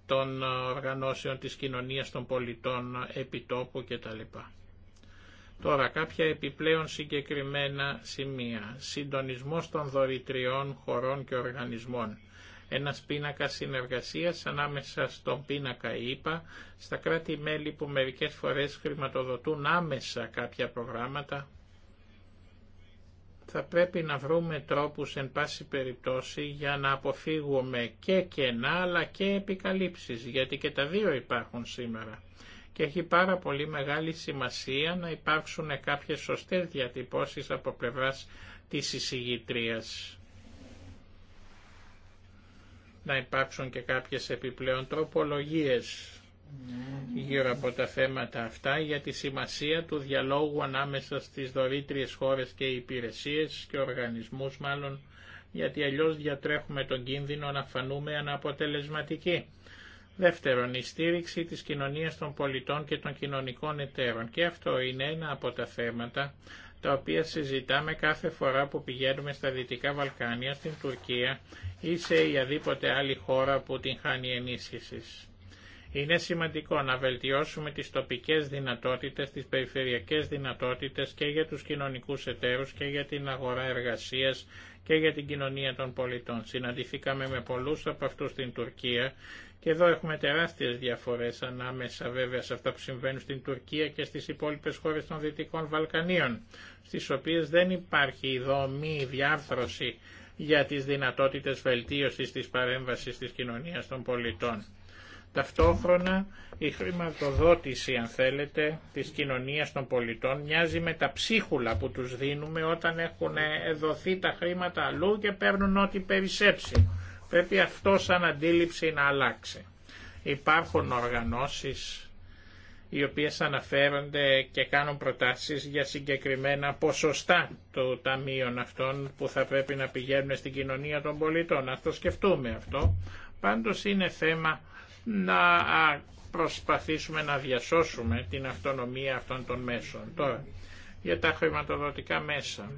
των ε, οργανώσεων της κοινωνίας των πολιτών επιτόπου κτλ. Τώρα κάποια επιπλέον συγκεκριμένα σημεία. Συντονισμός των δωρητριών χωρών και οργανισμών. Ένας πίνακα συνεργασίας ανάμεσα στον πίνακα ΙΠΑ, στα κράτη-μέλη που μερικές φορές χρηματοδοτούν άμεσα κάποια προγράμματα θα πρέπει να βρούμε τρόπους εν πάση περιπτώσει για να αποφύγουμε και κενά αλλά και επικαλύψεις, γιατί και τα δύο υπάρχουν σήμερα. Και έχει πάρα πολύ μεγάλη σημασία να υπάρξουν κάποιες σωστές διατυπώσεις από πλευράς της εισηγητρίας. Να υπάρξουν και κάποιες επιπλέον τροπολογίες γύρω από τα θέματα αυτά για τη σημασία του διαλόγου ανάμεσα στις δωρήτριες χώρες και υπηρεσίες και οργανισμούς μάλλον, γιατί αλλιώς διατρέχουμε τον κίνδυνο να φανούμε αναποτελεσματικοί. Δεύτερον, η στήριξη της κοινωνίας των πολιτών και των κοινωνικών εταίρων. Και αυτό είναι ένα από τα θέματα τα οποία συζητάμε κάθε φορά που πηγαίνουμε στα Δυτικά Βαλκάνια, στην Τουρκία ή σε οποιαδήποτε άλλη χώρα που την χάνει ενίσχυσης. Είναι σημαντικό να βελτιώσουμε τις τοπικές δυνατότητες, τις περιφερειακές δυνατότητες και για τους κοινωνικούς εταίρους και για την αγορά εργασίας και για την κοινωνία των πολιτών. Συναντηθήκαμε με πολλούς από αυτούς στην Τουρκία και εδώ έχουμε τεράστιες διαφορές ανάμεσα βέβαια σε αυτά που συμβαίνουν στην Τουρκία και στις υπόλοιπες χώρες των Δυτικών Βαλκανίων, στις οποίες δεν υπάρχει η δομή, η διάρθρωση για τις δυνατότητες βελτίωσης της παρέμβασης της κοινωνίας των πολιτών. Ταυτόχρονα η χρηματοδότηση, αν θέλετε, της κοινωνίας των πολιτών μοιάζει με τα ψίχουλα που τους δίνουμε όταν έχουν δοθεί τα χρήματα αλλού και παίρνουν ό,τι περισσέψει. Πρέπει αυτό σαν αντίληψη να αλλάξει. Υπάρχουν οργανώσεις οι οποίες αναφέρονται και κάνουν προτάσεις για συγκεκριμένα ποσοστά του ταμείων αυτών που θα πρέπει να πηγαίνουν στην κοινωνία των πολιτών. Αυτό το σκεφτούμε αυτό. Πάντως είναι θέμα να προσπαθήσουμε να διασώσουμε την αυτονομία αυτών των μέσων. Τώρα, για τα χρηματοδοτικά μέσα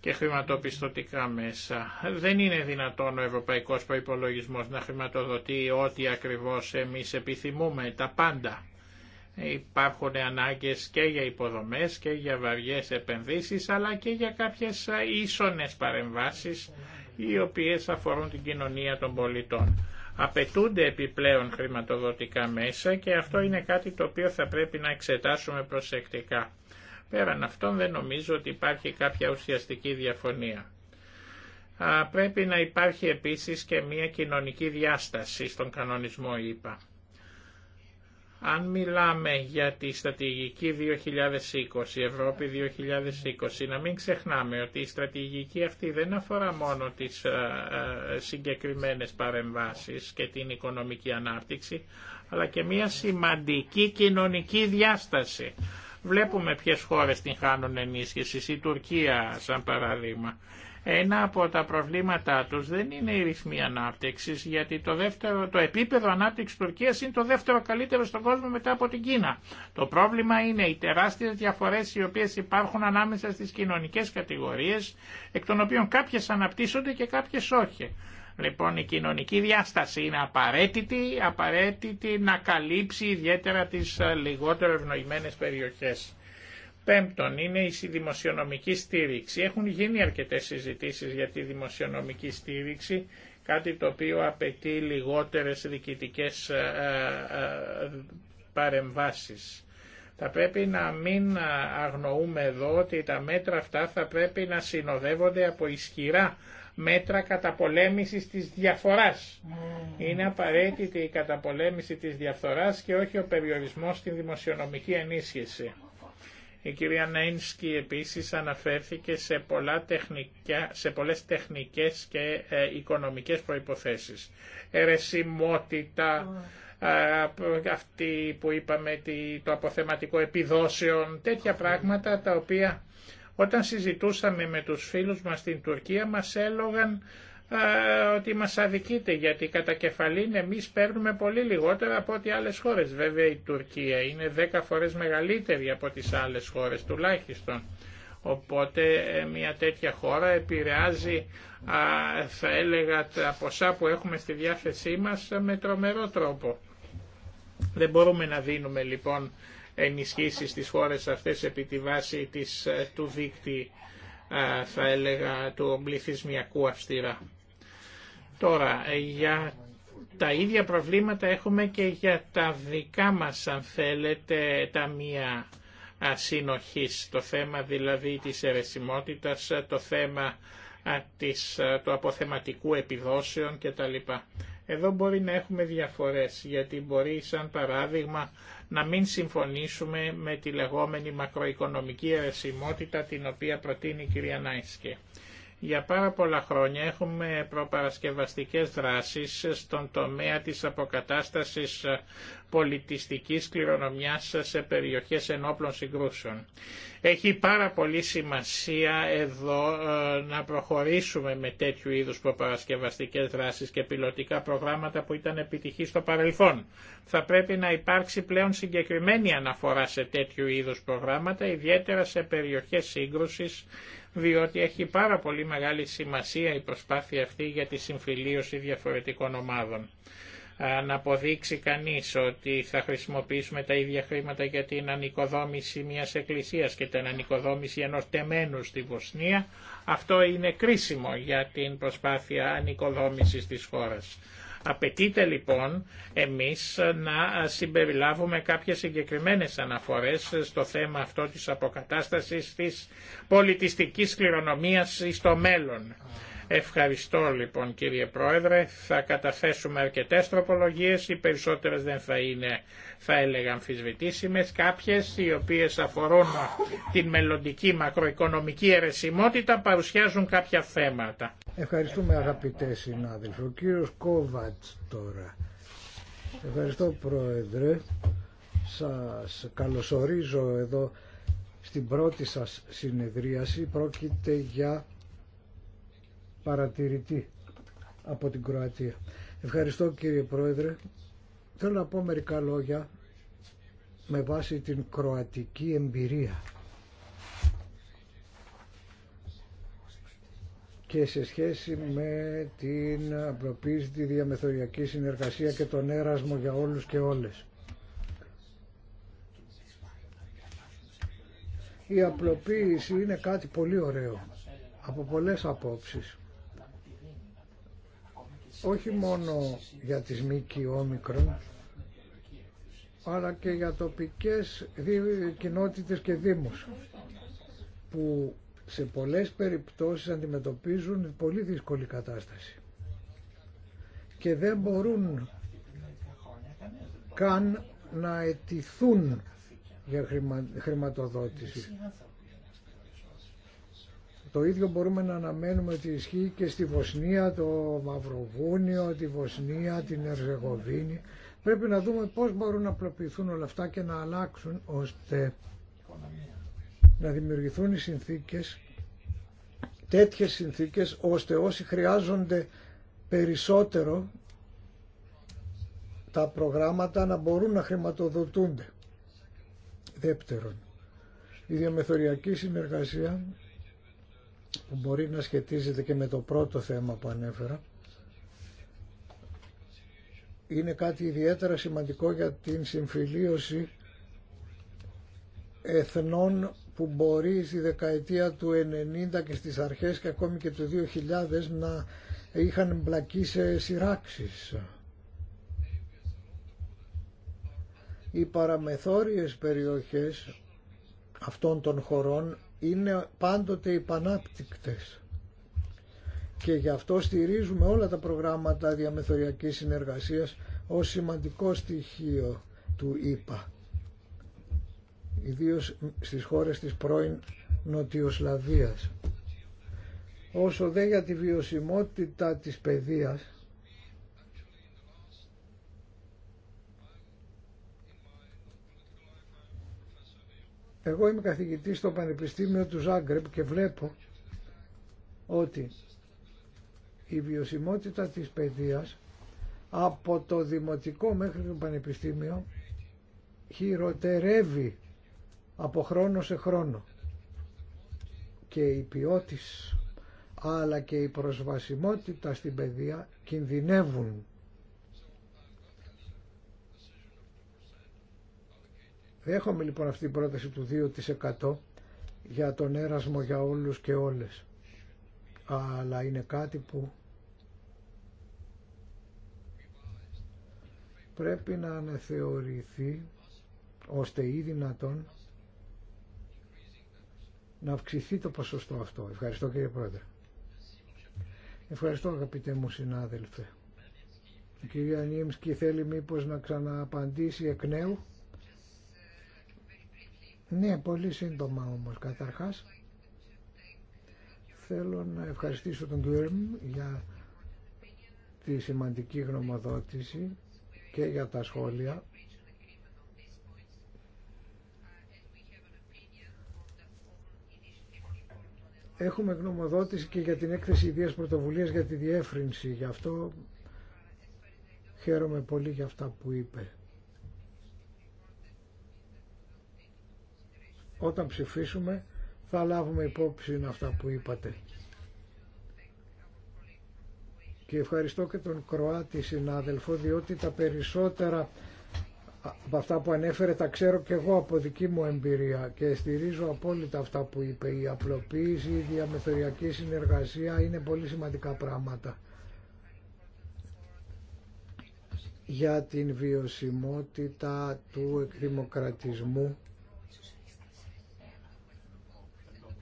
και χρηματοπιστωτικά μέσα. Δεν είναι δυνατόν ο ευρωπαϊκός προϋπολογισμός να χρηματοδοτεί ό,τι ακριβώς εμείς επιθυμούμε, τα πάντα. Υπάρχουν ανάγκες και για υποδομές και για βαριές επενδύσεις, αλλά και για κάποιες ίσονες παρεμβάσεις οι οποίες αφορούν την κοινωνία των πολιτών. Απαιτούνται επιπλέον χρηματοδοτικά μέσα και αυτό είναι κάτι το οποίο θα πρέπει να εξετάσουμε προσεκτικά. Πέραν αυτών δεν νομίζω ότι υπάρχει κάποια ουσιαστική διαφωνία. Πρέπει να υπάρχει επίσης και μια κοινωνική διάσταση στον κανονισμό ΙΠΑ. Αν μιλάμε για τη στρατηγική 2020, Ευρώπη 2020, να μην ξεχνάμε ότι η στρατηγική αυτή δεν αφορά μόνο τις ε, ε, συγκεκριμένες παρεμβάσεις και την οικονομική ανάπτυξη, αλλά και μια σημαντική κοινωνική διάσταση. Βλέπουμε ποιες χώρες την χάνουν ενίσχυση, η Τουρκία σαν παράδειγμα. Ένα από τα προβλήματά τους δεν είναι η ρυθμή ανάπτυξης, γιατί το, δεύτερο, το επίπεδο ανάπτυξης Τουρκίας είναι το δεύτερο καλύτερο στον κόσμο μετά από την Κίνα. Το πρόβλημα είναι οι τεράστιες διαφορές οι οποίες υπάρχουν ανάμεσα στις κοινωνικές κατηγορίες, εκ των οποίων κάποιες αναπτύσσονται και κάποιες όχι. Λοιπόν, η κοινωνική διάσταση είναι απαραίτητη, απαραίτητη να καλύψει ιδιαίτερα τις ε, λιγότερο ευνοημένες περιοχές. Πέμπτον είναι η δημοσιονομική στήριξη. Έχουν γίνει αρκετές συζητήσεις για τη δημοσιονομική στήριξη, κάτι το οποίο απαιτεί λιγότερες διοικητικές ε, ε, ε, παρεμβάσεις. Θα πρέπει να μην αγνοούμε εδώ ότι τα μέτρα αυτά θα πρέπει να συνοδεύονται από ισχυρά μέτρα καταπολέμησης της διαφοράς. Mm. Είναι απαραίτητη η καταπολέμηση της διαφθοράς και όχι ο περιορισμός στην δημοσιονομική ενίσχυση. Η κυρία Νέινσκι επίσης αναφέρθηκε σε, πολλά τεχνικά, σε πολλές τεχνικές και ε, οικονομικές προϋποθέσεις. Ερεσιμότητα, ε, αυτή που είπαμε το αποθεματικό επιδόσεων, τέτοια πράγματα τα οποία όταν συζητούσαμε με τους φίλους μας στην Τουρκία μας έλογαν ε, ότι μας αδικείται γιατί κατά κεφαλήν εμείς παίρνουμε πολύ λιγότερα από ό,τι άλλες χώρες. Βέβαια η Τουρκία είναι 10 φορές μεγαλύτερη από τις άλλες χώρες τουλάχιστον. Οπότε ε, μια τέτοια χώρα επηρεάζει θα έλεγα τα ποσά που έχουμε στη διάθεσή μας με τρομερό τρόπο. Δεν μπορούμε να δίνουμε λοιπόν ενισχύσεις στις χώρες αυτές επί τη βάση της, ε, του δίκτυ θα έλεγα του πληθυσμιακού αυστηρά. Τώρα, ε, για τα ίδια προβλήματα έχουμε και για τα δικά μας, αν θέλετε, τα μία συνοχής. Το θέμα δηλαδή της αιρεσιμότητας, το θέμα της, του αποθεματικού επιδόσεων κτλ. Εδώ μπορεί να έχουμε διαφορές, γιατί μπορεί σαν παράδειγμα να μην συμφωνήσουμε με τη λεγόμενη μακροοικονομική αιρεσιμότητα την οποία προτείνει η κυρία Νάισκε. Για πάρα πολλά χρόνια έχουμε προπαρασκευαστικές δράσεις στον τομέα της αποκατάστασης πολιτιστικής κληρονομιάς σε περιοχές ενόπλων συγκρούσεων. Έχει πάρα πολύ σημασία εδώ ε, να προχωρήσουμε με τέτοιου είδους προπαρασκευαστικές δράσεις και πιλωτικά προγράμματα που ήταν επιτυχή στο παρελθόν. Θα πρέπει να υπάρξει πλέον συγκεκριμένη αναφορά σε τέτοιου είδους προγράμματα, ιδιαίτερα σε περιοχές σύγκρουσης διότι έχει πάρα πολύ μεγάλη σημασία η προσπάθεια αυτή για τη συμφιλίωση διαφορετικών ομάδων. Να αποδείξει κανείς ότι θα χρησιμοποιήσουμε τα ίδια χρήματα για την ανοικοδόμηση μιας εκκλησίας και την ανοικοδόμηση ενός τεμένου στη Βοσνία, αυτό είναι κρίσιμο για την προσπάθεια ανοικοδόμησης της χώρας. Απαιτείται λοιπόν εμείς να συμπεριλάβουμε κάποιες συγκεκριμένες αναφορές στο θέμα αυτό της αποκατάστασης της πολιτιστικής κληρονομίας στο μέλλον. Ευχαριστώ λοιπόν κύριε Πρόεδρε. Θα καταθέσουμε αρκετέ τροπολογίε. οι περισσότερε δεν θα είναι θα έλεγα αμφισβητήσιμε. κάποιες οι οποίε αφορούν την μελλοντική μακροοικονομική αιρεσιμότητα παρουσιάζουν κάποια θέματα. Ευχαριστούμε αγαπητέ συνάδελφοι. Ο κύριο Κόβατ τώρα. Ευχαριστώ Πρόεδρε. Σα καλωσορίζω εδώ στην πρώτη σας συνεδρίαση. Πρόκειται για παρατηρητή από την Κροατία. Ευχαριστώ κύριε Πρόεδρε. Θέλω να πω μερικά λόγια με βάση την κροατική εμπειρία και σε σχέση με την τη διαμεθοριακή συνεργασία και τον έρασμο για όλους και όλες. Η απλοποίηση είναι κάτι πολύ ωραίο από πολλές απόψεις όχι μόνο για τις ΜΚΙ όμικρον, αλλά και για τοπικές κοινότητες και δήμους που σε πολλές περιπτώσεις αντιμετωπίζουν πολύ δύσκολη κατάσταση και δεν μπορούν καν να αιτηθούν για χρηματοδότηση το ίδιο μπορούμε να αναμένουμε ότι ισχύει και στη Βοσνία, το Μαυροβούνιο, τη Βοσνία, την Ερζεγοβίνη. Πρέπει να δούμε πώς μπορούν να απλοποιηθούν όλα αυτά και να αλλάξουν ώστε να δημιουργηθούν οι συνθήκες, τέτοιες συνθήκες, ώστε όσοι χρειάζονται περισσότερο τα προγράμματα να μπορούν να χρηματοδοτούνται. Δεύτερον, η διαμεθοριακή συνεργασία που μπορεί να σχετίζεται και με το πρώτο θέμα που ανέφερα είναι κάτι ιδιαίτερα σημαντικό για την συμφιλίωση εθνών που μπορεί στη δεκαετία του 90 και στις αρχές και ακόμη και του 2000 να είχαν μπλακεί σε σειράξεις. Οι παραμεθόριες περιοχές αυτών των χωρών είναι πάντοτε υπανάπτυκτες και γι' αυτό στηρίζουμε όλα τα προγράμματα διαμεθοριακής συνεργασίας ως σημαντικό στοιχείο του ΙΠΑ ιδίως στις χώρες της πρώην Νοτιοσλαβίας. Όσο δε για τη βιωσιμότητα της παιδείας Εγώ είμαι καθηγητής στο Πανεπιστήμιο του Ζάγκρεπ και βλέπω ότι η βιωσιμότητα της παιδείας από το δημοτικό μέχρι το πανεπιστήμιο χειροτερεύει από χρόνο σε χρόνο και η ποιότης αλλά και η προσβασιμότητα στην παιδεία κινδυνεύουν Δέχομαι λοιπόν αυτή την πρόταση του 2% για τον έρασμο για όλους και όλες. Αλλά είναι κάτι που πρέπει να αναθεωρηθεί ώστε ή δυνατόν να αυξηθεί το ποσοστό αυτό. Ευχαριστώ κύριε Πρόεδρε. Ευχαριστώ αγαπητέ μου συνάδελφε. Η κυρία Νίμσκι θέλει μήπως να ξανααπαντήσει εκ νέου. Ναι, πολύ σύντομα όμως. Καταρχάς, θέλω να ευχαριστήσω τον Γκουέρμ για τη σημαντική γνωμοδότηση και για τα σχόλια. Έχουμε γνωμοδότηση και για την έκθεση ιδίας πρωτοβουλίας για τη διεύρυνση. Γι' αυτό χαίρομαι πολύ για αυτά που είπε. όταν ψηφίσουμε θα λάβουμε υπόψη αυτά που είπατε. Και ευχαριστώ και τον Κροάτη συνάδελφο διότι τα περισσότερα από αυτά που ανέφερε τα ξέρω και εγώ από δική μου εμπειρία και στηρίζω απόλυτα αυτά που είπε. Η απλοποίηση, η διαμεθοριακή συνεργασία είναι πολύ σημαντικά πράγματα για την βιωσιμότητα του εκδημοκρατισμού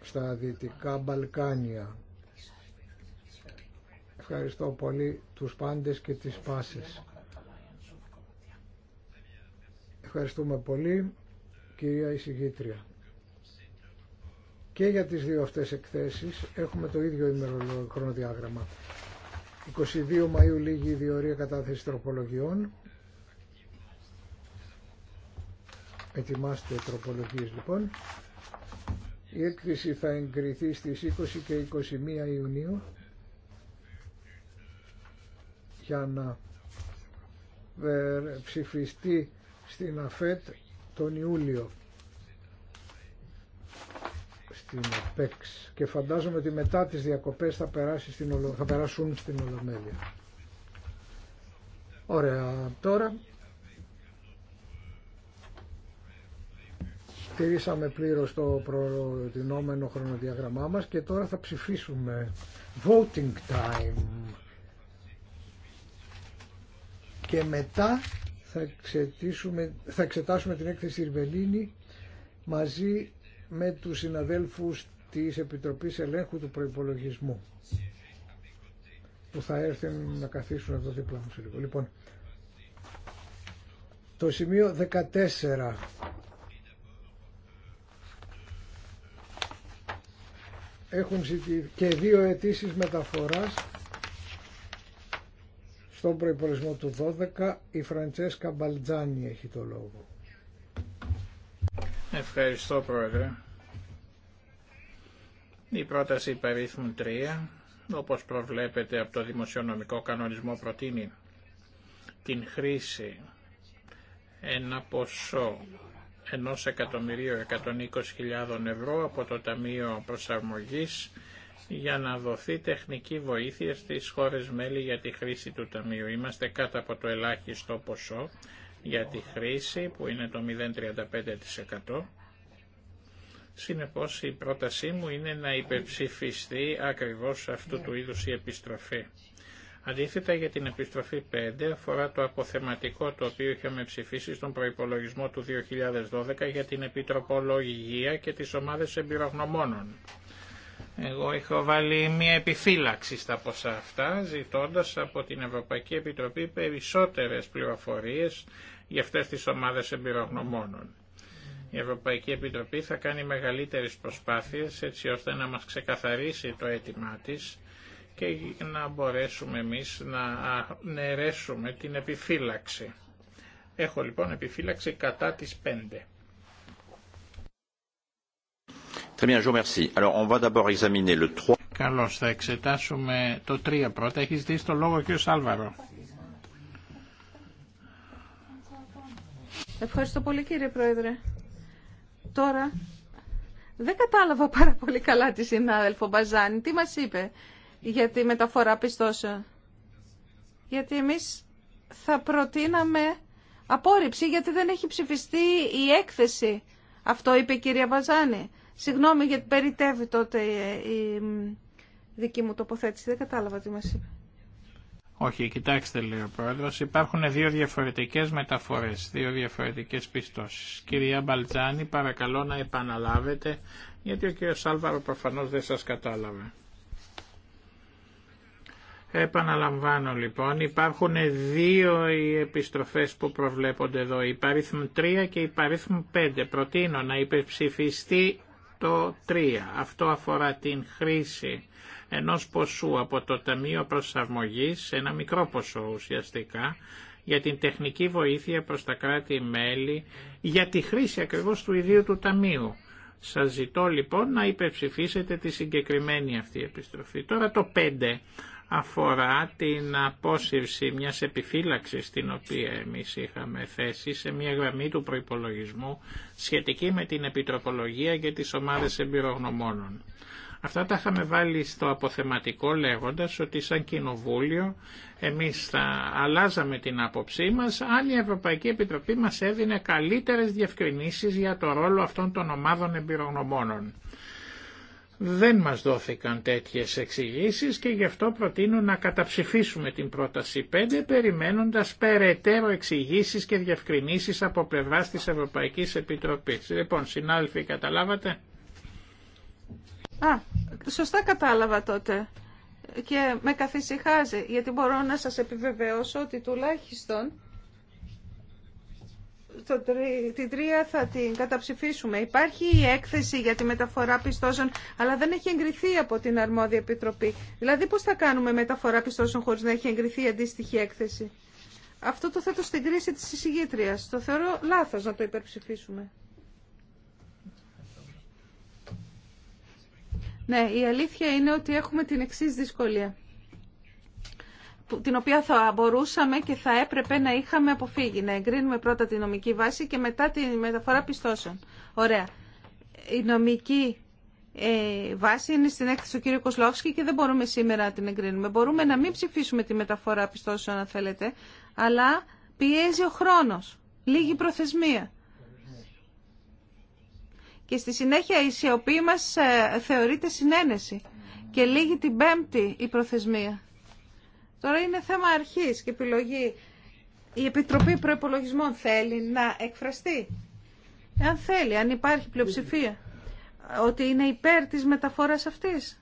στα Δυτικά Μπαλκάνια. Ευχαριστώ πολύ τους πάντες και τις πάσες. Ευχαριστούμε πολύ κυρία εισηγήτρια. Και για τις δύο αυτές εκθέσεις έχουμε το ίδιο ημερολόγιο χρονοδιάγραμμα. 22 Μαΐου λίγη η διορία κατάθεση τροπολογιών. Ετοιμάστε τροπολογίες λοιπόν. Η έκθεση θα εγκριθεί στις 20 και 21 Ιουνίου για να ε, ψηφιστεί στην ΑΦΕΤ τον Ιούλιο στην ΑΠΕΞ και φαντάζομαι ότι μετά τις διακοπές θα, περάσει στην θα περάσουν στην Ολομέλεια. Ωραία, τώρα τηρήσαμε πλήρως το προτινόμενο χρονοδιαγραμμά μας και τώρα θα ψηφίσουμε voting time και μετά θα, θα εξετάσουμε την έκθεση Ριβελίνη μαζί με τους συναδέλφους της Επιτροπής Ελέγχου του Προϋπολογισμού που θα έρθουν να καθίσουν εδώ δίπλα μου σε λίγο. Λοιπόν, το σημείο 14 έχουν ζητηθεί και δύο αιτήσει μεταφοράς στον προϋπολογισμό του 12 η Φραντσέσκα Μπαλτζάνη έχει το λόγο. Ευχαριστώ Πρόεδρε. Η πρόταση περίθμου 3, όπως προβλέπεται από το δημοσιονομικό κανονισμό, προτείνει την χρήση ένα ποσό 120.000 ευρώ από το Ταμείο Προσαρμογής για να δοθεί τεχνική βοήθεια στις χώρες μέλη για τη χρήση του Ταμείου. Είμαστε κάτω από το ελάχιστο ποσό για τη χρήση που είναι το 0,35%. Συνεπώς η πρότασή μου είναι να υπερψηφιστεί ακριβώς αυτού του είδους η επιστροφή. Αντίθετα για την επιστροφή 5 αφορά το αποθεματικό το οποίο είχαμε ψηφίσει στον προϋπολογισμό του 2012 για την επιτροπολογία και τις ομάδες εμπειρογνωμόνων. Εγώ είχα βάλει μια επιφύλαξη στα ποσά αυτά, ζητώντας από την Ευρωπαϊκή Επιτροπή περισσότερες πληροφορίες για αυτές τις ομάδες εμπειρογνωμόνων. Η Ευρωπαϊκή Επιτροπή θα κάνει μεγαλύτερες προσπάθειες έτσι ώστε να μας ξεκαθαρίσει το αίτημά της και να μπορέσουμε εμείς να νερέσουμε την επιφύλαξη. Έχω λοιπόν επιφύλαξη κατά τις 5. Très bien, je vous remercie. Alors, on va d'abord examiner le 3. Καλώς, θα εξετάσουμε το 3 πρώτα. Έχεις δει το λόγο και ο Σάλβαρο. Ευχαριστώ πολύ κύριε Πρόεδρε. Τώρα δεν κατάλαβα πάρα πολύ καλά τη συνάδελφο Μπαζάνη. Τι μας είπε για τη μεταφορά πιστώσεων. Γιατί εμείς θα προτείναμε απόρριψη γιατί δεν έχει ψηφιστεί η έκθεση. Αυτό είπε η κυρία Μπαζάνη. Συγγνώμη γιατί περιτεύει τότε η δική μου τοποθέτηση. Δεν κατάλαβα τι μας είπε. Όχι, κοιτάξτε λέει ο Πρόεδρος, υπάρχουν δύο διαφορετικές μεταφορές, δύο διαφορετικές πιστώσεις. Κυρία Μπαλτζάνη, παρακαλώ να επαναλάβετε, γιατί ο κύριος Σάλβαρο προφανώς δεν σας κατάλαβε. Επαναλαμβάνω λοιπόν, υπάρχουν δύο οι επιστροφές που προβλέπονται εδώ, η παρίθμου 3 και η παρίθμου 5. Προτείνω να υπερψηφιστεί το 3. Αυτό αφορά την χρήση ενός ποσού από το Ταμείο Προσαρμογής, ένα μικρό ποσό ουσιαστικά, για την τεχνική βοήθεια προς τα κράτη-μέλη, για τη χρήση ακριβώς του ιδίου του Ταμείου. Σας ζητώ λοιπόν να υπερψηφίσετε τη συγκεκριμένη αυτή επιστροφή. Τώρα το 5 αφορά την απόσυρση μιας επιφύλαξης την οποία εμείς είχαμε θέσει σε μια γραμμή του προϋπολογισμού σχετική με την επιτροπολογία και τις ομάδες εμπειρογνωμόνων. Αυτά τα είχαμε βάλει στο αποθεματικό λέγοντας ότι σαν κοινοβούλιο εμείς θα αλλάζαμε την άποψή μας αν η Ευρωπαϊκή Επιτροπή μας έδινε καλύτερες διευκρινήσεις για το ρόλο αυτών των ομάδων εμπειρογνωμόνων. Δεν μας δόθηκαν τέτοιες εξηγήσει και γι' αυτό προτείνω να καταψηφίσουμε την πρόταση 5 περιμένοντας περαιτέρω εξηγήσει και διευκρινήσεις από πλευρά της Ευρωπαϊκής Επιτροπής. Λοιπόν, συνάδελφοι, καταλάβατε. Α, σωστά κατάλαβα τότε και με καθησυχάζει γιατί μπορώ να σας επιβεβαιώσω ότι τουλάχιστον την τρία θα την καταψηφίσουμε. Υπάρχει η έκθεση για τη μεταφορά πιστώσεων, αλλά δεν έχει εγκριθεί από την αρμόδια επιτροπή. Δηλαδή πώς θα κάνουμε μεταφορά πιστώσεων χωρίς να έχει εγκριθεί η αντίστοιχη έκθεση. Αυτό το θέτω στην κρίση της εισηγήτριας. Το θεωρώ λάθος να το υπερψηφίσουμε. Ναι, η αλήθεια είναι ότι έχουμε την εξή δυσκολία την οποία θα μπορούσαμε και θα έπρεπε να είχαμε αποφύγει. Να εγκρίνουμε πρώτα τη νομική βάση και μετά τη μεταφορά πιστώσεων. Ωραία. Η νομική ε, βάση είναι στην έκθεση του κ. Κοσλόφσκη και δεν μπορούμε σήμερα να την εγκρίνουμε. Μπορούμε να μην ψηφίσουμε τη μεταφορά πιστώσεων αν θέλετε, αλλά πιέζει ο χρόνο, λίγη προθεσμία. Και στη συνέχεια η σιωπή μας ε, θεωρείται συνένεση και λίγη την πέμπτη η προθεσμία. Τώρα είναι θέμα αρχής και επιλογή. Η Επιτροπή Προπολογισμών θέλει να εκφραστεί. Αν θέλει, αν υπάρχει πλειοψηφία, ότι είναι υπέρ της μεταφοράς αυτής.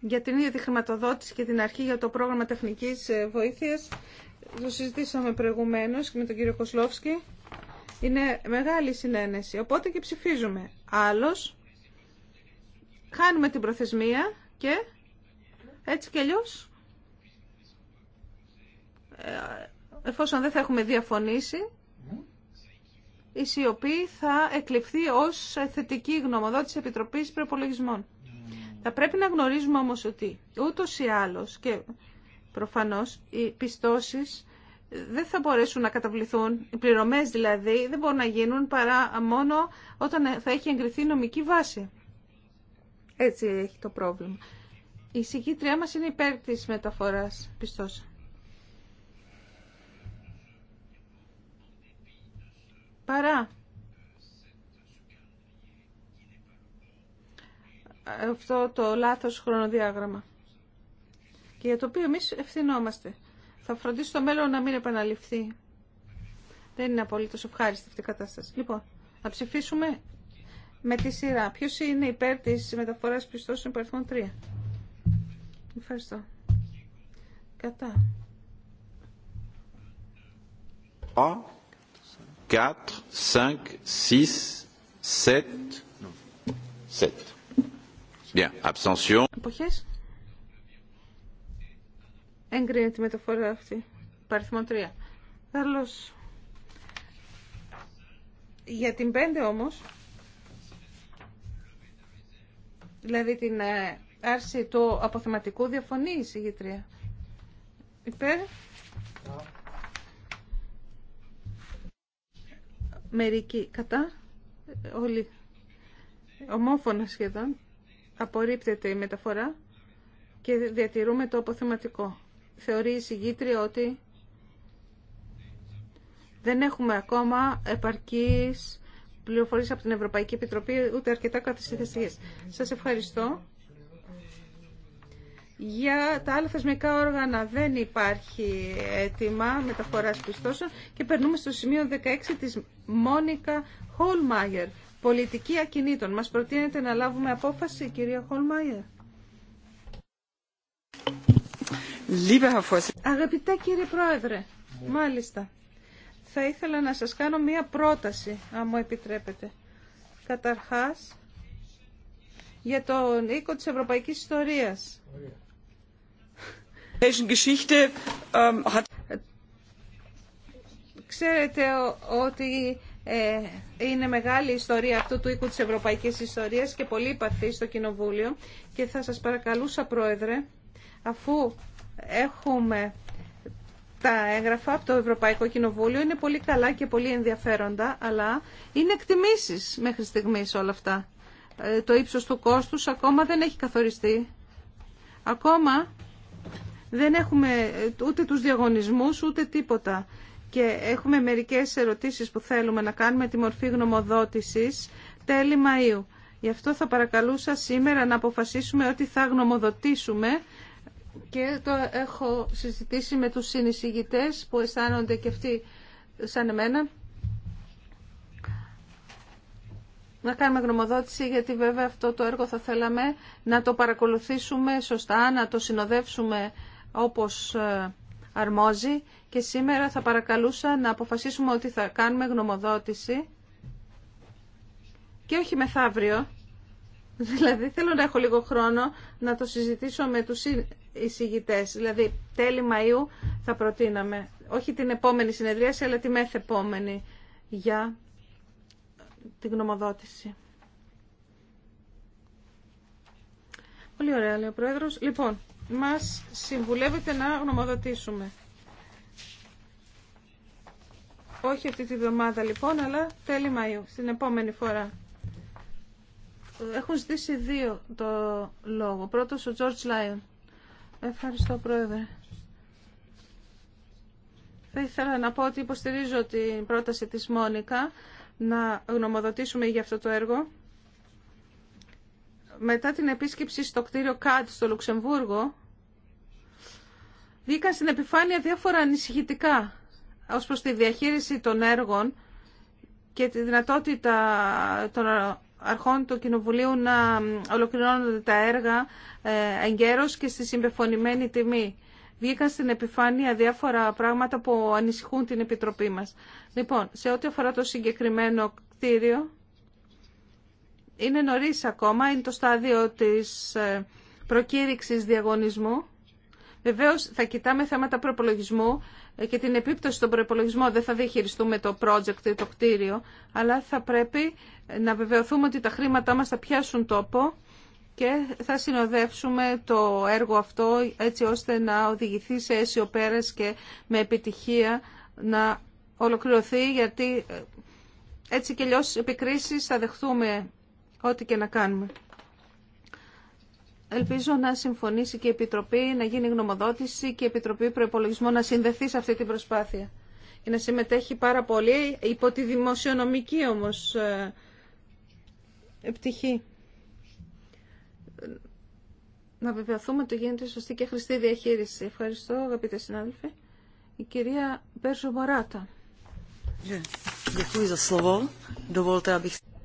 Για την ίδια τη χρηματοδότηση και την αρχή για το πρόγραμμα τεχνικής ε, βοήθειας, το συζητήσαμε προηγουμένως και με τον κύριο Κοσλόφσκι, είναι μεγάλη συνένεση, οπότε και ψηφίζουμε. Άλλος, χάνουμε την προθεσμία και έτσι κι αλλιώς, ε, εφόσον δεν θα έχουμε διαφωνήσει, η σιωπή θα εκλειφθεί ως θετική γνωμοδότηση Επιτροπής Προπολογισμών. Θα πρέπει να γνωρίζουμε όμως ότι ούτως ή άλλως και προφανώς οι πιστώσεις δεν θα μπορέσουν να καταβληθούν, οι πληρωμές δηλαδή δεν μπορούν να γίνουν παρά μόνο όταν θα έχει εγκριθεί νομική βάση. Έτσι έχει το πρόβλημα. Η συγκήτριά μας είναι υπέρ της μεταφοράς πιστός. Παρά αυτό το λάθος χρονοδιάγραμμα και για το οποίο εμείς ευθυνόμαστε. Θα φροντίσω το μέλλον να μην επαναληφθεί. Δεν είναι απολύτως ευχάριστη αυτή η κατάσταση. Λοιπόν, να ψηφίσουμε με τη σειρά. Ποιος είναι υπέρ της μεταφοράς πιστώσεων παρελθόν 3. Ευχαριστώ. Κατά. 3, 4, 5, 6, 7, 7. Bien, abstention. Εποχές. Εγκρίνεται τη μεταφορά αυτή. Παριθμό 3. Καλώς. Για την 5 όμως, δηλαδή την ε, άρση του αποθεματικού διαφωνεί η συγγητρία. Υπέρ. Μερικοί κατά. Όλοι. Ομόφωνα σχεδόν. Απορρίπτεται η μεταφορά και διατηρούμε το αποθεματικό. Θεωρεί η συγγήτρια ότι δεν έχουμε ακόμα επαρκείς πληροφορίες από την Ευρωπαϊκή Επιτροπή ούτε αρκετά καθυσυχαστικές. Σας ευχαριστώ. Για τα άλλα θεσμικά όργανα δεν υπάρχει αίτημα μεταφοράς πιστώσεων και περνούμε στο σημείο 16 της Μόνικα Χολμάγερ. Πολιτική ακινήτων. Μας προτείνετε να λάβουμε απόφαση, κυρία Χολμάγερ. Αγαπητέ κύριε Πρόεδρε, μάλιστα. Θα ήθελα να σας κάνω μία πρόταση, αν μου επιτρέπετε. Καταρχάς, για τον οίκο της Ευρωπαϊκής Ιστορίας. Ähm, Ξέρετε ότι ε, είναι μεγάλη ιστορία αυτού του οίκου της Ευρωπαϊκής Ιστορίας και πολύ υπαρθή στο Κοινοβούλιο και θα σας παρακαλούσα Πρόεδρε αφού έχουμε τα έγγραφα από το Ευρωπαϊκό Κοινοβούλιο είναι πολύ καλά και πολύ ενδιαφέροντα αλλά είναι εκτιμήσεις μέχρι στιγμής όλα αυτά. Ε, το ύψος του κόστους ακόμα δεν έχει καθοριστεί. Ακόμα δεν έχουμε ούτε τους διαγωνισμούς ούτε τίποτα. Και έχουμε μερικές ερωτήσεις που θέλουμε να κάνουμε τη μορφή γνωμοδότησης τέλη Μαΐου. Γι' αυτό θα παρακαλούσα σήμερα να αποφασίσουμε ότι θα γνωμοδοτήσουμε και το έχω συζητήσει με τους συνεισηγητές που αισθάνονται και αυτοί σαν εμένα να κάνουμε γνωμοδότηση γιατί βέβαια αυτό το έργο θα θέλαμε να το παρακολουθήσουμε σωστά, να το συνοδεύσουμε όπως ε, αρμόζει και σήμερα θα παρακαλούσα να αποφασίσουμε ότι θα κάνουμε γνωμοδότηση και όχι μεθαύριο. [laughs] Δηλαδή θέλω να έχω λίγο χρόνο να το συζητήσω με τους εισηγητές. Δηλαδή τέλη Μαΐου θα προτείναμε, όχι την επόμενη συνεδρίαση αλλά τη μεθεπόμενη για την γνωμοδότηση. Πολύ ωραία λέει ο Πρόεδρος. Λοιπόν, μας συμβουλεύετε να γνωμοδοτήσουμε. Όχι αυτή τη βδομάδα λοιπόν, αλλά τέλη Μαΐου, στην επόμενη φορά. Έχουν ζητήσει δύο το λόγο. Πρώτος ο George Λάιον. Ευχαριστώ πρόεδρε. Θα ήθελα να πω ότι υποστηρίζω την πρόταση της Μόνικα να γνωμοδοτήσουμε για αυτό το έργο μετά την επίσκεψη στο κτίριο ΚΑΤ στο Λουξεμβούργο, βγήκαν στην επιφάνεια διάφορα ανησυχητικά ως προς τη διαχείριση των έργων και τη δυνατότητα των αρχών του Κοινοβουλίου να ολοκληρώνονται τα έργα ε, εγκαίρως και στη συμπεφωνημένη τιμή. Βγήκαν στην επιφάνεια διάφορα πράγματα που ανησυχούν την Επιτροπή μας. Λοιπόν, σε ό,τι αφορά το συγκεκριμένο κτίριο, είναι νωρίς ακόμα, είναι το στάδιο της ε, προκήρυξης διαγωνισμού. Βεβαίως θα κοιτάμε θέματα προπολογισμού ε, και την επίπτωση στον προπολογισμό. Δεν θα διαχειριστούμε το project ή το κτίριο, αλλά θα πρέπει ε, να βεβαιωθούμε ότι τα χρήματά μας θα πιάσουν τόπο και θα συνοδεύσουμε το έργο αυτό έτσι ώστε να οδηγηθεί σε αίσιο πέρας και με επιτυχία να ολοκληρωθεί γιατί έτσι και λιώς επικρίσεις θα δεχθούμε ό,τι και να κάνουμε. Ελπίζω να συμφωνήσει και η Επιτροπή, να γίνει γνωμοδότηση και η Επιτροπή Προπολογισμού να συνδεθεί σε αυτή την προσπάθεια. Και να συμμετέχει πάρα πολύ υπό τη δημοσιονομική όμως ε, επιτυχή. Να βεβαιωθούμε ότι γίνεται σωστή και χρηστή διαχείριση. Ευχαριστώ αγαπητέ συνάδελφοι. Η κυρία Μπέρζο Μωράτα.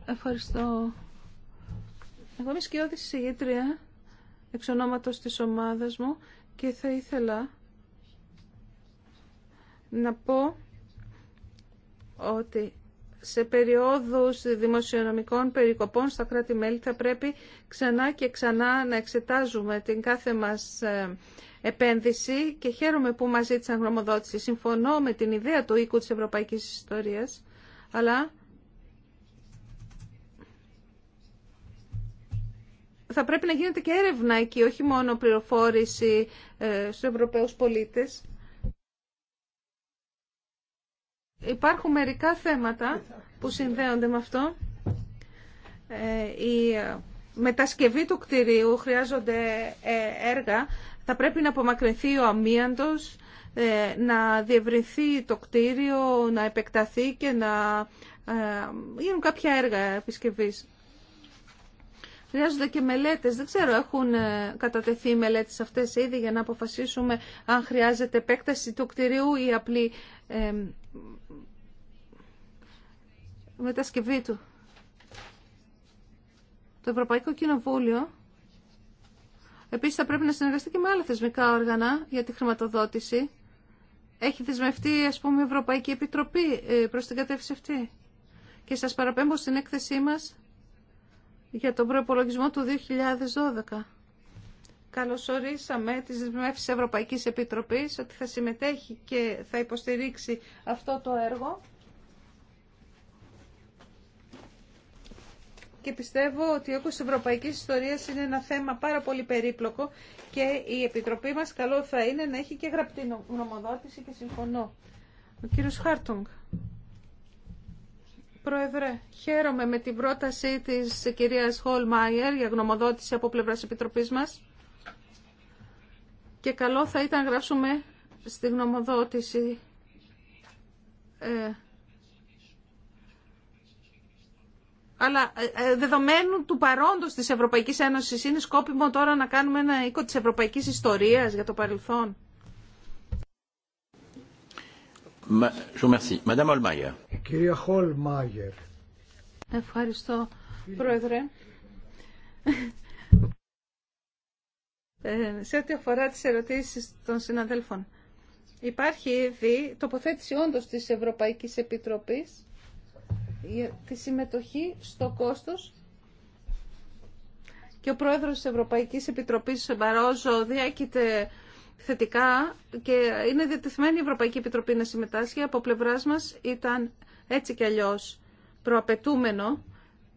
Ευχαριστώ. Εγώ είμαι Σκιώδη συγγήτρια εξ ονόματος της ομάδας μου και θα ήθελα να πω ότι σε περιόδους δημοσιονομικών περικοπών στα κράτη-μέλη θα πρέπει ξανά και ξανά να εξετάζουμε την κάθε μας ε, επένδυση και χαίρομαι που μαζί της γνωμοδότηση. Συμφωνώ με την ιδέα του οίκου της Ευρωπαϊκής Ιστορίας, αλλά θα πρέπει να γίνεται και έρευνα εκεί, όχι μόνο πληροφόρηση ε, στους Ευρωπαίους πολίτες. Υπάρχουν μερικά θέματα που συνδέονται με αυτό. Ε, η ε, μετασκευή του κτηρίου χρειάζονται έργα. Θα πρέπει να απομακρυνθεί ο αμίαντος, να διευρυνθεί το κτίριο, να επεκταθεί και να γίνουν κάποια έργα επισκευής. Χρειάζονται και μελέτες. Δεν ξέρω, έχουν ε, κατατεθεί μελέτες αυτές ήδη για να αποφασίσουμε αν χρειάζεται επέκταση του κτηρίου ή απλή ε, μετασκευή του. Το Ευρωπαϊκό Κοινοβούλιο επίσης θα πρέπει να συνεργαστεί και με άλλα θεσμικά όργανα για τη χρηματοδότηση. Έχει δεσμευτεί, ας πούμε, η Ευρωπαϊκή Επιτροπή ε, προς την κατεύθυνση αυτή. Και σας παραπέμπω στην έκθεσή μας για τον προπολογισμό του 2012. Καλωσορίσαμε τις της Ευρωπαϊκής Επιτροπής ότι θα συμμετέχει και θα υποστηρίξει αυτό το έργο. και πιστεύω ότι ο όγκος ευρωπαϊκής ιστορίας είναι ένα θέμα πάρα πολύ περίπλοκο και η Επιτροπή μας καλό θα είναι να έχει και γραπτή νομοδότηση και συμφωνώ. Ο κύριος Χάρτουγκ. Πρόεδρε, χαίρομαι με την πρόταση της κυρίας Χολμάιερ για γνωμοδότηση από πλευράς Επιτροπής μας και καλό θα ήταν να γράψουμε στη γνωμοδότηση ε, αλλά ε, ε, δεδομένου του παρόντος της Ευρωπαϊκής Ένωσης είναι σκόπιμο τώρα να κάνουμε ένα οίκο της ευρωπαϊκής ιστορίας για το παρελθόν. Κυρία Ευχαριστώ, Πρόεδρε. Ε, σε ό,τι αφορά τις ερωτήσεις των συναδέλφων. Υπάρχει ήδη τοποθέτηση όντως της Ευρωπαϊκής Επιτροπής για τη συμμετοχή στο κόστος και ο Πρόεδρος της Ευρωπαϊκής Επιτροπής Μπαρόζο διάκειται θετικά και είναι διατεθειμένη η Ευρωπαϊκή Επιτροπή να συμμετάσχει. Από πλευρά μα ήταν έτσι κι αλλιώ προαπαιτούμενο,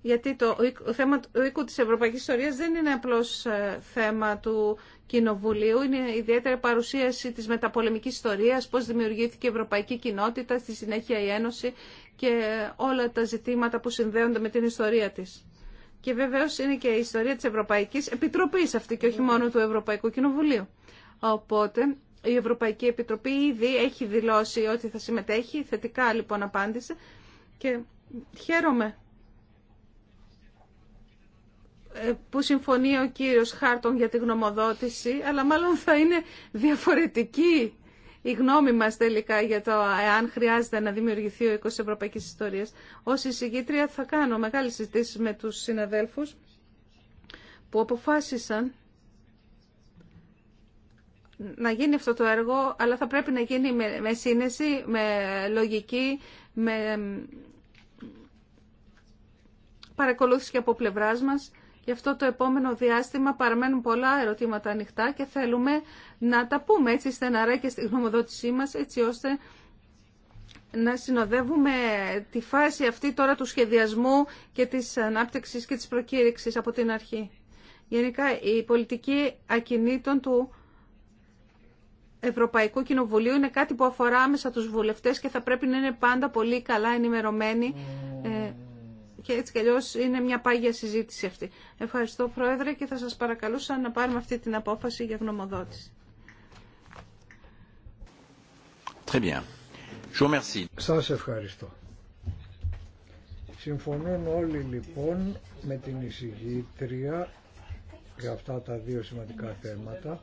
γιατί το θέμα του οίκου τη Ευρωπαϊκή Ιστορία δεν είναι απλώ ε, θέμα του Κοινοβουλίου, είναι ιδιαίτερη παρουσίαση τη μεταπολεμική ιστορία, πώ δημιουργήθηκε η Ευρωπαϊκή Κοινότητα, στη συνέχεια η Ένωση και όλα τα ζητήματα που συνδέονται με την ιστορία τη. Και βεβαίω είναι και η ιστορία τη Ευρωπαϊκή Επιτροπή αυτή και όχι μόνο του Ευρωπαϊκού Κοινοβουλίου. Οπότε η Ευρωπαϊκή Επιτροπή ήδη έχει δηλώσει ότι θα συμμετέχει, θετικά λοιπόν απάντησε και χαίρομαι ε, που συμφωνεί ο κύριος Χάρτον για τη γνωμοδότηση, αλλά μάλλον θα είναι διαφορετική η γνώμη μας τελικά για το εάν χρειάζεται να δημιουργηθεί ο οίκος Ευρωπαϊκής Ιστορίας. Ως εισηγήτρια θα κάνω μεγάλη συζητήσεις με τους συναδέλφους που αποφάσισαν να γίνει αυτό το έργο, αλλά θα πρέπει να γίνει με, σύνεση, με λογική, με παρακολούθηση και από πλευρά μα. Γι' αυτό το επόμενο διάστημα παραμένουν πολλά ερωτήματα ανοιχτά και θέλουμε να τα πούμε έτσι στεναρά και στη γνωμοδότησή μας, έτσι ώστε να συνοδεύουμε τη φάση αυτή τώρα του σχεδιασμού και της ανάπτυξης και της προκήρυξης από την αρχή. Γενικά η πολιτική ακινήτων του Ευρωπαϊκό Κοινοβουλίου είναι κάτι που αφορά άμεσα τους βουλευτές και θα πρέπει να είναι πάντα πολύ καλά ενημερωμένοι ε, και έτσι κι είναι μια πάγια συζήτηση αυτή. Ευχαριστώ Πρόεδρε και θα σας παρακαλούσα να πάρουμε αυτή την απόφαση για γνωμοδότηση. Très bien. Je σας ευχαριστώ. Συμφωνούν όλοι λοιπόν με την εισηγήτρια για αυτά τα δύο σημαντικά θέματα.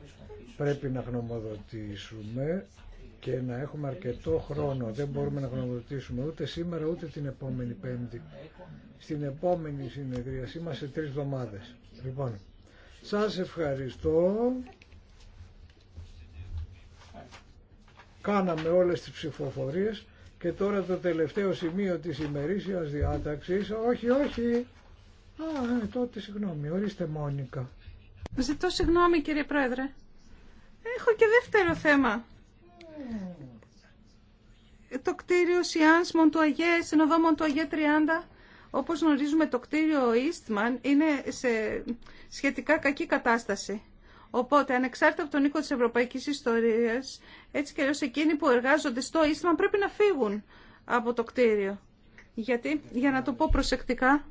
Πρέπει να γνωμοδοτήσουμε και να έχουμε αρκετό χρόνο. Δεν μπορούμε να γνωμοδοτήσουμε ούτε σήμερα ούτε την επόμενη Πέμπτη. Στην επόμενη συνεδρίασή είμαστε τρει τρεις Λοιπόν, σας ευχαριστώ. Κάναμε όλες τις ψηφοφορίες και τώρα το τελευταίο σημείο της ημερήσιας διάταξης. Όχι, όχι. Α, ε, τότε συγγνώμη. Ορίστε Μόνικα. Ζητώ συγγνώμη κύριε Πρόεδρε. Έχω και δεύτερο θέμα. Το κτίριο Σιάνς ΑΓΕ, Συνοδόμων του ΑΓΕ 30, όπως γνωρίζουμε το κτίριο Ίστμαν είναι σε σχετικά κακή κατάσταση. Οπότε, ανεξάρτητα από τον οίκο της ευρωπαϊκής ιστορίας, έτσι και αλλιώς εκείνοι που εργάζονται στο Ίστμαν πρέπει να φύγουν από το κτίριο. Γιατί, για να το πω προσεκτικά,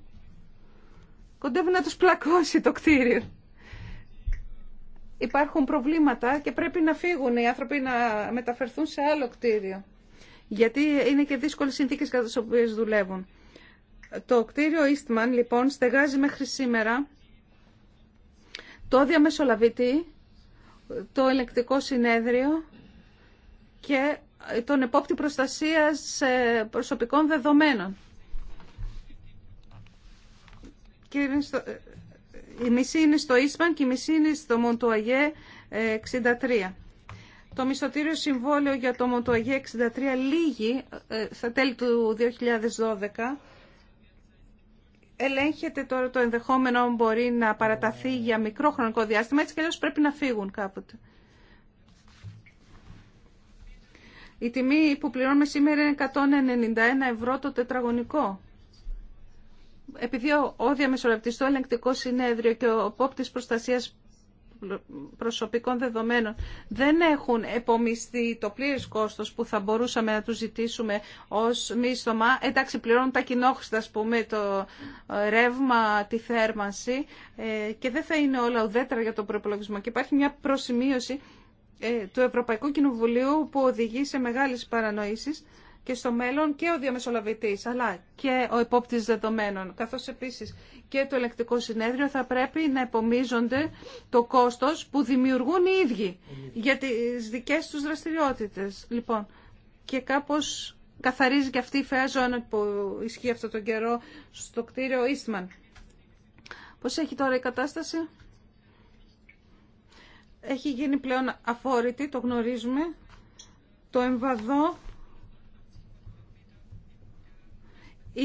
κοντεύει να τους πλακώσει το κτίριο υπάρχουν προβλήματα και πρέπει να φύγουν οι άνθρωποι να μεταφερθούν σε άλλο κτίριο. Γιατί είναι και δύσκολες συνθήκες κατά τις οποίες δουλεύουν. Το κτίριο Eastman λοιπόν στεγάζει μέχρι σήμερα το διαμεσολαβητή, το ελεκτικό συνέδριο και τον επόπτη προστασίας ε, προσωπικών δεδομένων. Η μισή είναι στο Ίσπαν και η μισή είναι στο Μοντουαγέ 63. Ε, το μισθωτήριο συμβόλαιο για το Μοντουαγέ 63 λύγει ε, στα τέλη του 2012. Ελέγχεται τώρα το ενδεχόμενο μπορεί να παραταθεί για μικρό χρονικό διάστημα, έτσι και αλλιώς πρέπει να φύγουν κάποτε. Η τιμή που πληρώνουμε σήμερα είναι 191 ευρώ το τετραγωνικό επειδή ο διαμεσολαβητής στο ελεγκτικό συνέδριο και ο πόπτης προστασίας προσωπικών δεδομένων δεν έχουν επομιστεί το πλήρες κόστος που θα μπορούσαμε να τους ζητήσουμε ως μίσθωμα. Εντάξει, πληρώνουν τα κοινόχρηστα, που πούμε, το ε, ρεύμα, τη θέρμανση ε, και δεν θα είναι όλα ουδέτερα για τον προπολογισμό. Και υπάρχει μια προσημείωση ε, του Ευρωπαϊκού Κοινοβουλίου που οδηγεί σε μεγάλες παρανοήσεις και στο μέλλον και ο διαμεσολαβητής αλλά και ο υπόπτης δεδομένων καθώς επίσης και το ελεκτικό συνέδριο θα πρέπει να επομίζονται το κόστος που δημιουργούν οι ίδιοι για τις δικές τους δραστηριότητες. Λοιπόν, και κάπως καθαρίζει και αυτή η φαιά ζώνη που ισχύει αυτό τον καιρό στο κτίριο Eastman. Πώς έχει τώρα η κατάσταση? Έχει γίνει πλέον αφόρητη, το γνωρίζουμε. Το εμβαδό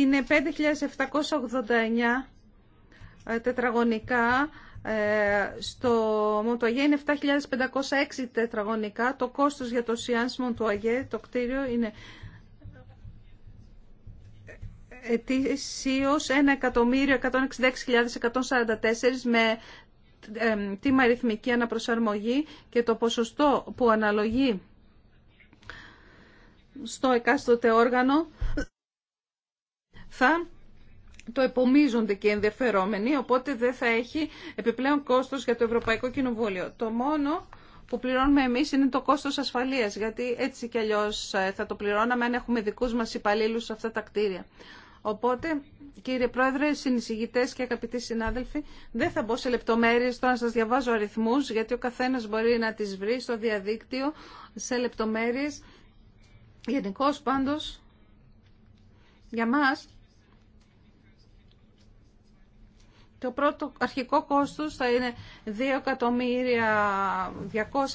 είναι 5.789 ε, τετραγωνικά, ε, στο Μοντουαγέ είναι 7.506 τετραγωνικά. Το κόστος για το Σιάνς Μοντουαγέ, το κτίριο, είναι ετήσιος 1.166.144 με τιμα αριθμική αναπροσαρμογή και το ποσοστό που αναλογεί στο εκάστοτε όργανο θα το επομίζονται και οι ενδιαφερόμενοι, οπότε δεν θα έχει επιπλέον κόστος για το Ευρωπαϊκό Κοινοβούλιο. Το μόνο που πληρώνουμε εμείς είναι το κόστος ασφαλείας, γιατί έτσι κι αλλιώς ε, θα το πληρώναμε αν έχουμε δικούς μας υπαλλήλου σε αυτά τα κτίρια. Οπότε, κύριε Πρόεδρε, συνεισηγητέ και αγαπητοί συνάδελφοι, δεν θα μπω σε λεπτομέρειε τώρα να σα διαβάζω αριθμού, γιατί ο καθένα μπορεί να τι βρει στο διαδίκτυο σε λεπτομέρειε. Γενικώ πάντω, για μας Το πρώτο αρχικό κόστος θα είναι 2 εκατομμύρια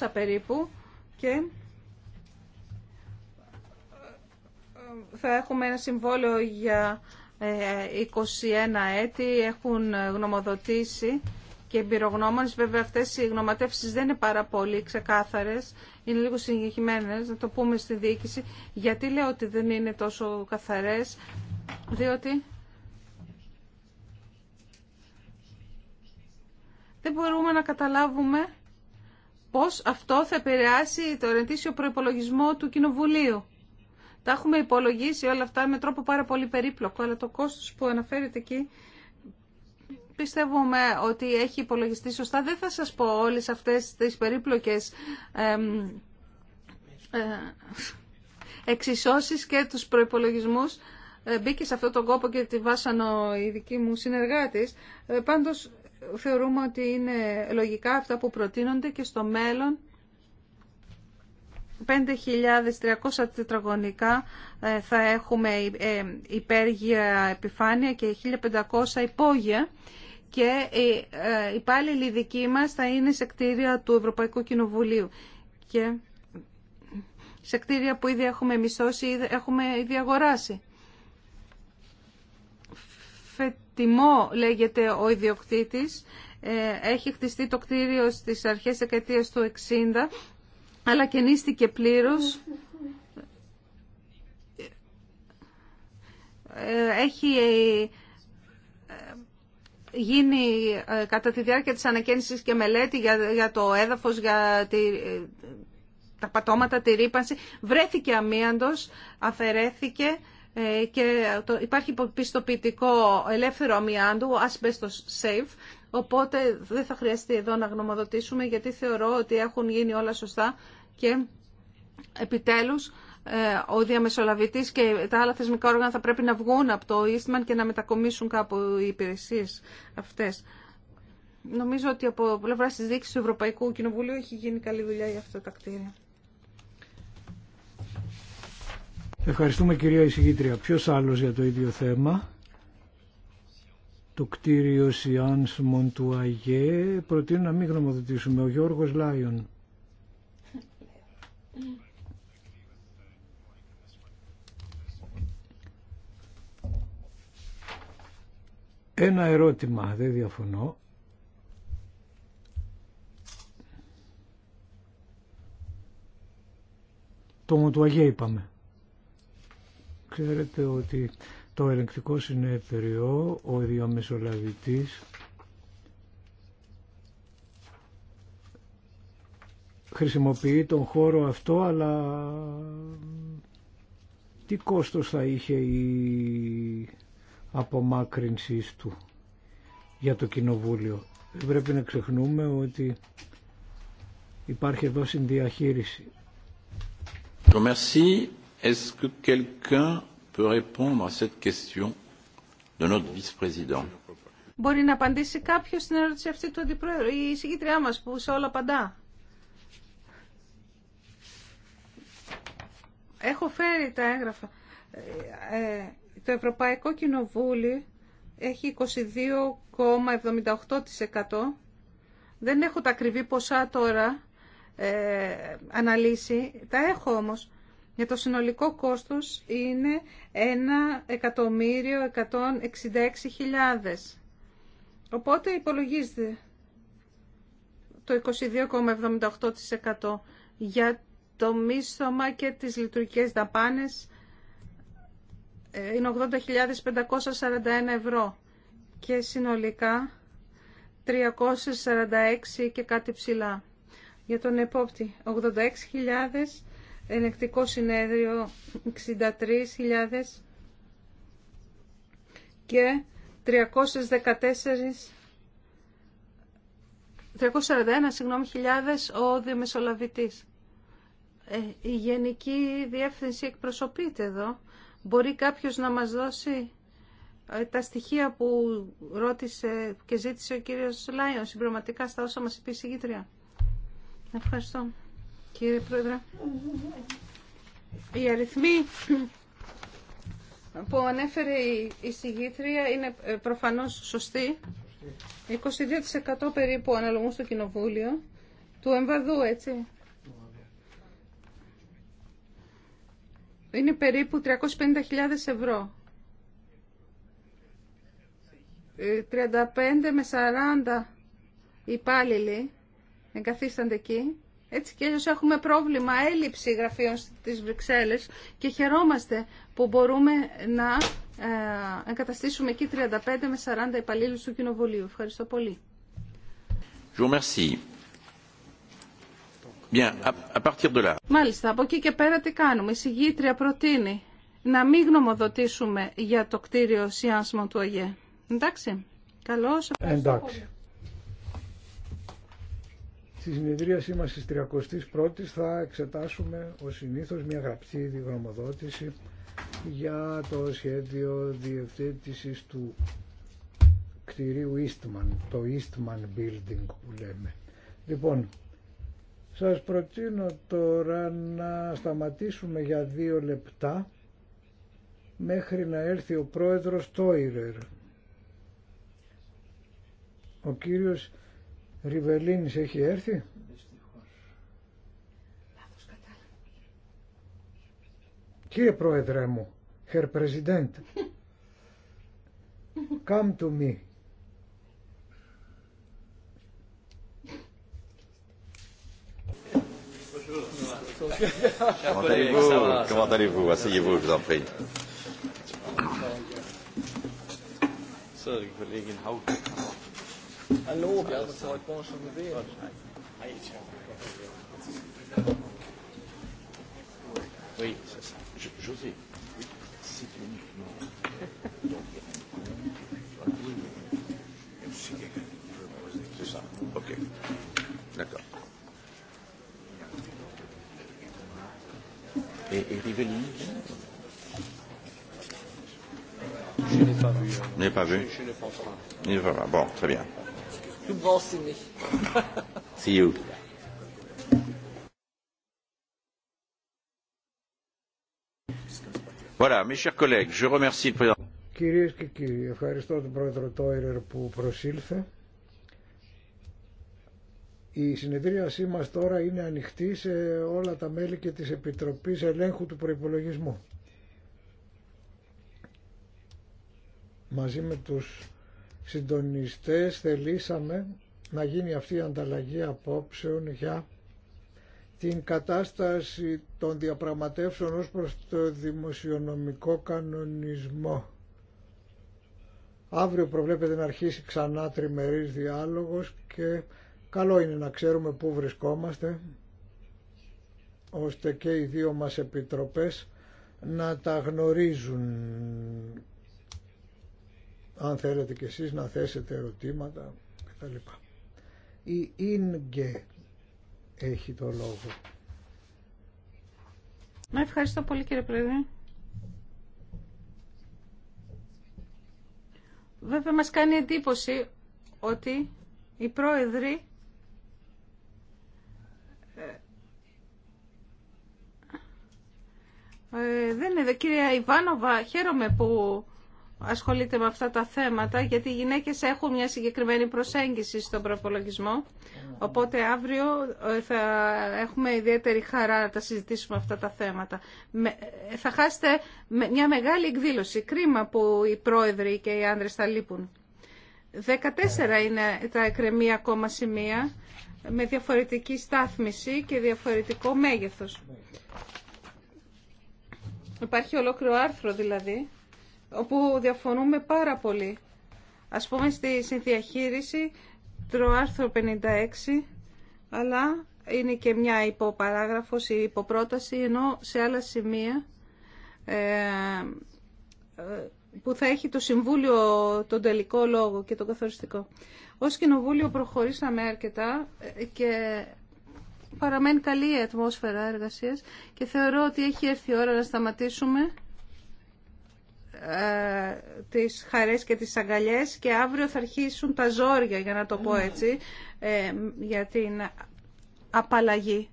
200 περίπου και ε, θα έχουμε ένα συμβόλαιο για 21 ε, έτη, έχουν γνωμοδοτήσει και εμπειρογνώμονες. Βέβαια αυτές οι γνωματεύσεις δεν είναι πάρα πολύ ξεκάθαρες, είναι λίγο συγκεκριμένες, να το πούμε στη διοίκηση. Γιατί λέω ότι δεν είναι τόσο καθαρές, διότι δεν μπορούμε να καταλάβουμε πώς αυτό θα επηρεάσει το ρετήσιο προϋπολογισμό του Κοινοβουλίου. Τα έχουμε υπολογίσει όλα αυτά με τρόπο πάρα πολύ περίπλοκο, αλλά το κόστος που αναφέρεται εκεί πιστεύουμε ότι έχει υπολογιστεί σωστά. Δεν θα σας πω όλες αυτές τις περίπλοκες εμ, ε, εξισώσεις και τους προϋπολογισμούς. Ε, μπήκε σε αυτό τον κόπο και τη βάσανο η δική μου συνεργάτης. Ε, πάντως θεωρούμε ότι είναι λογικά αυτά που προτείνονται και στο μέλλον 5.300 τετραγωνικά ε, θα έχουμε ε, ε, υπέργεια επιφάνεια και 1.500 υπόγεια και οι υπάλληλοι δικοί μας θα είναι σε κτίρια του Ευρωπαϊκού Κοινοβουλίου και σε κτίρια που ήδη έχουμε μισθώσει ή έχουμε ήδη αγοράσει. Τιμό λέγεται ο ιδιοκτήτης, ε, έχει χτιστεί το κτίριο στις αρχές δεκαετίας του 60, αλλά κενίστηκε πλήρως. Ε, έχει ε, γίνει κατά τη διάρκεια της ανακαίνησης και μελέτη για το έδαφος, για τη, τα πατώματα, τη ρήπανση. Βρέθηκε αμίαντος, αφαιρέθηκε ε, και υπάρχει πιστοποιητικό ελεύθερο αμοιάντου, Asbestos safe, οπότε δεν θα χρειαστεί εδώ να γνωμοδοτήσουμε γιατί θεωρώ ότι έχουν γίνει όλα σωστά και επιτέλους ε, ο διαμεσολαβητής και τα άλλα θεσμικά όργανα θα πρέπει να βγουν από το Eastman και να μετακομίσουν κάπου οι υπηρεσίες αυτές. Νομίζω ότι από πλευρά τη διοίκηση του Ευρωπαϊκού Κοινοβουλίου έχει γίνει καλή δουλειά για αυτά τα κτίρια. Ευχαριστούμε κυρία εισηγήτρια. Ποιος άλλος για το ίδιο θέμα. Το κτίριο Σιάνς Μοντουαγέ. Προτείνω να μην γνωμοδοτήσουμε. Ο Γιώργος Λάιον. Ένα ερώτημα, δεν διαφωνώ. Το Μοντουαγέ είπαμε. Ξέρετε ότι το ελεγκτικό συνέδριο, ο διαμεσολαβητής, χρησιμοποιεί τον χώρο αυτό, αλλά τι κόστος θα είχε η απομάκρυνση του για το Κοινοβούλιο. Δεν πρέπει να ξεχνούμε ότι υπάρχει εδώ συνδιαχείριση. Merci. Est-ce que quelqu'un peut répondre à cette question de notre vice-président Μπορεί να απαντήσει κάποιο στην ερώτηση αυτή του αντιπρόεδρου, η συγκήτριά μα που σε όλα απαντά. Έχω φέρει τα έγγραφα. Ε, το Ευρωπαϊκό Κοινοβούλιο έχει 22,78%. Δεν έχω τα ακριβή ποσά τώρα ε, αναλύσει. Τα έχω όμως για το συνολικό κόστος είναι 1.166.000. Οπότε υπολογίζεται το 22,78% για το μίσθωμα και τις λειτουργικές δαπάνες ε, είναι 80.541 ευρώ και συνολικά 346 και κάτι ψηλά. Για τον επόπτη 86.000 Ενεκτικό συνέδριο 63.000 και 314 341 συγγνώμη, χιλιάδες ο διαμεσολαβητής. Ε, η Γενική Διεύθυνση εκπροσωπείται εδώ. Μπορεί κάποιος να μας δώσει ε, τα στοιχεία που ρώτησε και ζήτησε ο κύριος Λάιον συμπληρωματικά στα όσα μας είπε η συγκήτρια. Ευχαριστώ κύριε Πρόεδρε. Οι αριθμοί που ανέφερε η συγγήθρια είναι ε, προφανώς σωστή. 22% περίπου αναλογούν στο κοινοβούλιο του εμβαδού, έτσι. Είναι περίπου 350.000 ευρώ. 35 ε, με 40 υπάλληλοι εγκαθίστανται εκεί έτσι και έτσι έχουμε πρόβλημα έλλειψη γραφείων στις Βρυξέλλες και χαιρόμαστε που μπορούμε να ε, εγκαταστήσουμε εκεί 35 με 40 υπαλλήλους του Κοινοβουλίου. Ευχαριστώ πολύ. Μάλιστα, από εκεί και πέρα τι κάνουμε. Η συγγήτρια προτείνει να μην γνωμοδοτήσουμε για το κτίριο Σιάνσμα του ΑΓΕ. Εντάξει, καλώς. Εντάξει. Στη συνεδρίασή μας στις 31ης θα εξετάσουμε ο συνήθως μια γραπτή διγνωμοδότηση για το σχέδιο διευθέτησης του κτηρίου Eastman, το Eastman Building που λέμε. Λοιπόν, σας προτείνω τώρα να σταματήσουμε για δύο λεπτά μέχρι να έρθει ο πρόεδρος Τόιρερ. Ο κύριος Ριβελίνης έχει έρθει. Κύριε Πρόεδρε μου, Herr President, come to me. Comment allez-vous Comment allez-vous Asseyez-vous, je vous en prie. So, Kollegin Haug. Oui, c'est ça. José, c'est uniquement. C'est ça. OK. D'accord. Et, et Je n'ai pas vu. Je n'ai ne pense Bon, très bien. Du brauchst sie nicht. See you. Voilà, mes chers collègues, je remercie le président. Κυρίες και κύριοι, ευχαριστώ τον πρόεδρο Τόιρερ που προσήλθε. Η συνεδρίασή μας τώρα είναι ανοιχτή σε όλα τα μέλη και της Επιτροπής Ελέγχου του Προϋπολογισμού. Μαζί με τους συντονιστές θελήσαμε να γίνει αυτή η ανταλλαγή απόψεων για την κατάσταση των διαπραγματεύσεων ως προς το δημοσιονομικό κανονισμό. Αύριο προβλέπεται να αρχίσει ξανά τριμερής διάλογος και καλό είναι να ξέρουμε πού βρισκόμαστε ώστε και οι δύο μας επιτροπές να τα γνωρίζουν αν θέλετε κι εσείς να θέσετε ερωτήματα κτλ. Η Ινγκε έχει το λόγο. Με ευχαριστώ πολύ κύριε Πρόεδρε. Βέβαια μας κάνει εντύπωση ότι η πρόεδρη ε, ε, δεν είναι. Κυρία Ιβάνοβα, χαίρομαι που ασχολείται με αυτά τα θέματα, γιατί οι γυναίκες έχουν μια συγκεκριμένη προσέγγιση στον προπολογισμό. Οπότε αύριο ε, θα έχουμε ιδιαίτερη χαρά να τα συζητήσουμε αυτά τα θέματα. Ε, θα χάσετε μια μεγάλη εκδήλωση. Κρίμα που οι πρόεδροι και οι άνδρες θα λείπουν. 14 είναι τα εκκρεμή ακόμα σημεία με διαφορετική στάθμιση και διαφορετικό μέγεθος. Υπάρχει ολόκληρο άρθρο δηλαδή όπου διαφωνούμε πάρα πολύ. Ας πούμε στη συνδιαχείριση το άρθρο 56, αλλά είναι και μια υποπαράγραφος ή υποπρόταση, ενώ σε άλλα σημεία ε, ε, που θα έχει το Συμβούλιο τον τελικό λόγο και τον καθοριστικό. Ως Κοινοβούλιο προχωρήσαμε αρκετά ε, και παραμένει καλή η ατμόσφαιρα εργασίας και θεωρώ ότι έχει έρθει η ώρα να σταματήσουμε ε, τις χαρές και τις αγκαλιές και αύριο θα αρχίσουν τα ζόρια, για να το πω ναι. έτσι, ε, για την απαλλαγή.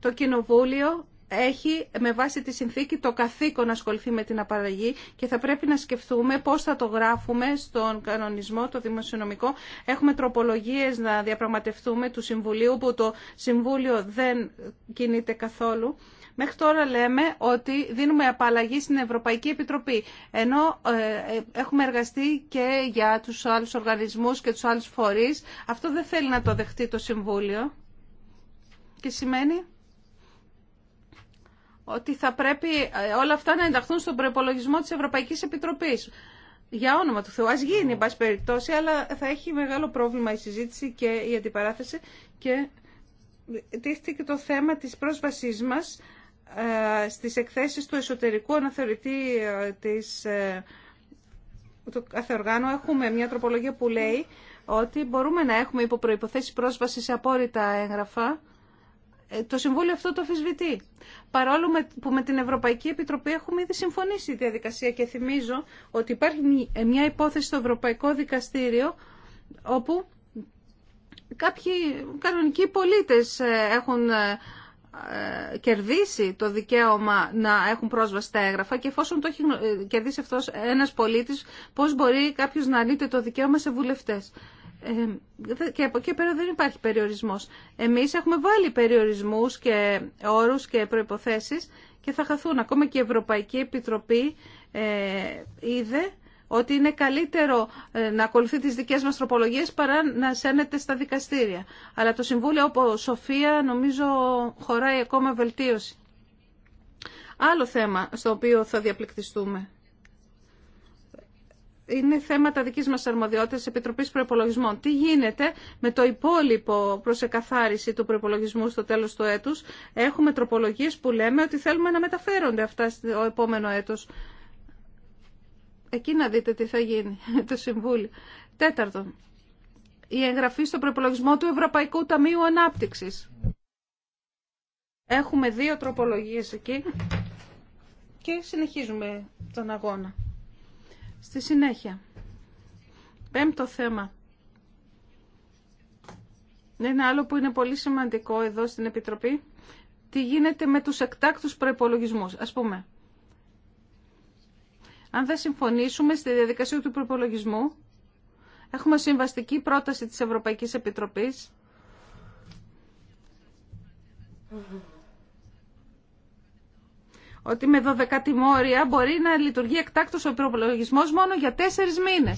Το Κοινοβούλιο έχει με βάση τη συνθήκη το καθήκον να ασχοληθεί με την απαλλαγή και θα πρέπει να σκεφτούμε πώς θα το γράφουμε στον κανονισμό, το δημοσιονομικό. Έχουμε τροπολογίες να διαπραγματευτούμε του Συμβουλίου που το Συμβούλιο δεν κινείται καθόλου. Μέχρι τώρα λέμε ότι δίνουμε απαλλαγή στην Ευρωπαϊκή Επιτροπή, ενώ ε, ε, έχουμε εργαστεί και για τους άλλους οργανισμούς και τους άλλους φορείς. Αυτό δεν θέλει να το δεχτεί το Συμβούλιο και σημαίνει ότι θα πρέπει ε, όλα αυτά να ενταχθούν στον προπολογισμό της Ευρωπαϊκής Επιτροπής. Για όνομα του Θεού, ας γίνει, εν περιπτώσει, αλλά θα έχει μεγάλο πρόβλημα η συζήτηση και η αντιπαράθεση και και το θέμα της πρόσβασής μας ε, στις εκθέσεις του εσωτερικού αναθεωρητή ε, της, ε, του κάθε έχουμε μια τροπολογία που λέει ότι μπορούμε να έχουμε υποπροϋποθέσεις πρόσβαση σε απόρριτα έγγραφα. Το Συμβούλιο αυτό το αφισβητεί. Παρόλο που με την Ευρωπαϊκή Επιτροπή έχουμε ήδη συμφωνήσει η διαδικασία και θυμίζω ότι υπάρχει μια υπόθεση στο Ευρωπαϊκό Δικαστήριο όπου κάποιοι κανονικοί πολίτες έχουν ε, κερδίσει το δικαίωμα να έχουν πρόσβαση στα έγγραφα και εφόσον το έχει ε, κερδίσει αυτός ένας πολίτης, πώς μπορεί κάποιος να αρνείται το δικαίωμα σε βουλευτές. Ε, και από εκεί πέρα δεν υπάρχει περιορισμός. Εμείς έχουμε βάλει περιορισμούς και όρους και προϋποθέσεις και θα χαθούν. Ακόμα και η Ευρωπαϊκή Επιτροπή είδε ότι είναι καλύτερο ε, να ακολουθεί τις δικές μας τροπολογίες παρά να σένεται στα δικαστήρια. Αλλά το Συμβούλιο όπως Σοφία νομίζω χωράει ακόμα βελτίωση. Άλλο θέμα στο οποίο θα διαπληκτιστούμε. Είναι θέματα δικής μας αρμοδιότητας Επιτροπής Προϋπολογισμών. Τι γίνεται με το υπόλοιπο προσεκαθάριση του προϋπολογισμού στο τέλος του έτους. Έχουμε τροπολογίες που λέμε ότι θέλουμε να μεταφέρονται αυτά στο επόμενο έτος Εκεί να δείτε τι θα γίνει [laughs] το Συμβούλιο. Τέταρτον, η εγγραφή στο προπολογισμό του Ευρωπαϊκού Ταμείου Ανάπτυξης. Έχουμε δύο τροπολογίες εκεί και συνεχίζουμε τον αγώνα. Στη συνέχεια, πέμπτο θέμα. Ένα άλλο που είναι πολύ σημαντικό εδώ στην Επιτροπή, τι γίνεται με τους εκτάκτους προϋπολογισμούς. Ας πούμε, αν δεν συμφωνήσουμε στη διαδικασία του προπολογισμού, έχουμε συμβαστική πρόταση της Ευρωπαϊκής Επιτροπής ότι με 12 τιμόρια μπορεί να λειτουργεί εκτάκτο ο προπολογισμό μόνο για τέσσερι μήνε.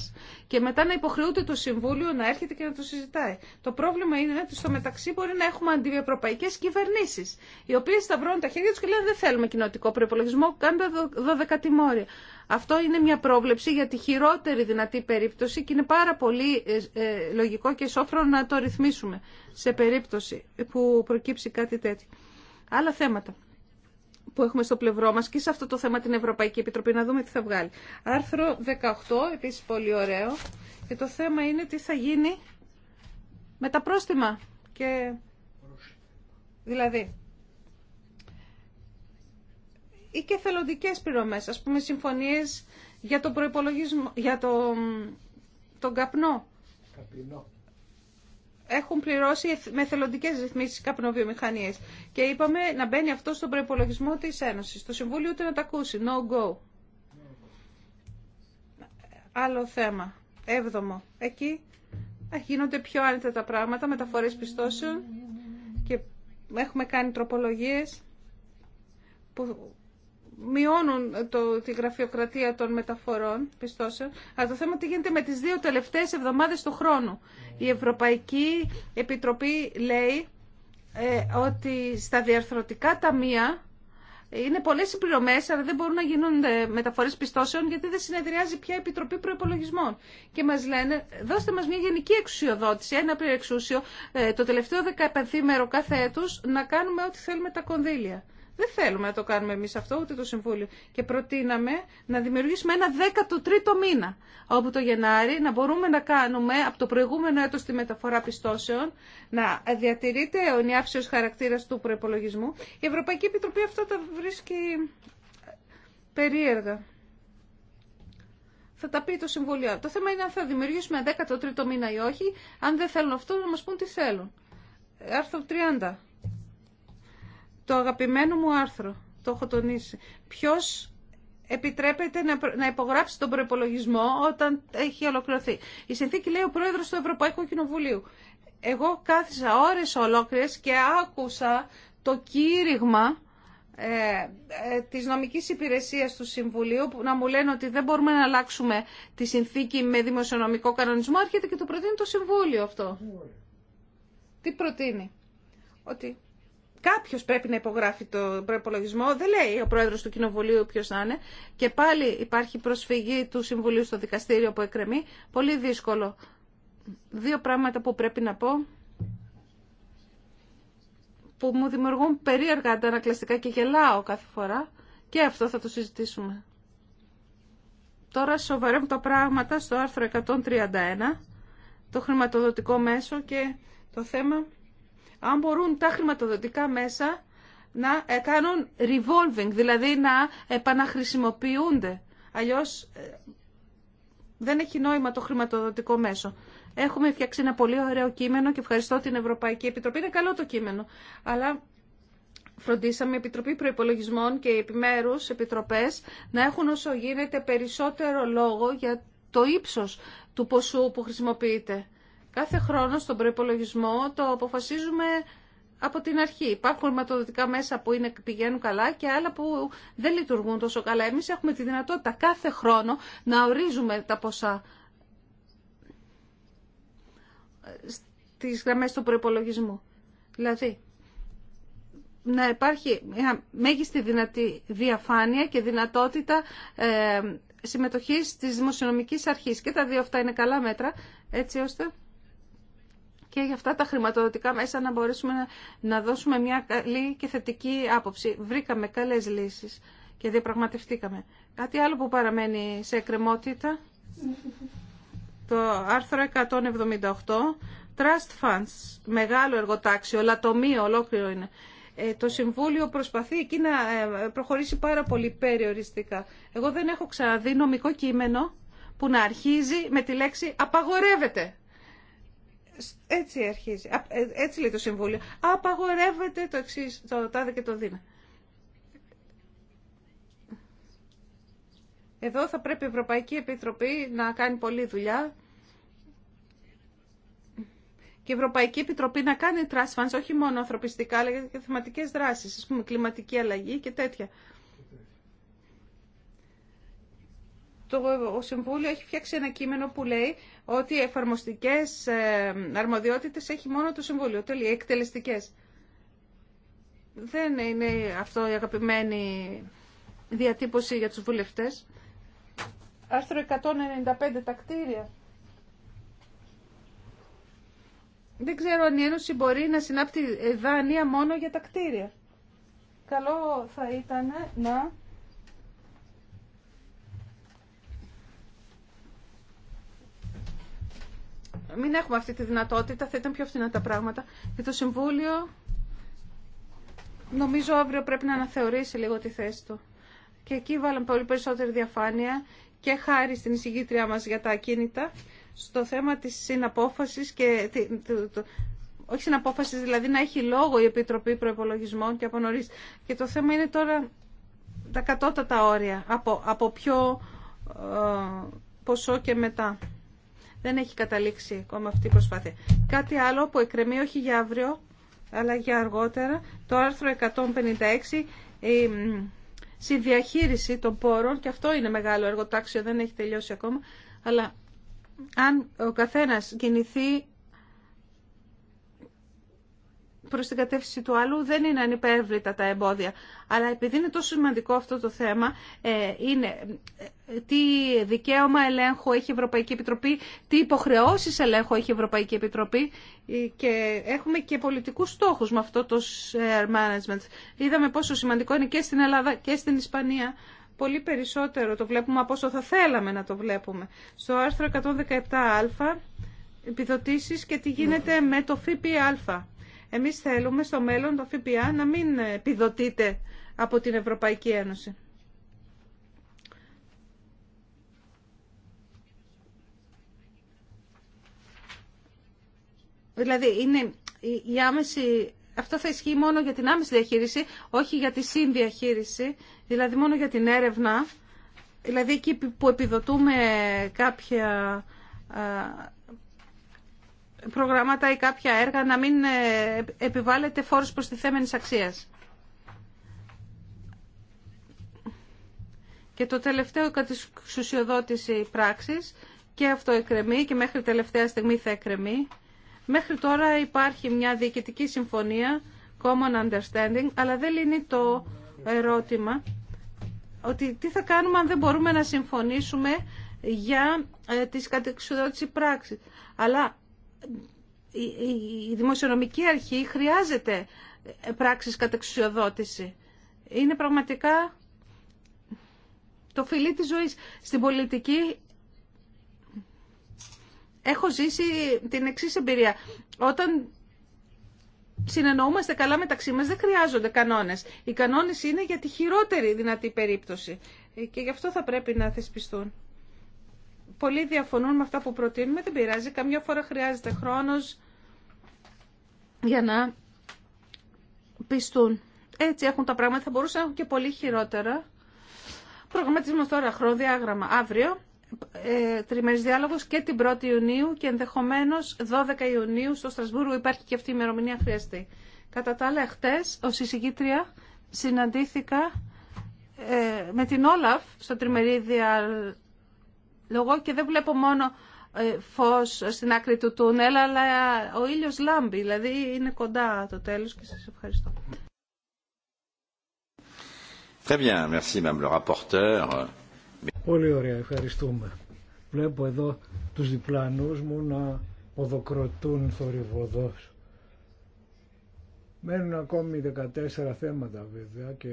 και μετά να υποχρεούται το Συμβούλιο να έρχεται και να το συζητάει. Το πρόβλημα είναι ότι στο μεταξύ μπορεί να έχουμε αντιευρωπαϊκέ κυβερνήσει, οι οποίες βρουν τα χέρια του και λένε δεν θέλουμε κοινοτικό προπολογισμό, κάντε 12 τιμόρια. Αυτό είναι μια πρόβλεψη για τη χειρότερη δυνατή περίπτωση και είναι πάρα πολύ ε, ε, λογικό και σόφρο να το ρυθμίσουμε σε περίπτωση που προκύψει κάτι τέτοιο. Άλλα θέματα που έχουμε στο πλευρό μας και σε αυτό το θέμα την Ευρωπαϊκή Επιτροπή να δούμε τι θα βγάλει. Άρθρο 18, επίσης πολύ ωραίο. Και το θέμα είναι τι θα γίνει με τα πρόστιμα. Και... Δηλαδή, ή και θελοντικές πληρωμές, ας πούμε συμφωνίες για τον προϋπολογισμό, για τον καπνό έχουν πληρώσει με θελοντικέ ρυθμίσει καπνοβιομηχανίε. Και είπαμε να μπαίνει αυτό στον προπολογισμό τη Ένωση. Το Συμβούλιο ούτε να τα ακούσει. No go. Άλλο θέμα. Έβδομο. Εκεί γίνονται πιο άνετα τα πράγματα, μεταφορέ πιστώσεων και έχουμε κάνει τροπολογίε που μειώνουν το, τη γραφειοκρατία των μεταφορών πιστώσεων, αλλά το θέμα τι γίνεται με τις δύο τελευταίες εβδομάδες του χρόνου. Η Ευρωπαϊκή Επιτροπή λέει ε, ότι στα διαρθρωτικά ταμεία είναι πολλές οι πληρωμές, αλλά δεν μπορούν να γίνουν ε, μεταφορές πιστώσεων γιατί δεν συνεδριάζει πια η Επιτροπή Προϋπολογισμών. Και μας λένε, δώστε μας μια γενική εξουσιοδότηση, ένα εξούσιο ε, το τελευταίο δεκαεπενθήμερο κάθε έτους, να κάνουμε ό,τι θέλουμε τα κονδύλια. Δεν θέλουμε να το κάνουμε εμεί αυτό, ούτε το Συμβούλιο. Και προτείναμε να δημιουργήσουμε ένα 13ο μήνα, όπου το Γενάρη να μπορούμε να κάνουμε από το προηγούμενο έτος τη μεταφορά πιστώσεων, να διατηρείται ο ενιάυσιος προηγουμενο ετος τη μεταφορα πιστωσεων να διατηρειται ο ενιαψιο χαρακτήρα του προπολογισμού. Η Ευρωπαϊκή Επιτροπή αυτά τα βρίσκει ε, περίεργα. Θα τα πει το Συμβούλιο. Το θέμα είναι αν θα δημιουργήσουμε ενα 13ο μήνα ή όχι, αν δεν θέλουν αυτό να μα πούν τι θέλουν. Άρθρο 30 το αγαπημένο μου άρθρο, το έχω τονίσει. Ποιος επιτρέπεται να υπογράψει τον προπολογισμό όταν έχει ολοκληρωθεί. Η συνθήκη λέει ο πρόεδρος του Ευρωπαϊκού Κοινοβουλίου. Εγώ κάθισα ώρες ολόκληρες και άκουσα το κήρυγμα ε, ε, της νομικής υπηρεσίας του Συμβουλίου που να μου λένε ότι δεν μπορούμε να αλλάξουμε τη συνθήκη με δημοσιονομικό κανονισμό έρχεται και το προτείνει το Συμβούλιο αυτό. Τι προτείνει. Ότι Κάποιο πρέπει να υπογράφει το προπολογισμό. Δεν λέει ο πρόεδρο του κοινοβουλίου ποιο να είναι. Και πάλι υπάρχει προσφυγή του Συμβουλίου στο δικαστήριο που εκκρεμεί. Πολύ δύσκολο. Δύο πράγματα που πρέπει να πω που μου δημιουργούν περίεργα αντανακλαστικά και γελάω κάθε φορά. Και αυτό θα το συζητήσουμε. Τώρα σοβαρεύουν τα πράγματα στο άρθρο 131, το χρηματοδοτικό μέσο και το θέμα αν μπορούν τα χρηματοδοτικά μέσα να ε, κάνουν revolving, δηλαδή να επαναχρησιμοποιούνται. Αλλιώς ε, δεν έχει νόημα το χρηματοδοτικό μέσο. Έχουμε φτιάξει ένα πολύ ωραίο κείμενο και ευχαριστώ την Ευρωπαϊκή Επιτροπή. Είναι καλό το κείμενο. Αλλά φροντίσαμε η Επιτροπή Προπολογισμών και οι επιμέρου επιτροπέ να έχουν όσο γίνεται περισσότερο λόγο για το ύψο του ποσού που χρησιμοποιείται. Κάθε χρόνο στον προπολογισμό το αποφασίζουμε από την αρχή. Υπάρχουν χρηματοδοτικά μέσα που είναι, πηγαίνουν καλά και άλλα που δεν λειτουργούν τόσο καλά. Εμείς έχουμε τη δυνατότητα κάθε χρόνο να ορίζουμε τα ποσά στις γραμμές του προπολογισμού. Δηλαδή, να υπάρχει μια μέγιστη δυνατή διαφάνεια και δυνατότητα ε, συμμετοχής της δημοσιονομικής αρχής. Και τα δύο αυτά είναι καλά μέτρα, έτσι ώστε και για αυτά τα χρηματοδοτικά μέσα να μπορέσουμε να δώσουμε μια καλή και θετική άποψη. Βρήκαμε καλές λύσεις και διαπραγματευτήκαμε. Κάτι άλλο που παραμένει σε εκκρεμότητα, το άρθρο 178, Trust Funds, μεγάλο εργοτάξιο, λατομείο ολόκληρο είναι. Ε, το Συμβούλιο προσπαθεί εκεί να ε, προχωρήσει πάρα πολύ περιοριστικά. Εγώ δεν έχω ξαναδεί νομικό κείμενο που να αρχίζει με τη λέξη «απαγορεύεται». Έτσι αρχίζει. Ε, έτσι λέει το Συμβούλιο. Απαγορεύεται το εξή, το τάδε και το δίνα. Εδώ θα πρέπει η Ευρωπαϊκή Επιτροπή να κάνει πολλή δουλειά και η Ευρωπαϊκή Επιτροπή να κάνει trust όχι μόνο ανθρωπιστικά, αλλά και θεματικές δράσεις, ας κλιματική αλλαγή και τέτοια. το Συμβούλιο έχει φτιάξει ένα κείμενο που λέει ότι εφαρμοστικέ ε, αρμοδιότητε έχει μόνο το Συμβούλιο, τέλεια, εκτελεστικέ. Δεν είναι αυτό η αγαπημένη διατύπωση για τους βουλευτέ. Άρθρο 195 τα κτίρια. Δεν ξέρω αν η Ένωση μπορεί να συνάπτει δάνεια μόνο για τα κτίρια. Καλό θα ήταν να μην έχουμε αυτή τη δυνατότητα, θα ήταν πιο φθηνά τα πράγματα. Και το Συμβούλιο νομίζω αύριο πρέπει να αναθεωρήσει λίγο τη θέση του. Και εκεί βάλαμε πολύ περισσότερη διαφάνεια και χάρη στην εισηγήτριά μας για τα ακίνητα στο θέμα της συναπόφασης και όχι συναπόφασης, δηλαδή να έχει λόγο η Επιτροπή Προϋπολογισμών και από νωρίς. Και το θέμα είναι τώρα τα κατώτατα όρια, από, από ποιο ε, ποσό και μετά. Δεν έχει καταλήξει ακόμα αυτή η προσπάθεια. Κάτι άλλο που εκκρεμεί όχι για αύριο, αλλά για αργότερα, το άρθρο 156, η συνδιαχείριση των πόρων, και αυτό είναι μεγάλο εργοτάξιο, δεν έχει τελειώσει ακόμα, αλλά αν ο καθένας κινηθεί προς την κατεύθυνση του άλλου δεν είναι ανυπέρβλητα τα εμπόδια. Αλλά επειδή είναι τόσο σημαντικό αυτό το θέμα, ε, είναι ε, τι δικαίωμα ελέγχου έχει η Ευρωπαϊκή Επιτροπή, τι υποχρεώσεις ελέγχου έχει η Ευρωπαϊκή Επιτροπή ε, και έχουμε και πολιτικούς στόχους με αυτό το share management. Είδαμε πόσο σημαντικό είναι και στην Ελλάδα και στην Ισπανία πολύ περισσότερο το βλέπουμε από όσο θα θέλαμε να το βλέπουμε. Στο άρθρο 117α, επιδοτήσεις και τι γίνεται με το ΦΠΑ. Εμείς θέλουμε στο μέλλον το ΦΠΑ να μην επιδοτείται από την Ευρωπαϊκή Ένωση. Δηλαδή, είναι η άμεση, αυτό θα ισχύει μόνο για την άμεση διαχείριση, όχι για τη συνδιαχείριση, δηλαδή μόνο για την έρευνα. Δηλαδή, εκεί που επιδοτούμε κάποια προγράμματα ή κάποια έργα να μην ε, επιβάλλεται φόρος θέμενη αξίας. Και το τελευταίο κατά τη πράξης και αυτό εκκρεμεί και μέχρι τελευταία στιγμή θα εκκρεμεί. Μέχρι τώρα υπάρχει μια διοικητική συμφωνία, common understanding, αλλά δεν λύνει το ερώτημα ότι τι θα κάνουμε αν δεν μπορούμε να συμφωνήσουμε για ε, τις κατεξουδότηση πράξη. Αλλά η δημοσιονομική αρχή χρειάζεται πράξεις εξουσιοδότηση. Είναι πραγματικά το φιλί της ζωής. Στην πολιτική έχω ζήσει την εξή εμπειρία. Όταν συνεννοούμαστε καλά μεταξύ μας δεν χρειάζονται κανόνες. Οι κανόνες είναι για τη χειρότερη δυνατή περίπτωση και γι' αυτό θα πρέπει να θεσπιστούν πολλοί διαφωνούν με αυτά που προτείνουμε, δεν πειράζει. Καμιά φορά χρειάζεται χρόνος για να πιστούν. Έτσι έχουν τα πράγματα, θα μπορούσαν να έχουν και πολύ χειρότερα. Προγραμματισμός τώρα, χρονοδιάγραμμα αύριο, ε, τριμερής διάλογος και την 1η Ιουνίου και ενδεχομένως 12 Ιουνίου στο Στρασβούργο υπάρχει και αυτή η ημερομηνία χρειαστή. Κατά τα άλλα, χτες ως εισηγήτρια συναντήθηκα ε, με την Όλαφ στο τριμερή Λογώ και δεν βλέπω μόνο ε, φως στην άκρη του τούνελ, αλλά ο ήλιος λάμπει, δηλαδή είναι κοντά το τέλος και σας ευχαριστώ. Πολύ ωραία, ευχαριστούμε. Βλέπω εδώ τους διπλανούς μου να οδοκροτούν θορυβοδός. Μένουν ακόμη 14 θέματα βέβαια και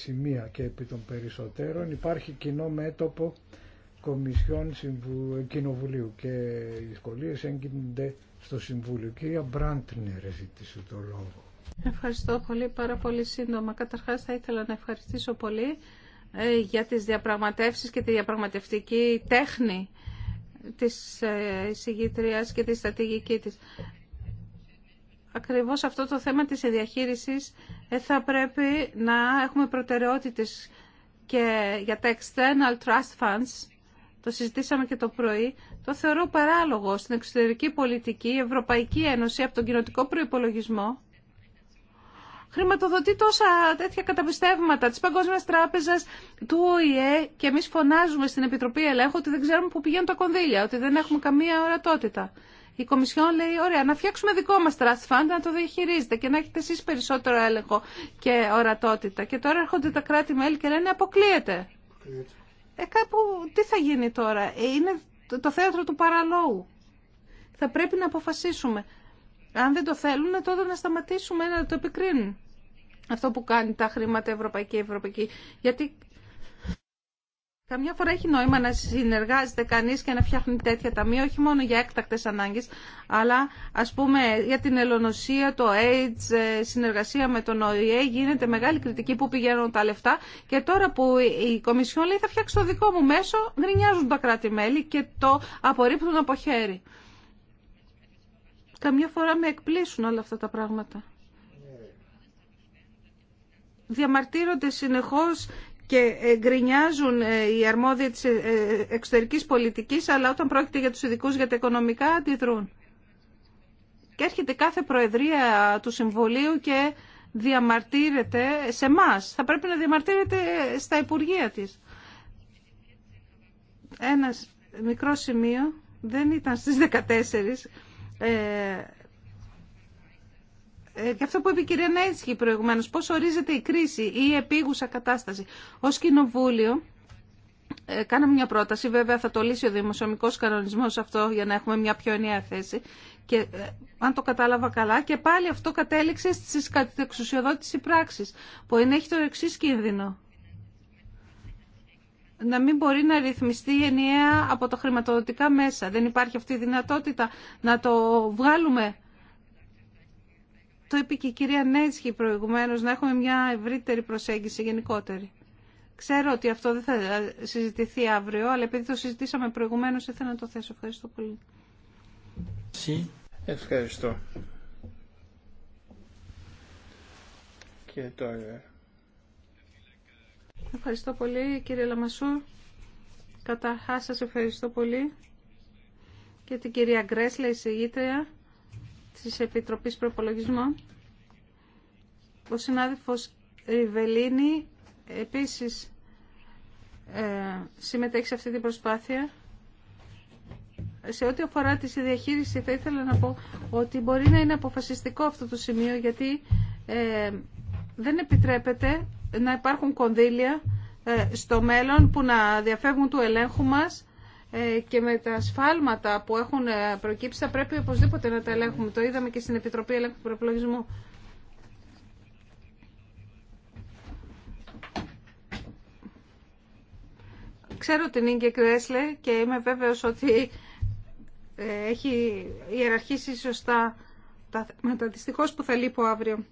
σημεία και επί των περισσότερων υπάρχει κοινό μέτωπο Κομισιόν Κοινοβουλίου και οι δυσκολίε έγκυνται στο Συμβούλιο. Κυρία Μπραντνερ ζήτησε το λόγο. Ευχαριστώ πολύ, πάρα πολύ σύντομα. Καταρχάς θα ήθελα να ευχαριστήσω πολύ ε, για τις διαπραγματεύσεις και τη διαπραγματευτική τέχνη της ε, εισηγήτριας και τη στρατηγική της ακριβώς αυτό το θέμα της διαχείρισης ε, θα πρέπει να έχουμε προτεραιότητες και για τα external trust funds, το συζητήσαμε και το πρωί, το θεωρώ παράλογο στην εξωτερική πολιτική, η Ευρωπαϊκή Ένωση από τον κοινοτικό προϋπολογισμό, χρηματοδοτεί τόσα τέτοια καταπιστεύματα της Παγκόσμιας Τράπεζας, του ΟΗΕ και εμείς φωνάζουμε στην Επιτροπή Ελέγχου ότι δεν ξέρουμε πού πηγαίνουν τα κονδύλια, ότι δεν έχουμε καμία ορατότητα η Κομισιόν λέει, ωραία, να φτιάξουμε δικό μας trust fund, να το διαχειρίζετε και να έχετε εσείς περισσότερο έλεγχο και ορατότητα. Και τώρα έρχονται τα κράτη-μέλη και λένε, αποκλείεται. Ε, κάπου, τι θα γίνει τώρα. Ε, είναι το θέατρο του παραλόγου. Θα πρέπει να αποφασίσουμε. Αν δεν το θέλουν, τότε να σταματήσουμε να το επικρίνουν. Αυτό που κάνει τα χρήματα Ευρωπαϊκή Ευρωπαϊκή. Γιατί Καμιά φορά έχει νόημα να συνεργάζεται κανεί και να φτιάχνει τέτοια ταμεία, όχι μόνο για έκτακτε ανάγκε, αλλά α πούμε για την ελονοσία, το AIDS, ε, συνεργασία με τον ΟΗΕ. Γίνεται μεγάλη κριτική που πηγαίνουν τα λεφτά. Και τώρα που η Κομισιόν λέει θα φτιάξει το δικό μου μέσο, γρινιάζουν τα κράτη-μέλη και το απορρίπτουν από χέρι. Καμιά φορά με εκπλήσουν όλα αυτά τα πράγματα ναι. διαμαρτύρονται συνεχώς και γκρινιάζουν ε, οι αρμόδιοι της ε, ε, εξωτερικής πολιτικής, αλλά όταν πρόκειται για τους ειδικού για τα οικονομικά αντιδρούν. Και έρχεται κάθε Προεδρία του Συμβουλίου και διαμαρτύρεται σε εμά. Θα πρέπει να διαμαρτύρεται στα Υπουργεία της. Ένα μικρό σημείο, δεν ήταν στις 14, ε, και αυτό που είπε η κυρία Νέτσχη προηγουμένως, πώς ορίζεται η κρίση ή η επίγουσα κατάσταση. Ως κοινοβούλιο ε, κάναμε μια πρόταση, βέβαια θα το λύσει ο δημοσιομικός κανονισμός αυτό για να έχουμε μια πιο ενιαία θέση. Και ε, αν το κατάλαβα καλά, και πάλι αυτό κατέληξε στις εξουσιοδότηση πράξης, που έχει το εξή κίνδυνο. Να μην μπορεί να ρυθμιστεί ενιαία από τα χρηματοδοτικά μέσα. Δεν υπάρχει αυτή η δυνατότητα να το βγάλουμε το είπε και η κυρία Νέτσχη προηγουμένως, να έχουμε μια ευρύτερη προσέγγιση γενικότερη. Ξέρω ότι αυτό δεν θα συζητηθεί αύριο, αλλά επειδή το συζητήσαμε προηγουμένως, ήθελα να το θέσω. Ευχαριστώ πολύ. Ευχαριστώ. Και τώρα... Ευχαριστώ πολύ κύριε Λαμασού, Καταρχά, σα ευχαριστώ πολύ και την κυρία Γκρέσλα, η της Επιτροπής Προπολογισμών. Ο συνάδελφος Ριβελίνη επίσης ε, συμμετέχει σε αυτή την προσπάθεια. Σε ό,τι αφορά τη διαχείριση θα ήθελα να πω ότι μπορεί να είναι αποφασιστικό αυτό το σημείο γιατί ε, δεν επιτρέπεται να υπάρχουν κονδύλια ε, στο μέλλον που να διαφεύγουν του ελέγχου μας ε, και με τα σφάλματα που έχουν ε, προκύψει θα πρέπει οπωσδήποτε να τα ελέγχουμε. Το είδαμε και στην Επιτροπή Ελέγχου Προπλογισμού. Ξέρω την Ίγκε Κρέσλε και είμαι βέβαιος ότι ε, έχει ιεραρχήσει σωστά τα θέματα. Δυστυχώς που θα λείπω αύριο.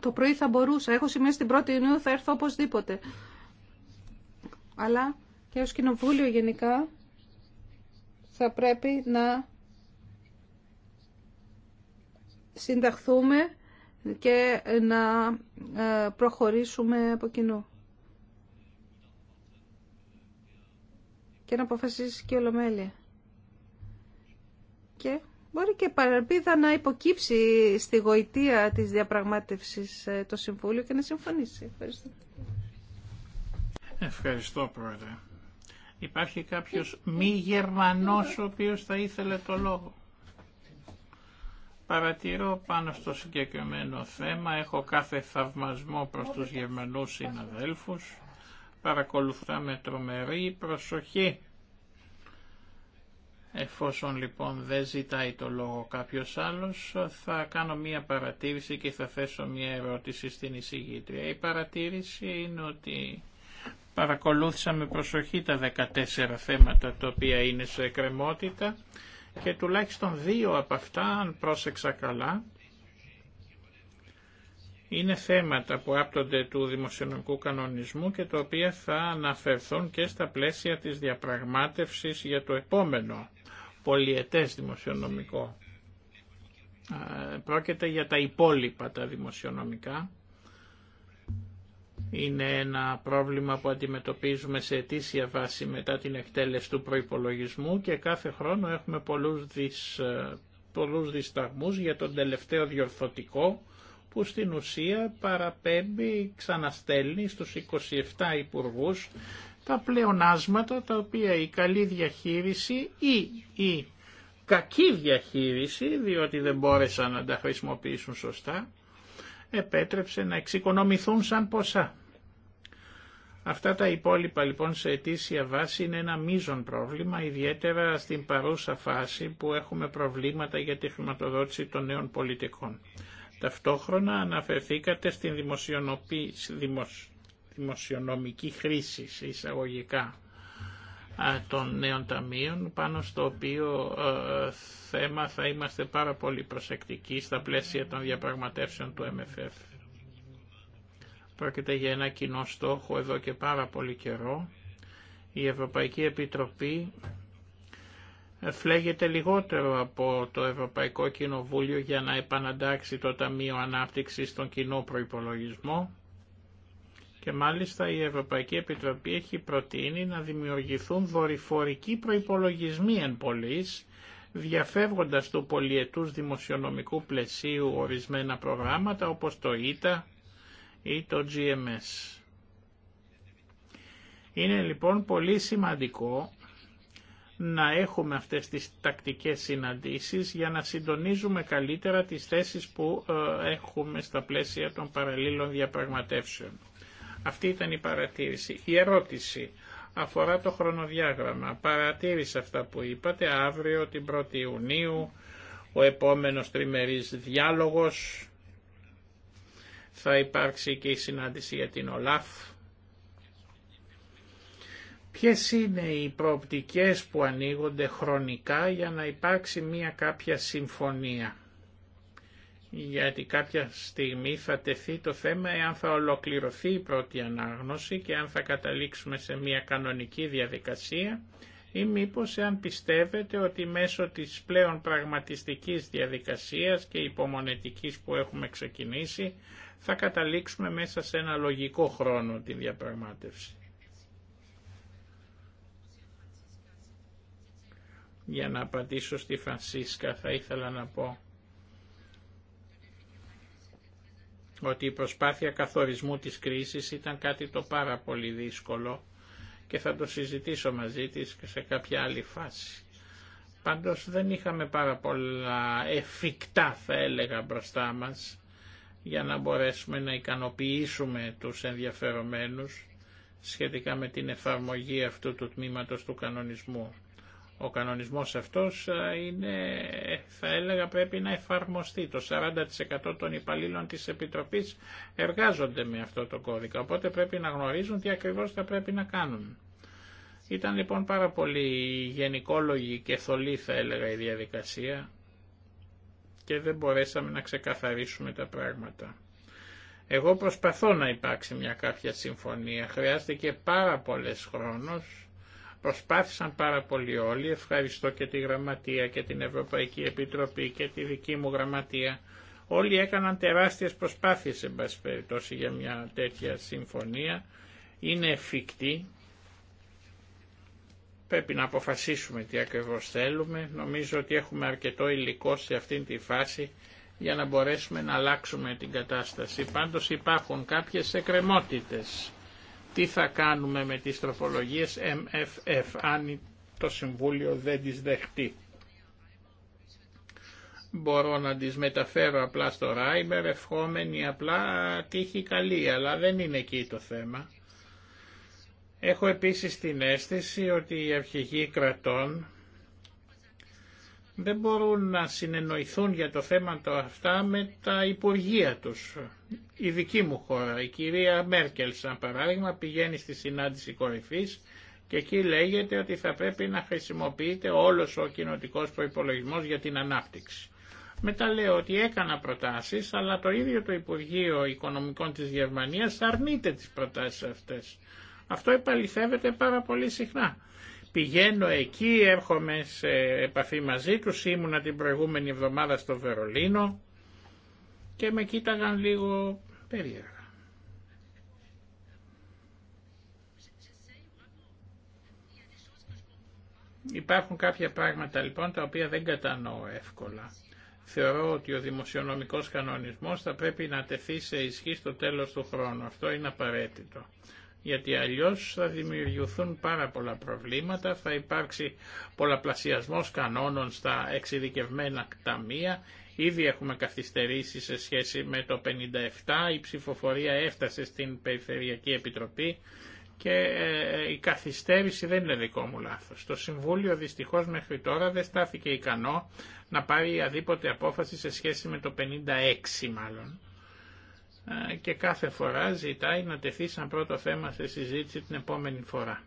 Το πρωί θα μπορούσα. Έχω σημαίνει στην 1η Ιουνίου θα έρθω οπωσδήποτε. Αλλά και ως κοινοβούλιο γενικά θα πρέπει να συνταχθούμε και να ε, προχωρήσουμε από κοινού. Και να αποφασίσει και Ολομέλεια. Και μπορεί και παραπίδα να υποκύψει στη γοητεία της διαπραγμάτευσης ε, το Συμβούλιο και να συμφωνήσει. Ευχαριστώ. Ευχαριστώ, Πρόεδρε. Υπάρχει κάποιος μη Γερμανός ο οποίος θα ήθελε το λόγο. Παρατηρώ πάνω στο συγκεκριμένο θέμα, έχω κάθε θαυμασμό προς τους Γερμανούς συναδέλφους, παρακολουθά με τρομερή προσοχή. Εφόσον λοιπόν δεν ζητάει το λόγο κάποιος άλλος, θα κάνω μία παρατήρηση και θα θέσω μία ερώτηση στην εισηγήτρια. Η παρατήρηση είναι ότι Παρακολούθησα με προσοχή τα 14 θέματα τα οποία είναι σε εκκρεμότητα και τουλάχιστον δύο από αυτά, αν πρόσεξα καλά, είναι θέματα που άπτονται του δημοσιονομικού κανονισμού και τα οποία θα αναφερθούν και στα πλαίσια της διαπραγμάτευσης για το επόμενο πολιετές δημοσιονομικό. Πρόκειται για τα υπόλοιπα τα δημοσιονομικά είναι ένα πρόβλημα που αντιμετωπίζουμε σε αιτήσια βάση μετά την εκτέλεση του προϋπολογισμού και κάθε χρόνο έχουμε πολλούς, δισ ε, πολλούς δισταγμούς για τον τελευταίο διορθωτικό που στην ουσία παραπέμπει, ξαναστέλνει στους 27 υπουργούς τα πλεονάσματα τα οποία η καλή διαχείριση ή η κακή διαχείριση, διότι δεν μπόρεσαν να τα χρησιμοποιήσουν σωστά, επέτρεψε να εξοικονομηθούν σαν ποσά. Αυτά τα υπόλοιπα λοιπόν σε αιτήσια βάση είναι ένα μείζον πρόβλημα, ιδιαίτερα στην παρούσα φάση που έχουμε προβλήματα για τη χρηματοδότηση των νέων πολιτικών. Ταυτόχρονα αναφερθήκατε στην δημοσιονομική χρήση εισαγωγικά των νέων ταμείων, πάνω στο οποίο θέμα θα είμαστε πάρα πολύ προσεκτικοί στα πλαίσια των διαπραγματεύσεων του MFF. Πρόκειται για ένα κοινό στόχο εδώ και πάρα πολύ καιρό. Η Ευρωπαϊκή Επιτροπή ε, φλέγεται λιγότερο από το Ευρωπαϊκό Κοινοβούλιο για να επαναντάξει το Ταμείο Ανάπτυξης στον κοινό προϋπολογισμό και μάλιστα η Ευρωπαϊκή Επιτροπή έχει προτείνει να δημιουργηθούν δορυφορικοί προϋπολογισμοί εν πωλής, διαφεύγοντας του πολιετούς δημοσιονομικού πλαισίου ορισμένα προγράμματα όπως το ΙΤΑ ή το GMS. Είναι λοιπόν πολύ σημαντικό να έχουμε αυτές τις τακτικές συναντήσεις για να συντονίζουμε καλύτερα τις θέσεις που ε, έχουμε στα πλαίσια των παραλλήλων διαπραγματεύσεων. Αυτή ήταν η παρατήρηση. Η ερώτηση αφορά το χρονοδιάγραμμα. Παρατήρησε αυτά που είπατε αύριο την 1η Ιουνίου, ο επόμενος τριμερής διάλογος, θα υπάρξει και η συνάντηση για την ΟΛΑΦ. Ποιες είναι οι προοπτικές που ανοίγονται χρονικά για να υπάρξει μία κάποια συμφωνία γιατί κάποια στιγμή θα τεθεί το θέμα εάν θα ολοκληρωθεί η πρώτη ανάγνωση και αν θα καταλήξουμε σε μια κανονική διαδικασία ή μήπως εάν πιστεύετε ότι μέσω της πλέον πραγματιστικής διαδικασίας και υπομονετικής που έχουμε ξεκινήσει θα καταλήξουμε μέσα σε ένα λογικό χρόνο τη διαπραγμάτευση. Για να απαντήσω στη Φρανσίσκα θα ήθελα να πω ότι η προσπάθεια καθορισμού της κρίσης ήταν κάτι το πάρα πολύ δύσκολο και θα το συζητήσω μαζί της και σε κάποια άλλη φάση. Πάντως δεν είχαμε πάρα πολλά εφικτά θα έλεγα μπροστά μας για να μπορέσουμε να ικανοποιήσουμε τους ενδιαφερομένους σχετικά με την εφαρμογή αυτού του τμήματος του κανονισμού. Ο κανονισμός αυτός ε, είναι, θα έλεγα πρέπει να εφαρμοστεί. Το 40% των υπαλλήλων της Επιτροπής εργάζονται με αυτό το κώδικα, οπότε πρέπει να γνωρίζουν τι ακριβώς θα πρέπει να κάνουν. Ήταν λοιπόν πάρα πολύ γενικόλογη και θολή θα έλεγα η διαδικασία και δεν μπορέσαμε να ξεκαθαρίσουμε τα πράγματα. Εγώ προσπαθώ να υπάρξει μια κάποια συμφωνία. Χρειάστηκε πάρα πολλές χρόνος Προσπάθησαν πάρα πολύ όλοι, ευχαριστώ και τη Γραμματεία και την Ευρωπαϊκή Επιτροπή και τη δική μου Γραμματεία. Όλοι έκαναν τεράστιες προσπάθειες, εν για μια τέτοια συμφωνία. Είναι εφικτή. Πρέπει να αποφασίσουμε τι ακριβώς θέλουμε. Νομίζω ότι έχουμε αρκετό υλικό σε αυτήν τη φάση για να μπορέσουμε να αλλάξουμε την κατάσταση. Πάντως υπάρχουν κάποιες εκκρεμότητες τι θα κάνουμε με τις τροφολογίες MFF αν το Συμβούλιο δεν τις δεχτεί. Μπορώ να τις μεταφέρω απλά στο Ράιμερ, ευχόμενοι απλά τύχη καλή, αλλά δεν είναι εκεί το θέμα. Έχω επίσης την αίσθηση ότι οι αρχηγοί κρατών δεν μπορούν να συνεννοηθούν για το θέμα το αυτά με τα υπουργεία τους. Η δική μου χώρα, η κυρία Μέρκελ σαν παράδειγμα, πηγαίνει στη συνάντηση κορυφής και εκεί λέγεται ότι θα πρέπει να χρησιμοποιείται όλος ο κοινοτικό προϋπολογισμός για την ανάπτυξη. Μετά λέω ότι έκανα προτάσεις, αλλά το ίδιο το Υπουργείο Οικονομικών της Γερμανίας αρνείται τις προτάσεις αυτές. Αυτό επαληθεύεται πάρα πολύ συχνά πηγαίνω εκεί, έρχομαι σε επαφή μαζί τους, ήμουνα την προηγούμενη εβδομάδα στο Βερολίνο και με κοίταγαν λίγο περίεργα. Υπάρχουν κάποια πράγματα λοιπόν τα οποία δεν κατανοώ εύκολα. Θεωρώ ότι ο δημοσιονομικός κανονισμός θα πρέπει να τεθεί σε ισχύ στο τέλος του χρόνου. Αυτό είναι απαραίτητο γιατί αλλιώς θα δημιουργηθούν πάρα πολλά προβλήματα, θα υπάρξει πολλαπλασιασμός κανόνων στα εξειδικευμένα ταμεία, ήδη έχουμε καθυστερήσει σε σχέση με το 57, η ψηφοφορία έφτασε στην Περιφερειακή Επιτροπή και ε, η καθυστέρηση δεν είναι δικό μου λάθος. Το Συμβούλιο δυστυχώς μέχρι τώρα δεν στάθηκε ικανό να πάρει αδίποτε απόφαση σε σχέση με το 56 μάλλον. Ε, και κάθε φορά ζητάει να τεθεί σαν πρώτο θέμα σε συζήτηση την επόμενη φορά.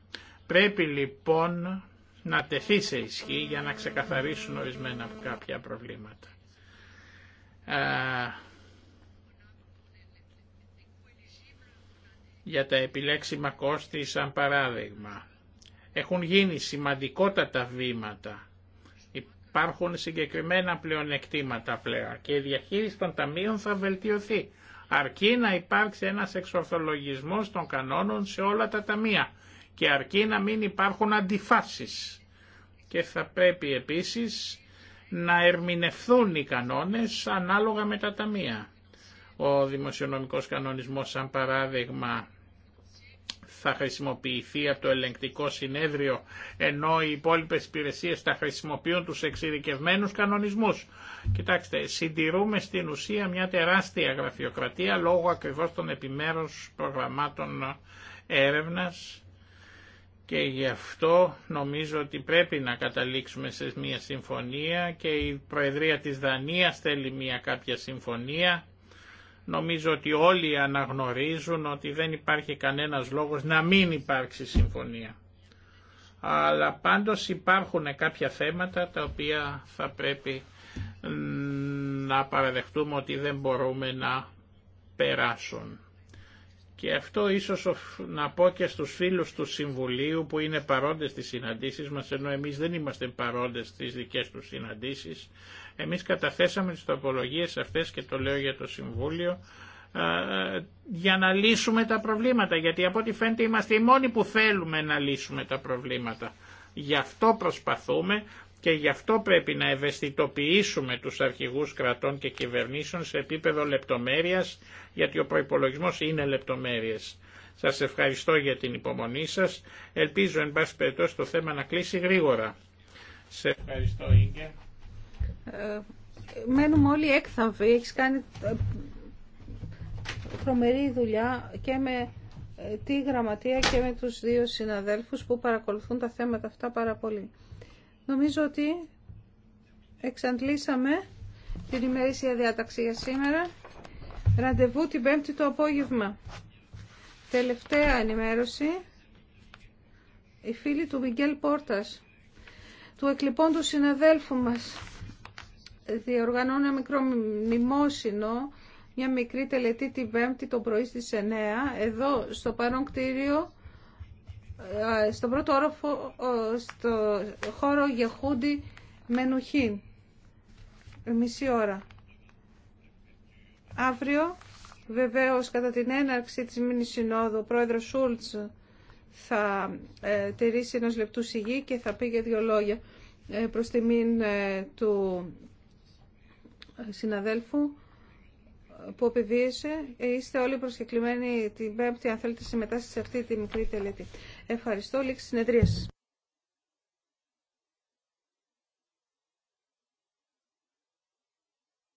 Πρέπει λοιπόν να τεθεί σε ισχύ για να ξεκαθαρίσουν ορισμένα κάποια προβλήματα. Ε, για τα επιλέξιμα κόστη σαν παράδειγμα. Έχουν γίνει σημαντικότατα βήματα. Υπάρχουν συγκεκριμένα πλεονεκτήματα πλέον και η διαχείριση των ταμείων θα βελτιωθεί αρκεί να υπάρξει ένας εξορθολογισμός των κανόνων σε όλα τα ταμεία και αρκεί να μην υπάρχουν αντιφάσεις. Και θα πρέπει επίσης να ερμηνευθούν οι κανόνες ανάλογα με τα ταμεία. Ο δημοσιονομικός κανονισμός, σαν παράδειγμα, θα χρησιμοποιηθεί από το ελεγκτικό συνέδριο ενώ οι υπόλοιπε υπηρεσίε θα χρησιμοποιούν τους εξειδικευμένου κανονισμού. Κοιτάξτε, συντηρούμε στην ουσία μια τεράστια γραφειοκρατία λόγω ακριβώ των επιμέρου προγραμμάτων έρευνα. και γι' αυτό νομίζω ότι πρέπει να καταλήξουμε σε μια συμφωνία και η Προεδρία της Δανίας θέλει μια κάποια συμφωνία Νομίζω ότι όλοι αναγνωρίζουν ότι δεν υπάρχει κανένας λόγος να μην υπάρξει συμφωνία. Αλλά πάντως υπάρχουν κάποια θέματα τα οποία θα πρέπει να παραδεχτούμε ότι δεν μπορούμε να περάσουν. Και αυτό ίσως να πω και στους φίλους του Συμβουλίου που είναι παρόντες στις συναντήσεις μας, ενώ εμείς δεν είμαστε παρόντες στις δικές τους συναντήσεις, εμείς καταθέσαμε τις τοπολογίες αυτές και το λέω για το Συμβούλιο για να λύσουμε τα προβλήματα, γιατί από ό,τι φαίνεται είμαστε οι μόνοι που θέλουμε να λύσουμε τα προβλήματα. Γι' αυτό προσπαθούμε και γι' αυτό πρέπει να ευαισθητοποιήσουμε τους αρχηγούς κρατών και κυβερνήσεων σε επίπεδο λεπτομέρειας, γιατί ο προπολογισμό είναι λεπτομέρειες. Σας ευχαριστώ για την υπομονή σας. Ελπίζω, εν πάση περιπτώσει, το θέμα να κλείσει γρήγορα. Σε ευχαριστώ, Ίγκε. Ε, μένουμε όλοι έκθαμβοι. Έχεις κάνει ε, τρομερή δουλειά και με ε, τη γραμματεία και με τους δύο συναδέλφους που παρακολουθούν τα θέματα αυτά πάρα πολύ. Νομίζω ότι εξαντλήσαμε την ημερήσια διάταξη για σήμερα. Ραντεβού την Πέμπτη το απόγευμα. Τελευταία ενημέρωση. Οι φίλοι του Μιγγέλ Πόρτας, του εκλειπών του συναδέλφου μας διοργανώνω ένα μικρό μνημόσυνο, μια μικρή τελετή την Πέμπτη το πρωί στις 9, εδώ στο παρόν κτίριο, ε, στον πρώτο όροφο, στο χώρο Γεχούντι Μενουχή. Μισή ώρα. Αύριο, βεβαίως, κατά την έναρξη της Μήνης Συνόδου, ο πρόεδρος Σούλτς θα ε, τηρήσει ενός λεπτού σιγή και θα πει για δύο λόγια ε, προς μήν ε, του συναδέλφου που επιβίωσε. Είστε όλοι προσκεκλημένοι την Πέμπτη, αν θέλετε, συμμετάσχετε σε αυτή τη μικρή τελετή. Ευχαριστώ. Λήξη συνεδρίαση.